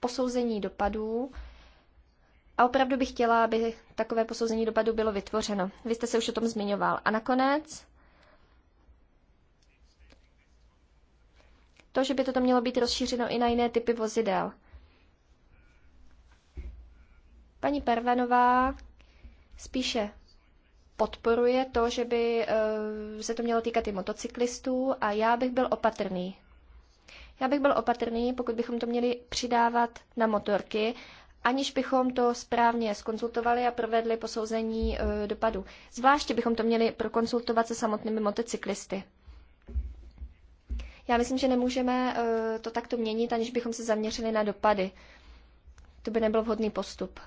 posouzení dopadů a opravdu bych chtěla, aby takové posouzení dopadů bylo vytvořeno. Vy jste se už o tom zmiňoval. A nakonec to, že by toto mělo být rozšířeno i na jiné typy vozidel. Paní Pervanová spíše podporuje to, že by eh, se to mělo týkat i motocyklistů a já bych byl opatrný. Já bych byl opatrný, pokud bychom to měli přidávat na motorky, aniž bychom to správně skonzultovali a provedli posouzení eh, dopadu. Zvláště bychom to měli prokonsultovat se samotnými motocyklisty. Já myslím, že nemůžeme eh, to takto měnit, aniž bychom se zaměřili na dopady. To by nebyl vhodný postup.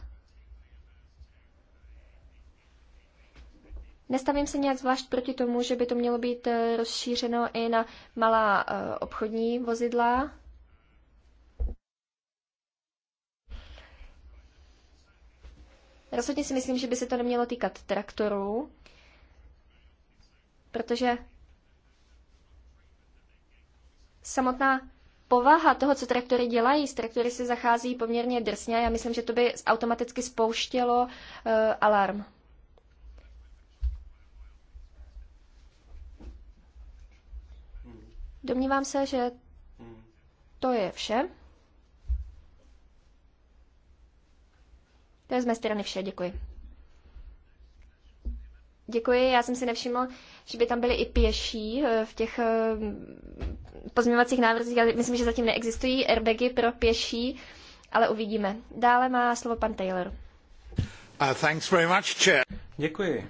Nestavím se nějak zvlášť proti tomu, že by to mělo být eh, rozšířeno i na malá eh, obchodní vozidla. Rozhodně si myslím, že by se to nemělo týkat traktorů, protože samotná povaha toho, co traktory dělají, s traktory se zachází poměrně drsně a já myslím, že to by automaticky spouštělo uh, alarm. Domnívám se, že to je vše. To je z mé strany vše, děkuji. Děkuji, já jsem si nevšiml, že by tam byli i pěší eh, v těch eh, pozměňovacích návrzích, ale myslím, že zatím neexistují airbagy pro pěší, ale uvidíme. Dále má slovo pan Taylor. Uh, thanks very much, chair. Děkuji.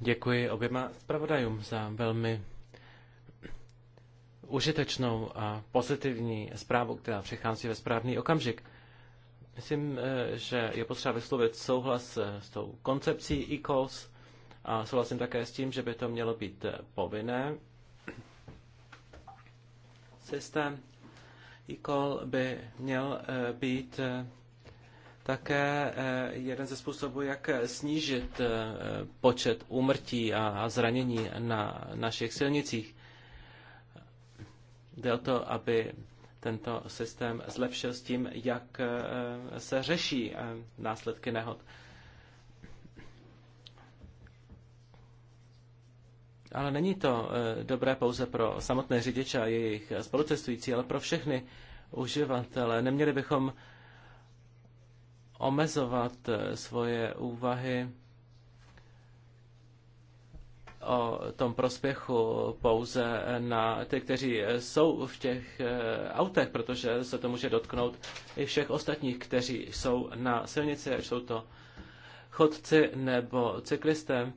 Děkuji oběma zpravodajům za velmi užitečnou a pozitivní zprávu, která přichází ve správný okamžik. Myslím, eh, že je potřeba vyslovit souhlas eh, s tou koncepcí ECOS a souhlasím také s tím, že by to mělo být eh, povinné. Systém ECOL by měl být také jeden ze způsobů, jak snížit počet úmrtí a zranění na našich silnicích. Jde o to, aby tento systém zlepšil s tím, jak eh, se řeší eh, následky nehod. Ale není to eh, dobré pouze pro samotné řidiče a jejich spolucestující, ale pro všechny uživatele. Neměli bychom omezovat svoje úvahy o tom prospěchu pouze na ty, kteří jsou v těch eh, autech, protože se to může dotknout i všech ostatních, kteří jsou na silnici, ať jsou to chodci nebo cyklisté.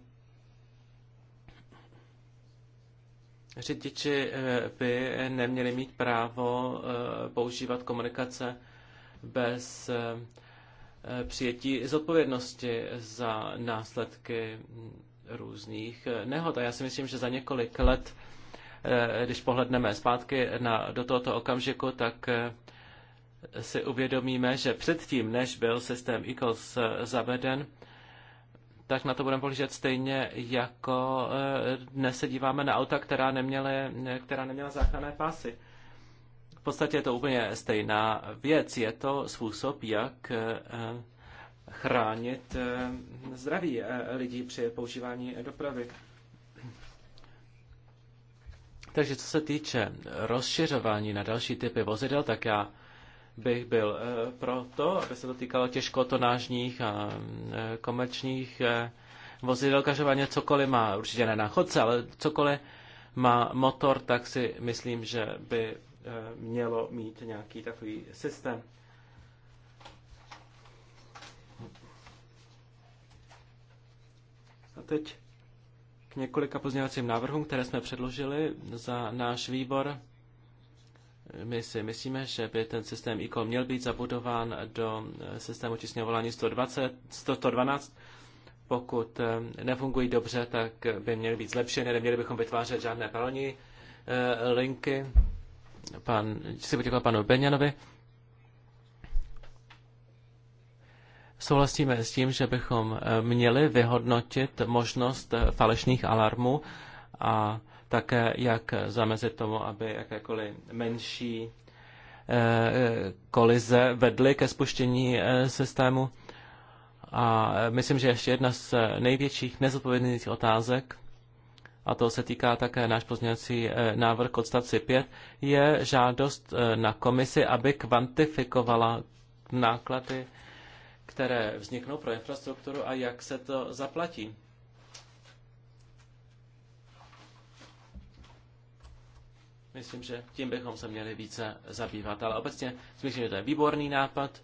Řidiči eh, by neměli mít právo eh, používat komunikace bez přijetí zodpovědnosti za následky různých eh, nehod. A já si myslím, že za několik let, eh, když pohledneme zpátky na, do tohoto okamžiku, tak eh, si uvědomíme, že předtím, než byl systém ECOS zaveden, tak na to budeme pohlížet stejně, jako dnes se díváme na auta, která neměla, která neměla záchranné pásy. V podstatě je to úplně stejná věc. Je to způsob, jak chránit eh, zdraví eh, lidí při používání dopravy. Takže co se týče rozšiřování na další typy vozidel, tak já bych byl eh, pro to, aby se to týkalo těžkotonážních a komerčních vozidel. Každopádně cokoliv má, určitě ne na chodce, ale cokoliv má motor, tak si myslím, že by mělo mít nějaký takový systém. A teď k několika pozměňovacím návrhům, které jsme předložili za náš výbor. My si myslíme, že by ten systém ICO měl být zabudován do systému čistého volání 120, 112. Pokud eh, nefungují dobře, tak by měly být zlepšeny, neměli bychom vytvářet žádné paralelní eh, linky. Pan, chci poděkovat panu Benjanovi Souhlasíme s tím, že bychom eh, měli vyhodnotit možnost eh, falešných alarmů a také jak zamezit tomu, aby jakékoliv menší eh, kolize vedly ke spuštění systému. A myslím, že ještě jedna z největších nezodpovědných otázek, a to se týká také náš pozměňovací návrh k odstavci 5, je žádost na komisi, aby kvantifikovala náklady které vzniknou pro infrastrukturu a jak se to zaplatí. Myslím, že tím bychom se měli více zabývat, ale obecně si myslím, že to je výborný nápad.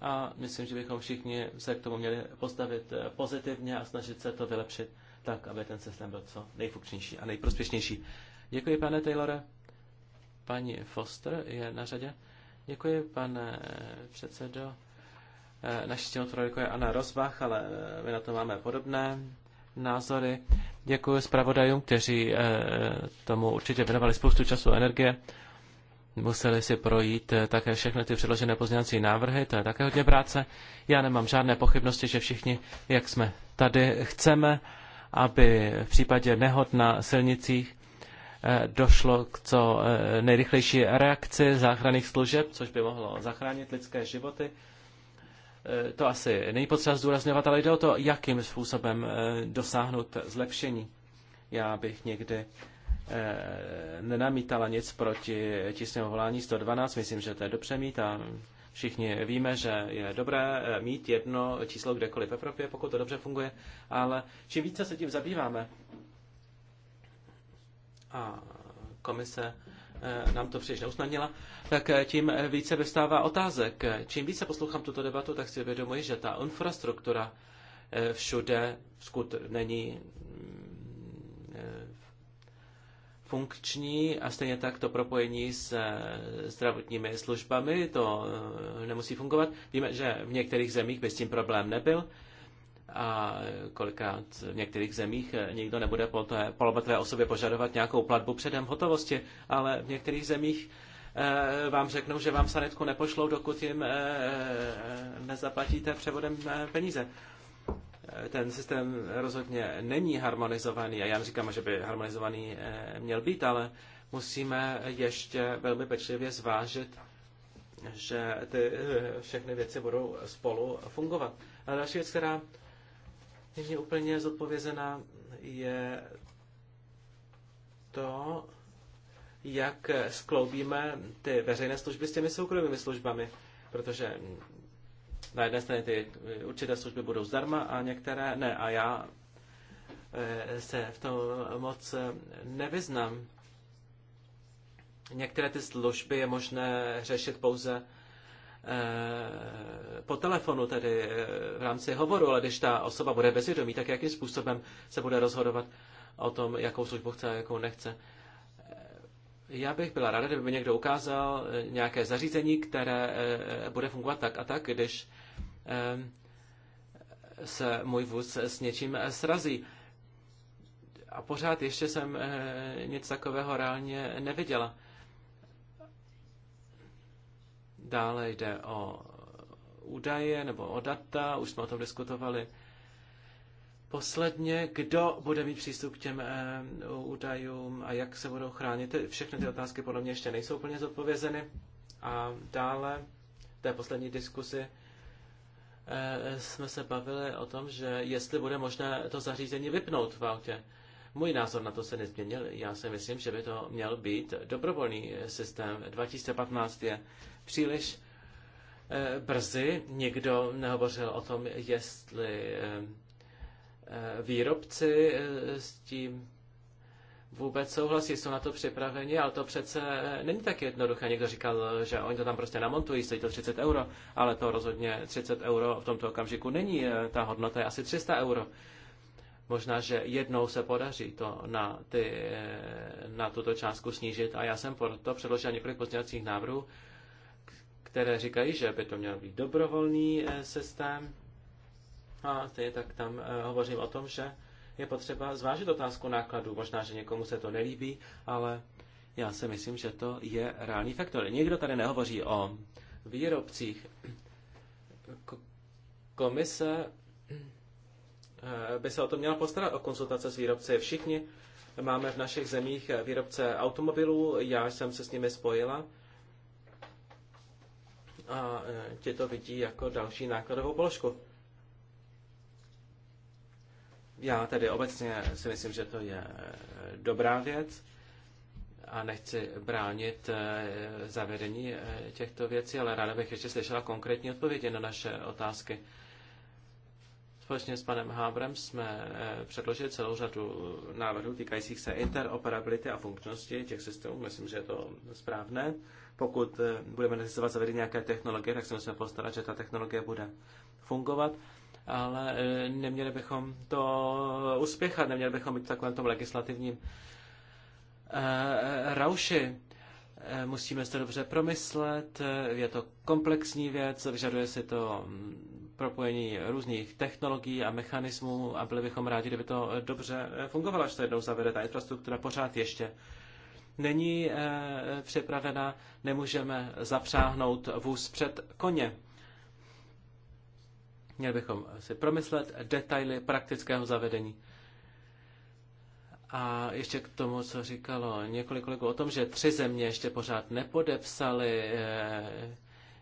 A myslím, že bychom všichni se k tomu měli postavit eh, pozitivně a snažit se to vylepšit tak, aby ten systém byl co nejfunkčnější a nejprospěšnější. Děkuji, pane Taylore. Paní Foster je na řadě. Děkuji, pane předsedo. Eh, Naší tělotrojko je Anna Rozbach, ale eh, my na to máme podobné názory. Děkuji zpravodajům, kteří eh, tomu určitě věnovali spoustu času a energie. Museli si projít také všechny ty předložené pozměňovací návrhy, to je také hodně práce. Já nemám žádné pochybnosti, že všichni, jak jsme tady, chceme, aby v případě nehod na silnicích Eh, došlo k co eh, nejrychlejší reakci záchranných služeb, což by mohlo zachránit lidské životy. Eh, to asi není potřeba zdůrazňovat, ale jde o to, jakým způsobem dosáhnout zlepšení. Já bych někdy nenamítala nic proti tísňovému volání 112, myslím, že to je dobře mít a všichni víme, že je dobré mít jedno číslo kdekoliv v Evropě, pokud to dobře funguje, ale čím více se tím zabýváme, a komise eh, nám to příliš neusnadnila, tak eh, tím eh, více vystává otázek. Čím více poslouchám tuto debatu, tak si uvědomuji, že ta infrastruktura všude vskud není mm, funkční a stejně tak to propojení s zdravotními službami, to nemusí fungovat. Víme, že v některých zemích by s tím problém nebyl, a kolikrát v některých zemích nikdo nebude po té polometré osobě požadovat nějakou platbu předem hotovosti, ale v některých zemích eh, vám řeknou, že vám sanitku nepošlou, dokud jim eh, eh, nezaplatíte převodem peníze. Ten systém rozhodně není harmonizovaný a já říkám, že by harmonizovaný měl být, ale musíme ještě velmi pečlivě zvážit, že ty všechny věci budou spolu fungovat. A další věc, která není úplně zodpovězena, je to, jak skloubíme ty veřejné služby s těmi soukromými službami, protože na jedné straně ty určité služby budou zdarma a některé ne. A já eh, se v tom moc eh, nevyznám. Některé ty služby je možné řešit pouze Eh, po telefonu, tedy eh, v rámci hovoru, ale když ta osoba bude bezvědomí, tak jakým způsobem se bude rozhodovat o tom, jakou službu chce a jakou nechce. Eh, já bych byla ráda, kdyby mi někdo ukázal nějaké zařízení, které bude fungovat tak a tak, když se můj vůz s něčím srazí. A pořád ještě jsem nic takového reálně neviděla. Dále jde o údaje nebo o data, už jsme o tom diskutovali. Posledně, kdo bude mít přístup k těm eh, údajům a jak se budou chránit? Všechny ty otázky podle mě ještě nejsou úplně zodpovězeny. A dále, v té poslední diskusi, eh, jsme se bavili o tom, že jestli bude možné to zařízení vypnout v autě. Můj názor na to se nezměnil. Já si myslím, že by to měl být dobrovolný systém. 2015 je příliš eh, brzy. někdo nehovořil o tom, jestli eh, eh, výrobci s tím vůbec souhlasí, jsou na to připraveni, ale to přece není tak jednoduché. Někdo říkal, že oni to tam prostě namontují, stojí to 30 euro, ale to rozhodně 30 euro v tomto okamžiku není. Ta hodnota je asi 300 euro. Možná, že jednou se podaří to na, ty, na tuto částku snížit a já jsem proto předložil několik pozdělacích návrhů, které říkají, že by to měl být dobrovolný eh, systém. A stejně tak tam eh, hovořím o tom, že je potřeba zvážit otázku nákladů. Možná, že někomu se to nelíbí, ale já si myslím, že to je reálný faktor. Někdo tady nehovoří o výrobcích. Komise eh, by se o to měla postarat, o konzultace s výrobci. Všichni máme v našich zemích výrobce automobilů, já jsem se s nimi spojila a e, tě to vidí jako další nákladovou položku. Já tedy obecně si myslím, že to je e, dobrá věc a nechci bránit e, zavedení těchto věcí, ale ráda bych ještě slyšela konkrétní odpovědi na naše otázky. Společně s panem Hábrem jsme předložili celou řadu návrhů týkajících se interoperability a funkčnosti těch systémů. Myslím, že je to správné. Pokud eh, budeme necesovat zavedení nějaké technologie, tak se musíme postarat, že ta technologie bude fungovat, ale eh, neměli bychom to uspěchat, neměli bychom být v takovém tom legislativním eh, rauši. Musíme to dobře promyslet, je to komplexní věc, vyžaduje si to mm, propojení různých technologií a mechanismů a byli bychom rádi, kdyby to dobře fungovalo, až to jednou zavede. Ta infrastruktura pořád ještě není eh, připravena, nemůžeme zapřáhnout vůz před koně. Měli bychom si promyslet detaily praktického zavedení. A ještě k tomu, co říkalo několik kolegů o tom, že tři země ještě pořád nepodepsaly eh,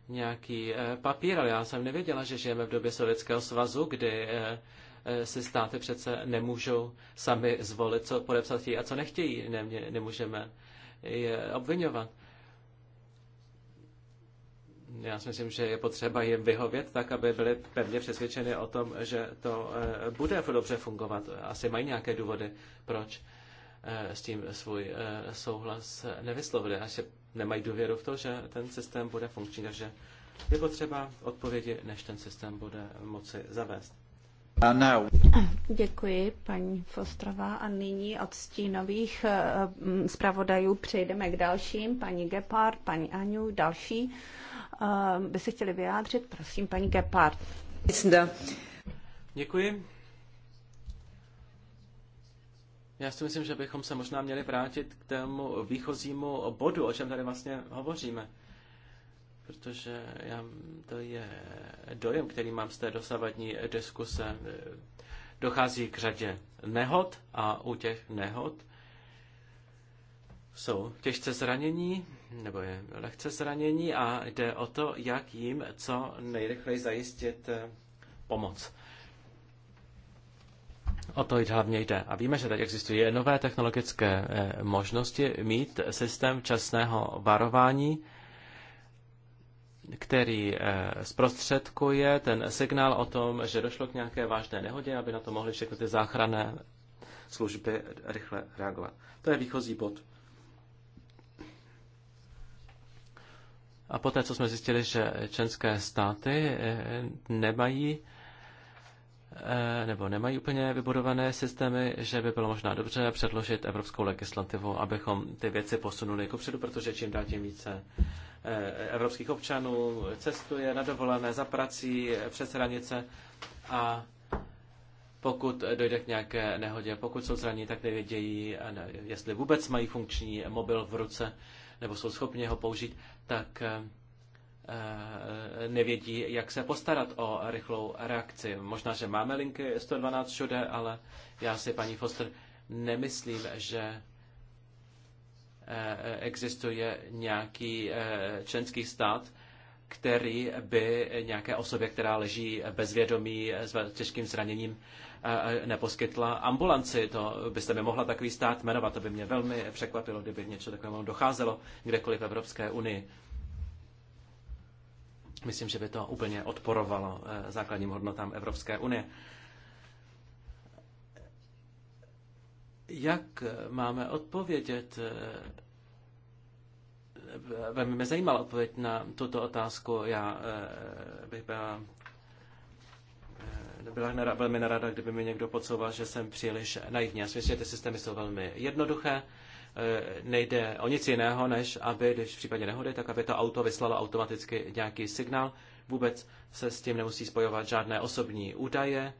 nějaký eh, papír, ale já jsem nevěděla, že žijeme v době Sovětského svazu, kdy si státy přece nemůžou sami zvolit, co podepsat chtějí a co nechtějí. Nemůžeme je obvinovat. Já si myslím, že je potřeba jim vyhovět tak, aby byli pevně přesvědčeni o tom, že to eh, bude dobře fungovat. Asi mají nějaké důvody, proč eh, s tím svůj eh, souhlas nevyslovili, až nemají důvěru v to, že ten systém bude funkční. Takže je potřeba odpovědi, než ten systém bude moci zavést. Děkuji, paní Fostrová. A nyní od stínových eh, zpravodajů přejdeme k dalším. Paní Gepard, paní Aňu, další eh, by se chtěli vyjádřit. Prosím, paní Gepard. Děkuji. Já si myslím, že bychom se možná měli vrátit k tomu výchozímu bodu, o čem tady vlastně hovoříme protože já, to je dojem, který mám z té dosavadní diskuse. Dochází k řadě nehod a u těch nehod jsou těžce zranění nebo je lehce zranění a jde o to, jak jim co nejrychleji zajistit eh, pomoc. O to jde, hlavně jde. A víme, že teď existují nové technologické eh, možnosti mít systém časného varování, který eh, zprostředkuje ten signál o tom, že došlo k nějaké vážné nehodě, aby na to mohly všechny ty záchranné služby rychle reagovat. To je výchozí bod. A poté, co jsme zjistili, že členské státy eh, nemají eh, nebo nemají úplně vybudované systémy, že by bylo možná dobře předložit evropskou legislativu, abychom ty věci posunuli předu, protože čím dál tím více Eh, evropských občanů cestuje na dovolené za prací eh, přes hranice a pokud dojde k nějaké nehodě, pokud jsou zraní, tak nevědějí, jestli vůbec mají funkční mobil v ruce nebo jsou schopni ho použít, tak eh, nevědí, jak se postarat o rychlou reakci. Možná, že máme linky 112 všude, ale já si, paní Foster, nemyslím, že Eh, eh, existuje nějaký eh, členský stát, který by nějaké osobě, která leží bezvědomí s těžkým zraněním, neposkytla ambulanci. To byste mi mohla takový stát jmenovat. To by mě velmi překvapilo, kdyby něco takového takovému docházelo kdekoliv v Evropské unii. Myslím, že by to úplně odporovalo základním hodnotám Evropské unie. Jak máme odpovědět? Eh, velmi mě zajímala odpověď na tuto otázku. Já eh, bych byla eh, byla nera, velmi narada, kdyby mi někdo podsouval, že jsem příliš naivní. Já si myslím, že ty systémy jsou velmi jednoduché. Nejde o nic jiného, než aby, když v případě nehody, tak aby to auto vyslalo automaticky nějaký signál. Vůbec se s tím nemusí spojovat žádné osobní údaje.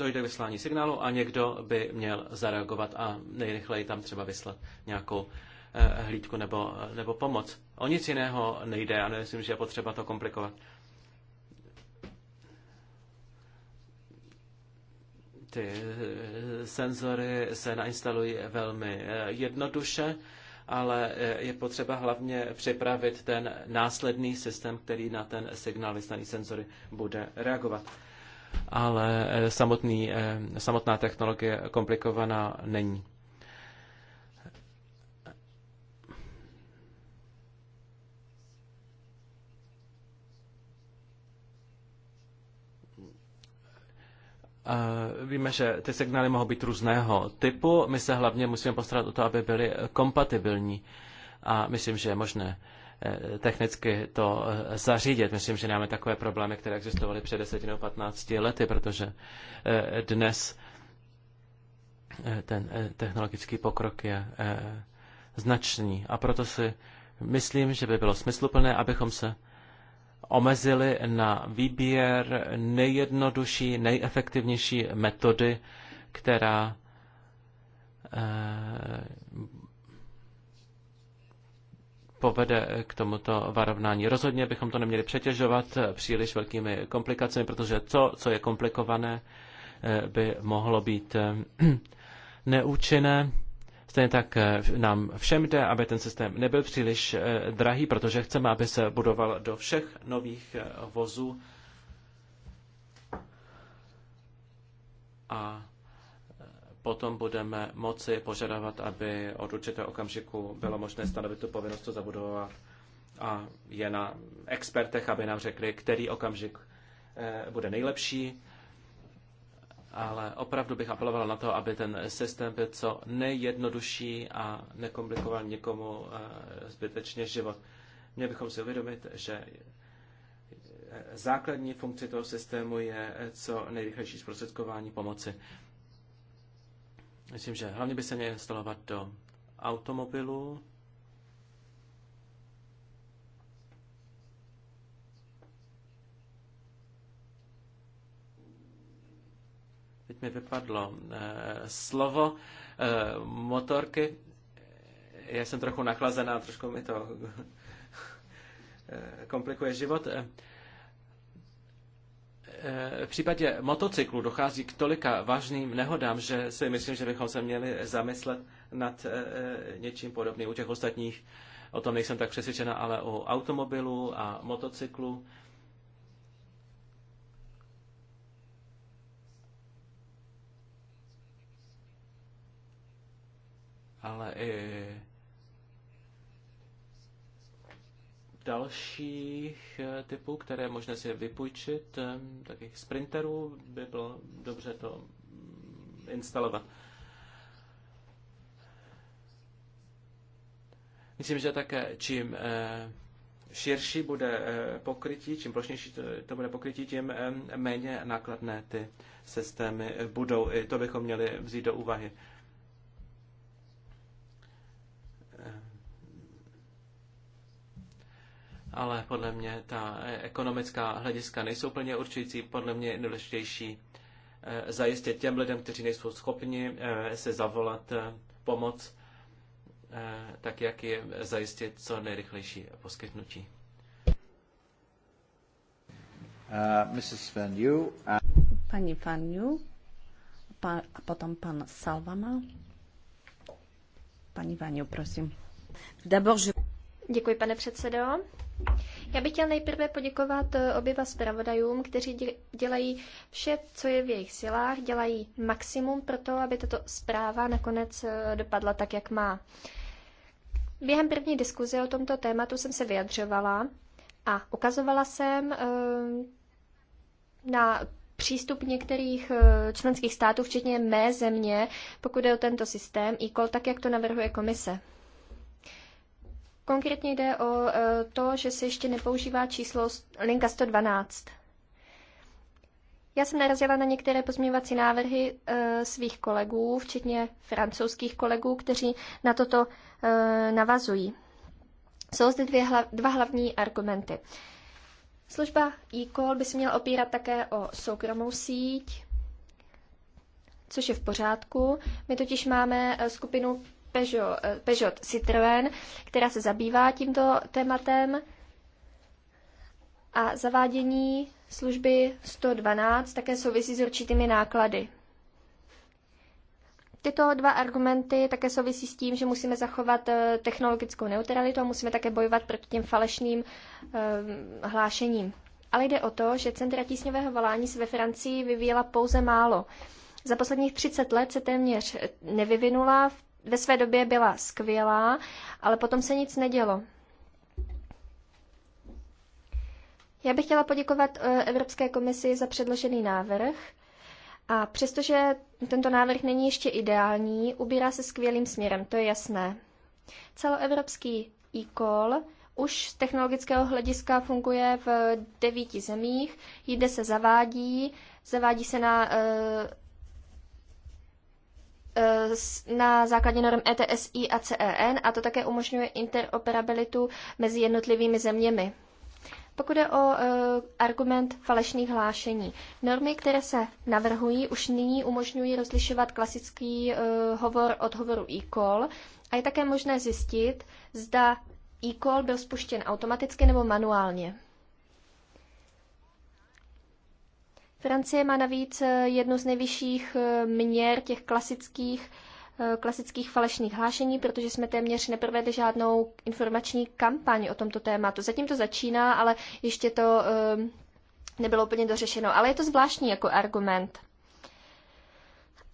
dojde k vyslání signálu a někdo by měl zareagovat a nejrychleji tam třeba vyslat nějakou eh, hlídku nebo, eh, nebo pomoc. O nic jiného nejde a nemyslím, že je potřeba to komplikovat. Ty eh, senzory se nainstalují velmi jednoduše, ale je potřeba hlavně připravit ten následný systém, který na ten signál vyslaný senzory bude reagovat ale eh, samotný, eh, samotná technologie komplikovaná není. Eh, víme, že ty signály mohou být různého typu. My se hlavně musíme postarat o to, aby byly kompatibilní. A myslím, že je možné Eh, technicky to eh, zařídit. Myslím, že máme takové problémy, které existovaly před 10 nebo 15 lety, protože eh, dnes ten technologický pokrok je značný. A proto si myslím, že by bylo smysluplné, abychom se omezili na výběr nejjednodušší, nejefektivnější metody, která povede k tomuto varovnání. Rozhodně bychom to neměli přetěžovat příliš velkými komplikacemi, protože to, co je komplikované, eh, by mohlo být eh, neúčinné. Stejně tak eh, nám všem jde, aby ten systém nebyl příliš drahý, protože chceme, aby se budoval do všech nových vozů. A potom budeme moci požadovat, aby od určitého okamžiku bylo možné stanovit tu povinnost to zabudovat a je na expertech, aby nám řekli, který okamžik eh, bude nejlepší. Ale opravdu bych apeloval na to, aby ten systém byl co nejjednodušší a nekomplikoval nikomu eh, zbytečně život. Měli bychom si uvědomit, že eh, základní funkci toho systému je co nejrychlejší zprostředkování pomoci. Myslím, že hlavně by se měl instalovat do automobilu. Teď mi vypadlo eh, slovo eh, motorky. Já jsem trochu nachlazená, trošku mi to eh, komplikuje život. Eh, Eh, v případě motocyklu dochází k tolika vážným nehodám, že si myslím, že bychom se měli zamyslet nad eh, eh, něčím podobným u těch ostatních. O tom nejsem tak přesvědčena, ale u automobilu a motocyklu. Ale i dalších eh, typů, které je možné si vypůjčit, eh, takových sprinterů, by bylo dobře to mm, instalovat. Myslím, že také čím eh, širší bude pokrytí, čím plošnější to bude pokrytí, tím méně nákladné ty systémy budou. I to bychom měli vzít do úvahy. ale podle mě ta ekonomická hlediska nejsou plně určující. Podle mě je důležitější eh, zajistit těm lidem, kteří nejsou schopni eh, se zavolat eh, pomoc, tak jak je zajistit co nejrychlejší poskytnutí. Uh, Mrs. Van Yu, uh, a... Van Yu, pa, a potom pan Salvama. Pani Van Yu, prosím. D'abord, je... Děkuji, pane předsedo. Já bych chtěl nejprve poděkovat eh, oběma zpravodajům, kteří dělají vše, co je v jejich silách, dělají maximum pro to, aby tato zpráva nakonec eh, dopadla tak, jak má. Během první diskuze o tomto tématu jsem se vyjadřovala a ukazovala jsem eh, na přístup některých členských států, včetně mé země, pokud je o tento systém e tak jak to navrhuje komise. Konkrétně jde o e, to, že se ještě nepoužívá číslo linka 112. Já jsem narazila na některé pozměňovací návrhy e, svých kolegů, včetně francouzských kolegů, kteří na toto e, navazují. Jsou zde dvě hla, dva hlavní argumenty. Služba e-call by se měla opírat také o soukromou síť, což je v pořádku. My totiž máme skupinu Peugeot, eh, Peugeot Citroën, která se zabývá tímto tématem a zavádění služby 112 také souvisí s určitými náklady. Tyto dva argumenty také souvisí s tím, že musíme zachovat eh, technologickou neutralitu a musíme také bojovat proti těm falešným eh, hlášením. Ale jde o to, že centra tísňového volání se ve Francii vyvíjela pouze málo. Za posledních 30 let se téměř nevyvinula v ve své době byla skvělá, ale potom se nic nedělo. Já bych chtěla poděkovat eh, Evropské komisi za předložený návrh. A přestože tento návrh není ještě ideální, ubírá se skvělým směrem, to je jasné. Celoevropský e-call už z technologického hlediska funguje v devíti zemích, jde se zavádí, zavádí se na eh, E, na základě norm ETSI a CEN a to také umožňuje interoperabilitu mezi jednotlivými zeměmi. Pokud je o e, argument falešných hlášení, normy, které se navrhují, už nyní umožňují rozlišovat klasický e, hovor od hovoru e-call a je také možné zjistit, zda e-call byl spuštěn automaticky nebo manuálně. Francie má navíc eh, jednu z nejvyšších eh, měr těch klasických eh, klasických falešných hlášení, protože jsme téměř neprovedli žádnou informační kampaň o tomto tématu. Zatím to začíná, ale ještě to nebylo úplně dořešeno. Ale je to zvláštní jako argument.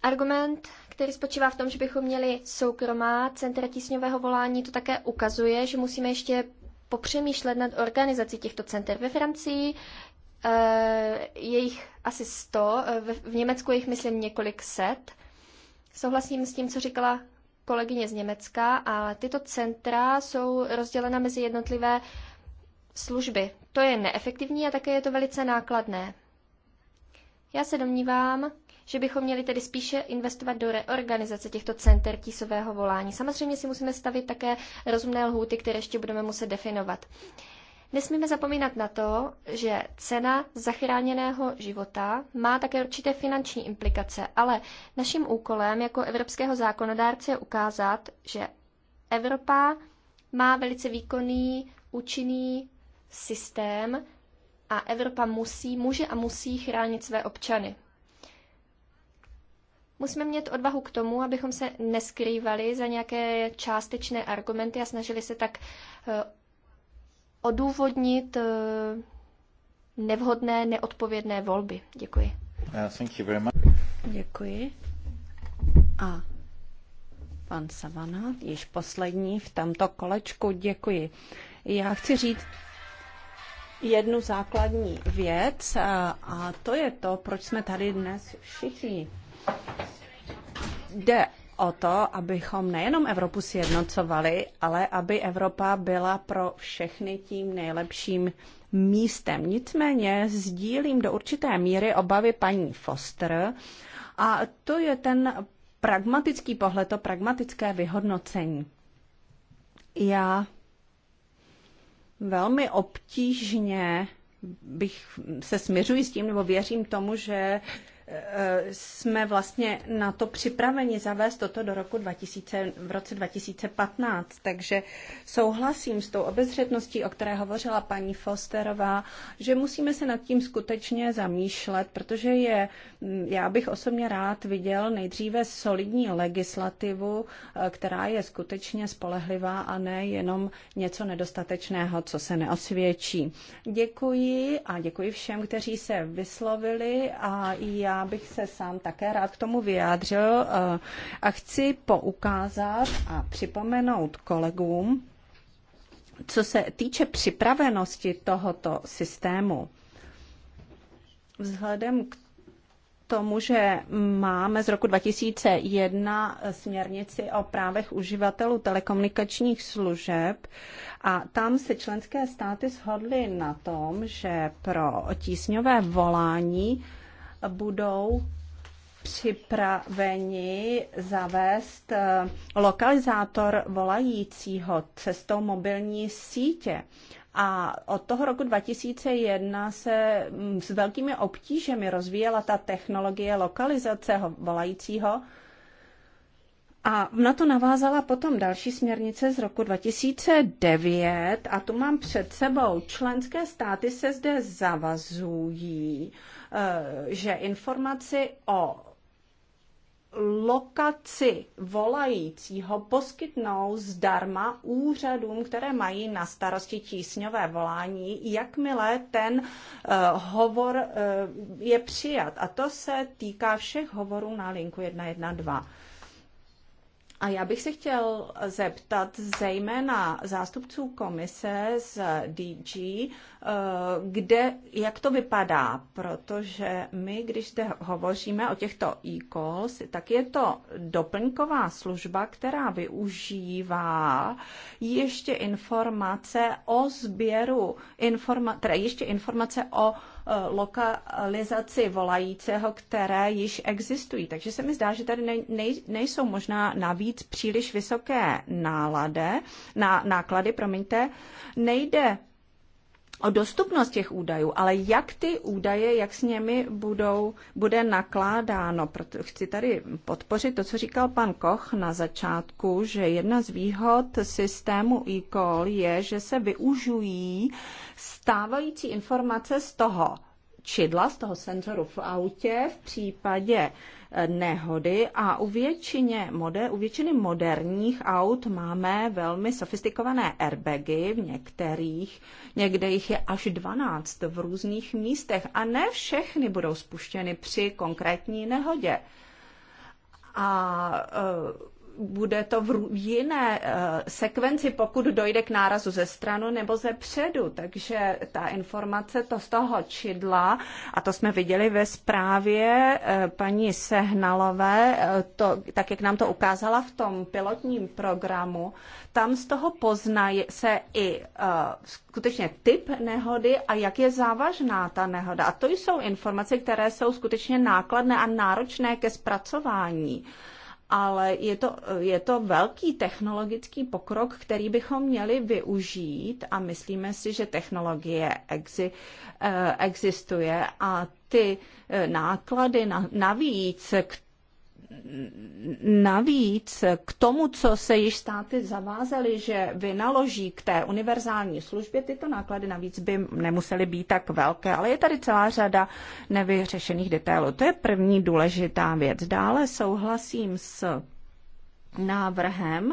Argument, který spočívá v tom, že bychom měli soukromá centra tísňového volání, to také ukazuje, že musíme ještě popřemýšlet nad organizací těchto center. Ve Francii Eh, je jich asi 100, eh, v Německu je jich, myslím, několik set. Souhlasím s tím, co říkala kolegyně z Německa, a tyto centra jsou rozdělena mezi jednotlivé služby. To je neefektivní a také je to velice nákladné. Já se domnívám, že bychom měli tedy spíše investovat do reorganizace těchto center tísového volání. Samozřejmě si musíme stavit také rozumné lhůty, které ještě budeme muset definovat. Nesmíme zapomínat na to, že cena zachráněného života má také určité finanční implikace, ale naším úkolem jako evropského zákonodárce je ukázat, že Evropa má velice výkonný, účinný systém a Evropa musí, může a musí chránit své občany. Musíme mít odvahu k tomu, abychom se neskrývali za nějaké částečné argumenty a snažili se tak eh, odůvodnit eh, nevhodné, neodpovědné volby. Děkuji. Uh, thank you very much. Děkuji. A pan Savana, již poslední v tomto kolečku. Děkuji. Já chci říct jednu základní věc a, eh, a to je to, proč jsme tady dnes všichni. Jde o to, abychom nejenom Evropu sjednocovali, ale aby Evropa byla pro všechny tím nejlepším místem. Nicméně sdílím do určité míry obavy paní Foster a to je ten pragmatický pohled, to pragmatické vyhodnocení. Já velmi obtížně bych se směřuji s tím, nebo věřím tomu, že jsme vlastně na to připraveni zavést toto do roku 2000, v roce 2015. Takže souhlasím s tou obezřetností, o které hovořila paní Fosterová, že musíme se nad tím skutečně zamýšlet, protože je, já bych osobně rád viděl nejdříve solidní legislativu, eh, která je skutečně spolehlivá a ne jenom něco nedostatečného, co se neosvědčí. Děkuji a děkuji všem, kteří se vyslovili a já bych se sám také rád k tomu vyjádřil eh, a chci poukázat a připomenout kolegům, co se týče připravenosti tohoto systému. Vzhledem k tomu, že máme z roku 2001 směrnici o právech uživatelů telekomunikačních služeb a tam se členské státy shodly na tom, že pro tísňové volání budou připraveni zavést eh, lokalizátor volajícího cestou mobilní sítě. A od toho roku 2001 se mm, s velkými obtížemi rozvíjela ta technologie lokalizace volajícího. A na to navázala potom další směrnice z roku 2009 a tu mám před sebou. Členské státy se zde zavazují Eh, že informaci o lokaci volajícího poskytnou zdarma úřadům, které mají na starosti tísňové volání, jakmile ten uh, hovor uh, je přijat. A to se týká všech hovorů na linku 112. A já bych se chtěl zeptat zejména zástupců komise z DG, eh, kde, jak to vypadá, protože my, když zde hovoříme o těchto e-calls, tak je to doplňková služba, která využívá ještě informace o sběru, informa- teda ještě informace o eh, lokalizaci volajícího, které již existují. Takže se mi zdá, že tady nej, nejsou možná navíc být příliš vysoké nálade, na, náklady, promiňte, nejde o dostupnost těch údajů, ale jak ty údaje, jak s nimi budou, bude nakládáno. Proto chci tady podpořit to, co říkal pan Koch na začátku, že jedna z výhod systému e-call je, že se využují stávající informace z toho, čidla, z toho senzoru v autě v případě eh, nehody a u, většině moder, u většiny moderních aut máme velmi sofistikované airbagy, v některých, někde jich je až 12 v různých místech a ne všechny budou spuštěny při konkrétní nehodě. A uh, bude to v jiné eh, sekvenci, pokud dojde k nárazu ze stranu nebo ze předu. Takže ta informace to z toho čidla, a to jsme viděli ve zprávě eh, paní Sehnalové, eh, to, tak jak nám to ukázala v tom pilotním programu, tam z toho poznají se i skutečně typ nehody a jak je závažná ta nehoda. A to jsou informace, které jsou skutečně nákladné a náročné ke zpracování ale je to, je to velký technologický pokrok, který bychom měli využít a myslíme si, že technologie exi, eh, existuje a ty eh, náklady navíc, navíc k tomu, co se již státy zavázaly, že vynaloží k té univerzální službě, tyto náklady navíc by nemusely být tak velké. Ale je tady celá řada nevyřešených detailů. To je první důležitá věc. Dále souhlasím s návrhem,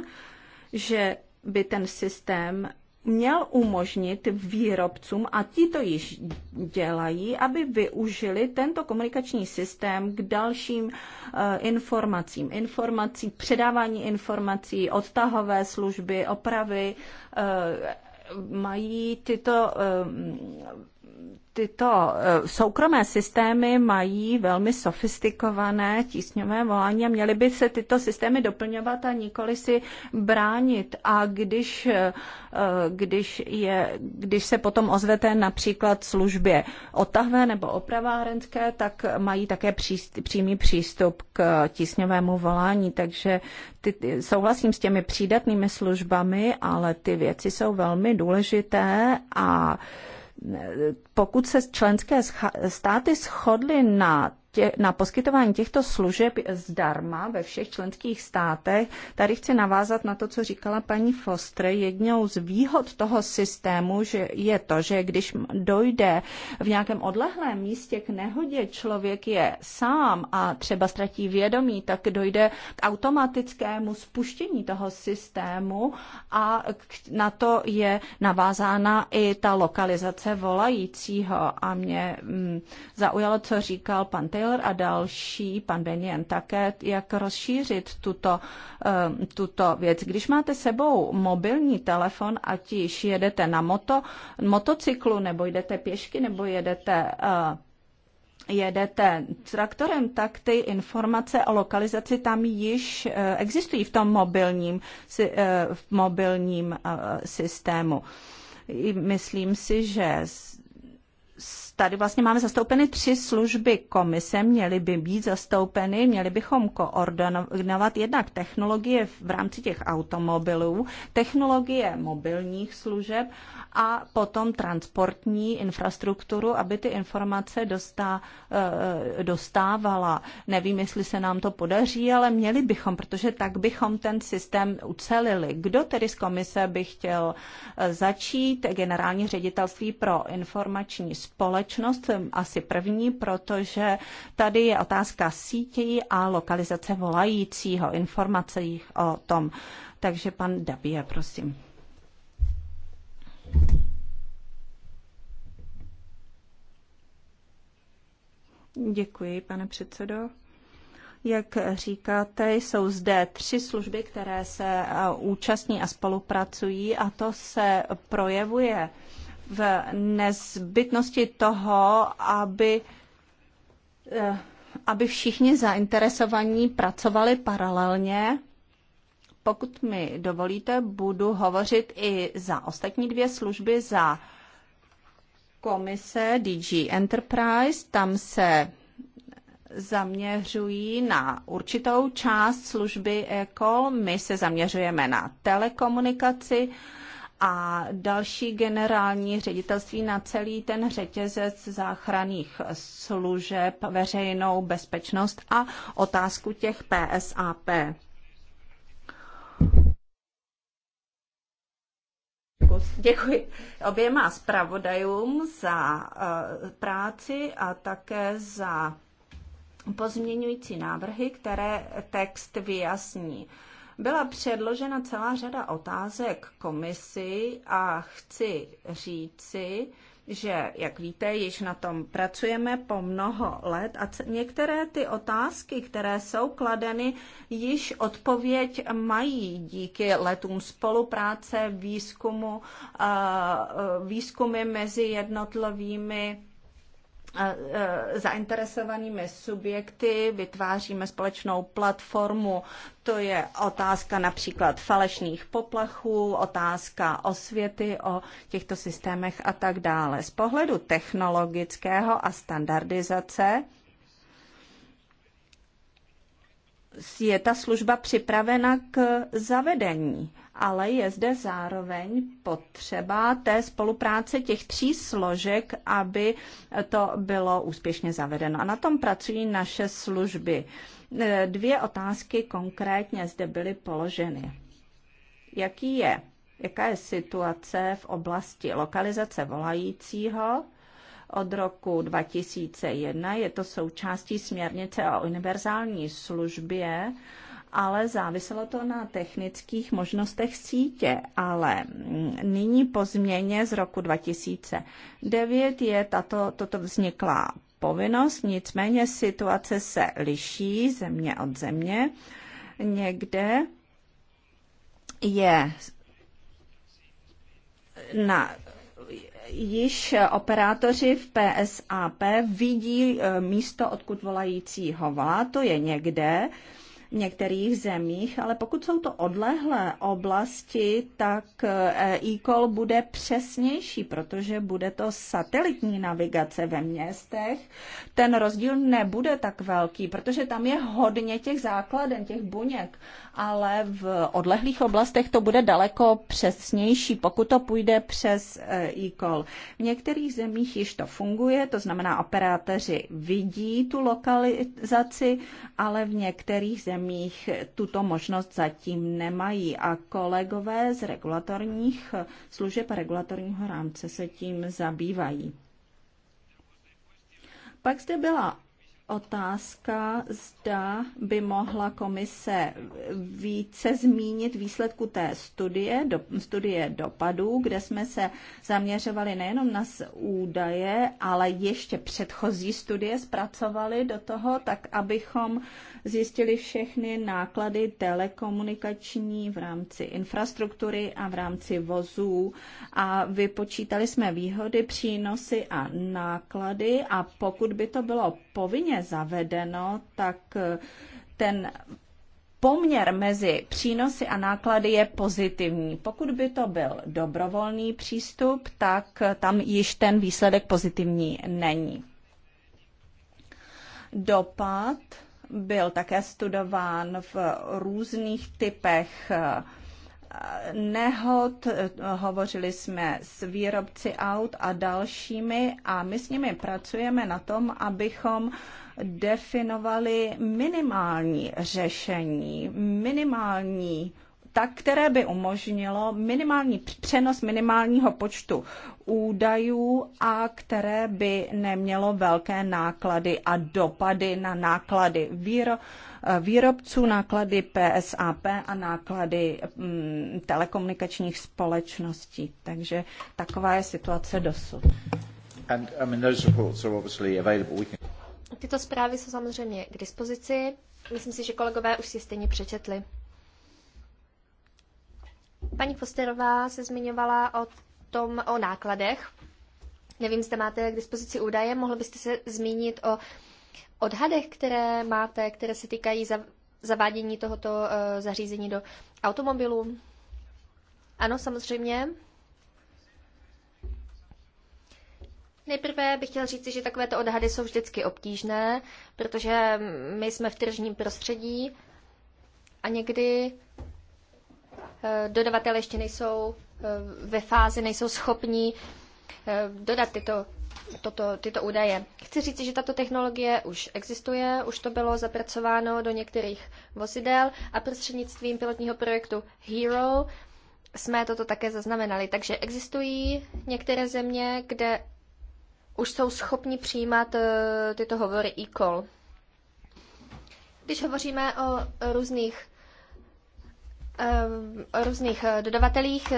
že by ten systém měl umožnit výrobcům, a ti to již dělají, aby využili tento komunikační systém k dalším eh, informacím. Informací, předávání informací, odtahové služby, opravy, eh, mají tyto eh, tyto eh, soukromé systémy mají velmi sofistikované tísňové volání a měly by se tyto systémy doplňovat a nikoli si bránit. A když, eh, když, je, když se potom ozvete například službě otahvé nebo opravárenské, tak mají také příst, přímý přístup k tísňovému volání. Takže ty, souhlasím s těmi přídatnými službami, ale ty věci jsou velmi důležité a pokud se členské státy shodly na tě, na poskytování těchto služeb zdarma ve všech členských státech. Tady chci navázat na to, co říkala paní Foster. Jednou z výhod toho systému že je to, že když dojde v nějakém odlehlém místě k nehodě, člověk je sám a třeba ztratí vědomí, tak dojde k automatickému spuštění toho systému a na to je navázána i ta lokalizace volajícího. A mě mm, zaujalo, co říkal pan Taylor, Taylor a další, pan Benjen také, jak rozšířit tuto, eh, tuto věc. Když máte sebou mobilní telefon, ať již jedete na moto, motocyklu, nebo jdete pěšky, nebo jedete eh, jedete traktorem, tak ty informace o lokalizaci tam již eh, existují v tom mobilním, v mobilním systému. Myslím si, že tady vlastně máme zastoupeny tři služby komise, měly by být zastoupeny, měli bychom koordinovat jednak technologie v rámci těch automobilů, technologie mobilních služeb a potom transportní infrastrukturu, aby ty informace dostá, eh, dostávala. Nevím, jestli se nám to podaří, ale měli bychom, protože tak bychom ten systém ucelili. Kdo tedy z komise by chtěl eh, začít? Generální ředitelství pro informační společnost společnost, eh, asi první, protože tady je otázka sítí a lokalizace volajícího, informací o tom. Takže pan Dabie, prosím. Děkuji, pane předsedo. Jak říkáte, jsou zde tři služby, které se eh, účastní a spolupracují a to se projevuje v nezbytnosti toho, aby, eh, aby všichni zainteresovaní pracovali paralelně. Pokud mi dovolíte, budu hovořit i za ostatní dvě služby, za komise DG Enterprise. Tam se zaměřují na určitou část služby ECOL. My se zaměřujeme na telekomunikaci, a další generální ředitelství na celý ten řetězec záchranných služeb, veřejnou bezpečnost a otázku těch PSAP. Děkuji oběma zpravodajům za e, práci a také za pozměňující návrhy, které text vyjasní. Byla předložena celá řada otázek komisi a chci říci, že, jak víte, již na tom pracujeme po mnoho let a některé ty otázky, které jsou kladeny, již odpověď mají díky letům spolupráce, výzkumu, výzkumy mezi jednotlivými E, zainteresovanými subjekty, vytváříme společnou platformu. To je otázka například falešných poplachů, otázka osvěty o těchto systémech a tak dále. Z pohledu technologického a standardizace je ta služba připravena k zavedení, ale je zde zároveň potřeba té spolupráce těch tří složek, aby to bylo úspěšně zavedeno. A na tom pracují naše služby. E, dvě otázky konkrétně zde byly položeny. Jaký je, jaká je situace v oblasti lokalizace volajícího od roku 2001. Je to součástí směrnice o univerzální službě ale záviselo to na technických možnostech sítě. Ale nyní po změně z roku 2009 je tato, toto vzniklá povinnost, nicméně situace se liší země od země. Někde je na již operátoři v PSAP vidí eh, místo, odkud volající hová, to je někde, některých zemích, ale pokud jsou to odlehlé oblasti, tak eh, e-call bude přesnější, protože bude to satelitní navigace ve městech. Ten rozdíl nebude tak velký, protože tam je hodně těch základen, těch buněk, ale v odlehlých oblastech to bude daleko přesnější, pokud to půjde přes eh, e-call. V některých zemích již to funguje, to znamená operátoři vidí tu lokalizaci, ale v některých zemích zemích tuto možnost zatím nemají a kolegové z regulatorních služeb a regulatorního rámce se tím zabývají. Pak zde byla otázka, zda by mohla komise více zmínit výsledku té studie, do, studie dopadů, kde jsme se zaměřovali nejenom na údaje, ale ještě předchozí studie zpracovali do toho, tak abychom zjistili všechny náklady telekomunikační v rámci infrastruktury a v rámci vozů a vypočítali jsme výhody, přínosy a náklady a pokud by to bylo povinně zavedeno, tak eh, ten poměr mezi přínosy a náklady je pozitivní. Pokud by to byl dobrovolný přístup, tak eh, tam již ten výsledek pozitivní není. Dopad byl také studován v různých typech eh, nehod, eh, hovořili jsme s výrobci aut a dalšími a my s nimi pracujeme na tom, abychom definovali minimální řešení, minimální tak, které by umožnilo minimální přenos minimálního počtu údajů a které by nemělo velké náklady a dopady na náklady výro, eh, výrobců, náklady PSAP a náklady mm, telekomunikačních společností. Takže taková je situace dosud. And, I mean, those reports are obviously available. We can... Tyto zprávy jsou samozřejmě k dispozici. Myslím si, že kolegové už si stejně přečetli. Paní Fosterová se zmiňovala o tom, o nákladech. Nevím, zda máte k dispozici údaje, mohl byste se zmínit o odhadech, které máte, které se týkají za, zavádění tohoto uh, zařízení do automobilů? Ano, samozřejmě. Nejprve bych chtěl říct, že takovéto odhady jsou vždycky obtížné, protože my jsme v tržním prostředí a někdy Eh, dodavatelé ještě nejsou eh, ve fázi, nejsou schopní eh, dodat tyto, toto, tyto údaje. Chci říct, že tato technologie už existuje, už to bylo zapracováno do některých vozidel a prostřednictvím pilotního projektu HERO jsme toto také zaznamenali. Takže existují některé země, kde už jsou schopni přijímat tyto hovory e-call. Když hovoříme o různých Eh, různých eh, dodavatelích.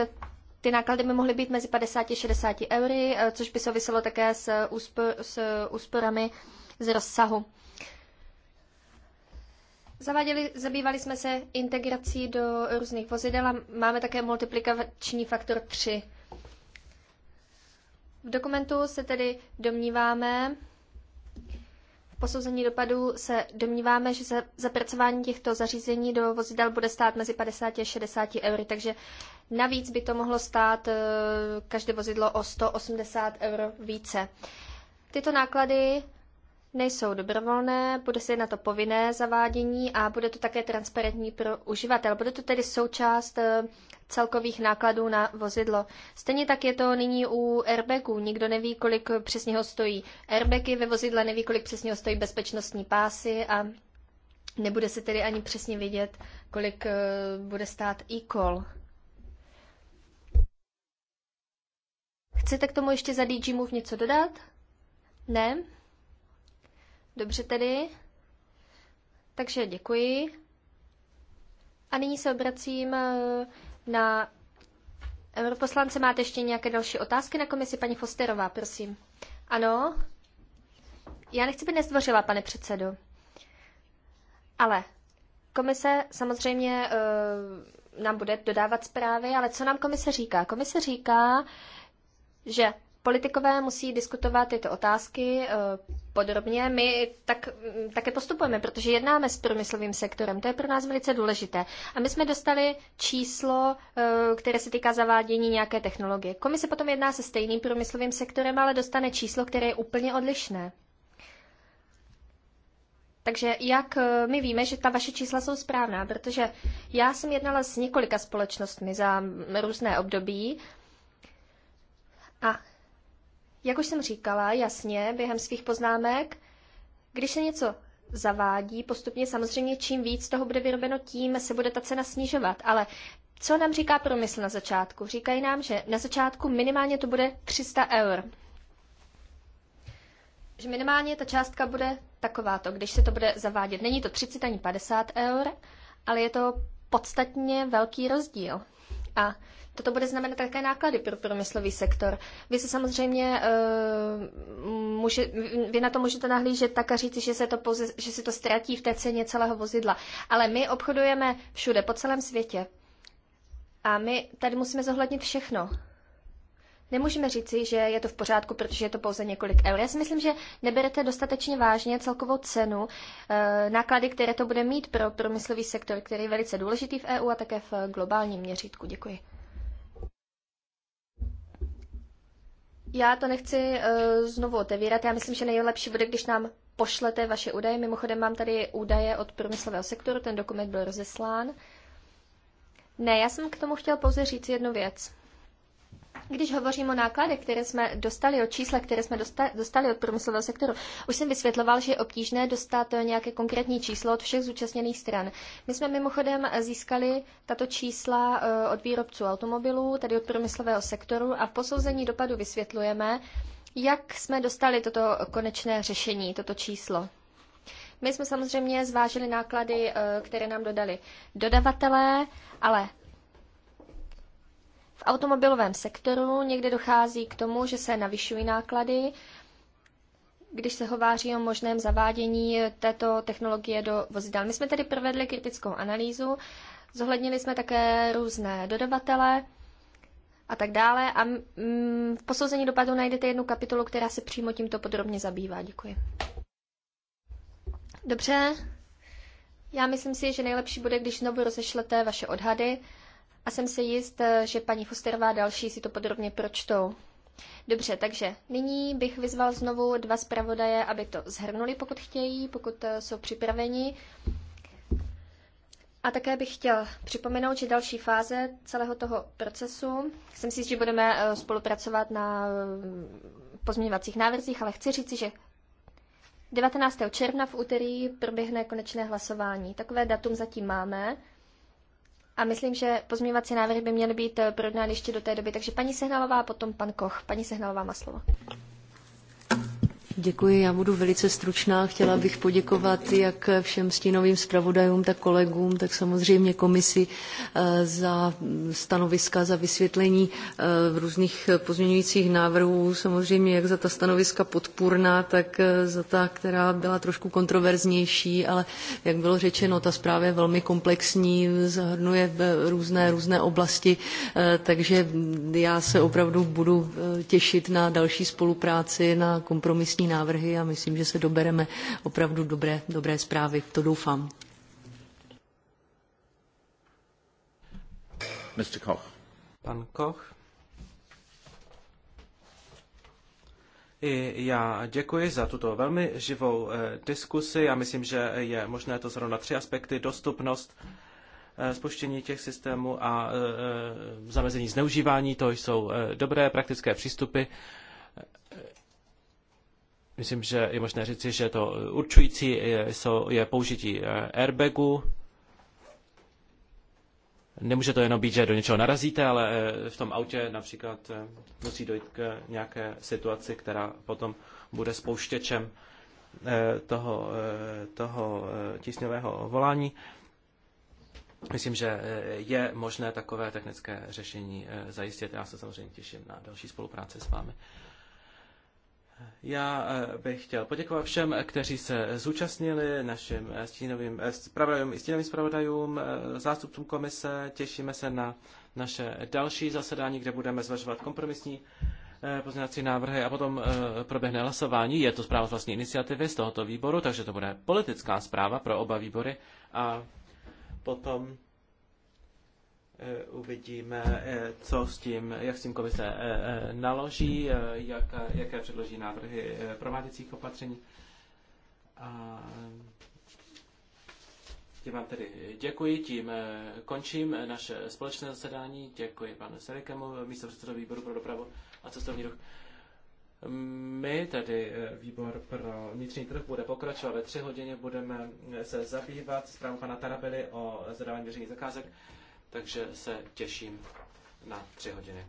Ty náklady by mohly být mezi 50 a 60 eury, eh, což by souviselo také s, úspor, s úsporami z rozsahu. Zaváděli, zabývali jsme se integrací do různých vozidel a máme také multiplikační faktor 3. V dokumentu se tedy domníváme, posouzení dopadů se domníváme, že za, zapracování těchto zařízení do vozidel bude stát mezi 50 a 60 eur, takže navíc by to mohlo stát eh, každé vozidlo o 180 euro více. Tyto náklady nejsou dobrovolné, bude se na to povinné zavádění a bude to také transparentní pro uživatel. Bude to tedy součást eh, celkových nákladů na vozidlo. Stejně tak je to nyní u airbagů. Nikdo neví, kolik přesně ho stojí airbagy ve vozidle, neví, kolik přesně ho stojí bezpečnostní pásy a nebude se tedy ani přesně vidět, kolik eh, bude stát e-call. Chcete k tomu ještě za DG Move něco dodat? Ne? Dobře tedy. Takže děkuji. A nyní se obracím eh, na europoslance. Máte ještě nějaké další otázky na komisi? Paní Fosterová, prosím. Ano? Já nechci být nezdvořila, pane předsedo. Ale komise samozřejmě eh, nám bude dodávat zprávy, ale co nám komise říká? Komise říká, že Politikové musí diskutovat tyto otázky eh, podrobně. My tak, mm, také postupujeme, protože jednáme s průmyslovým sektorem. To je pro nás velice důležité. A my jsme dostali číslo, eh, které se týká zavádění nějaké technologie. Komise potom jedná se stejným průmyslovým sektorem, ale dostane číslo, které je úplně odlišné. Takže jak eh, my víme, že ta vaše čísla jsou správná, protože já jsem jednala s několika společnostmi za různé období a jak už jsem říkala, jasně, během svých poznámek, když se něco zavádí postupně, samozřejmě čím víc toho bude vyrobeno, tím se bude ta cena snižovat. Ale co nám říká promysl na začátku? Říkají nám, že na začátku minimálně to bude 300 eur. Že minimálně ta částka bude takováto, když se to bude zavádět. Není to 30 ani 50 eur, ale je to podstatně velký rozdíl. A Toto bude znamenat také náklady pro průmyslový sektor. Vy se samozřejmě uh, může, vy na to můžete nahlížet tak a říct, že se to pouze, že si to ztratí v té ceně celého vozidla. Ale my obchodujeme všude, po celém světě. A my tady musíme zohlednit všechno. Nemůžeme říci, že je to v pořádku, protože je to pouze několik eur. Já si myslím, že neberete dostatečně vážně celkovou cenu, eh, náklady, které to bude mít pro průmyslový sektor, který je velice důležitý v EU a také v globálním měřítku. Děkuji. Já to nechci uh, znovu otevírat. Já myslím, že nejlepší bude, když nám pošlete vaše údaje. Mimochodem mám tady údaje od průmyslového sektoru, ten dokument byl rozeslán. Ne, já jsem k tomu chtěl pouze říct jednu věc. Když hovořím o nákladech, které jsme dostali, o čísle, které jsme dostali od průmyslového sektoru, už jsem vysvětloval, že je obtížné dostat eh, nějaké konkrétní číslo od všech zúčastněných stran. My jsme mimochodem eh, získali tato čísla eh, od výrobců automobilů, tedy od průmyslového sektoru a v posouzení dopadu vysvětlujeme, jak jsme dostali toto konečné řešení, toto číslo. My jsme samozřejmě zvážili náklady, které nám dodali dodavatelé, ale automobilovém sektoru někde dochází k tomu, že se navyšují náklady, když se hováří o možném zavádění této technologie do vozidel. My jsme tedy provedli kritickou analýzu, zohlednili jsme také různé dodavatele a tak dále. A v posouzení dopadu najdete jednu kapitolu, která se přímo tímto podrobně zabývá. Děkuji. Dobře. Já myslím si, že nejlepší bude, když znovu rozešlete vaše odhady a jsem si jist, eh, že paní Fosterová další si to podrobně pročtou. Dobře, takže nyní bych vyzval znovu dva zpravodaje, aby to zhrnuli, pokud chtějí, pokud eh, jsou připraveni. A také bych chtěl připomenout, že další fáze celého toho procesu, jsem si jist, že budeme eh, spolupracovat na pozměňovacích návrzích, ale chci říci, že 19. června v úterý proběhne konečné hlasování. Takové datum zatím máme. A myslím, že pozměňovací návrhy by měly být eh, projednány ještě do té doby. Takže paní Sehnalová potom pan Koch. Paní Sehnalová má slovo. Děkuji, já budu velice stručná. Chtěla bych poděkovat jak všem stínovým zpravodajům, tak kolegům, tak samozřejmě komisi eh, za stanoviska, za vysvětlení eh, různých pozměňujících návrhů, samozřejmě jak za ta stanoviska podpůrná, tak eh, za ta, která byla trošku kontroverznější, ale jak bylo řečeno, ta zpráva je velmi komplexní, zahrnuje různé, různé oblasti, takže já se opravdu budu těšit na další spolupráci, na kompromisní návrhy a myslím, že se dobereme opravdu dobré, dobré zprávy. To doufám. Mr. Koch. Pan Koch. I já děkuji za tuto velmi živou eh, diskusi. Já myslím, že je možné to zrovna tři aspekty. Dostupnost, eh, spuštění těch systémů a eh, zamezení zneužívání. To jsou dobré praktické přístupy, Myslím, že je možné říci, že to eh, určující je, je použití eh, airbagu. Nemůže to jenom být, že do něčeho narazíte, ale eh, v tom autě například musí dojít k nějaké situaci, která potom bude spouštěčem toho, toho tísňového volání. Myslím, že je možné takové technické řešení zajistit. Já se samozřejmě těším na další spolupráci s vámi. Já eh, bych chtěl poděkovat všem, eh, kteří se zúčastnili, našim eh, stínovým spravodajům i stínovým spravodajům, zástupcům komise. Těšíme se na naše další zasedání, kde budeme zvažovat kompromisní pozměňovací návrhy a potom proběhne hlasování. Je to zpráva z vlastní iniciativy z tohoto výboru, takže to bude politická zpráva pro oba výbory a potom Eh, uvidíme, eh, co s tím, jak s tím komise eh, naloží, jak, jaké předloží návrhy prováděcích opatření. A tím vám tedy děkuji, tím končím naše společné zasedání. Děkuji panu Serikemu, místo výboru pro dopravu a cestovní ruch. My, tedy výbor pro vnitřní trh, bude pokračovat ve tři hodině. Budeme se zabývat zprávou pana Tarabely o zadávání veřejných zakázek takže se těším na tři hodiny.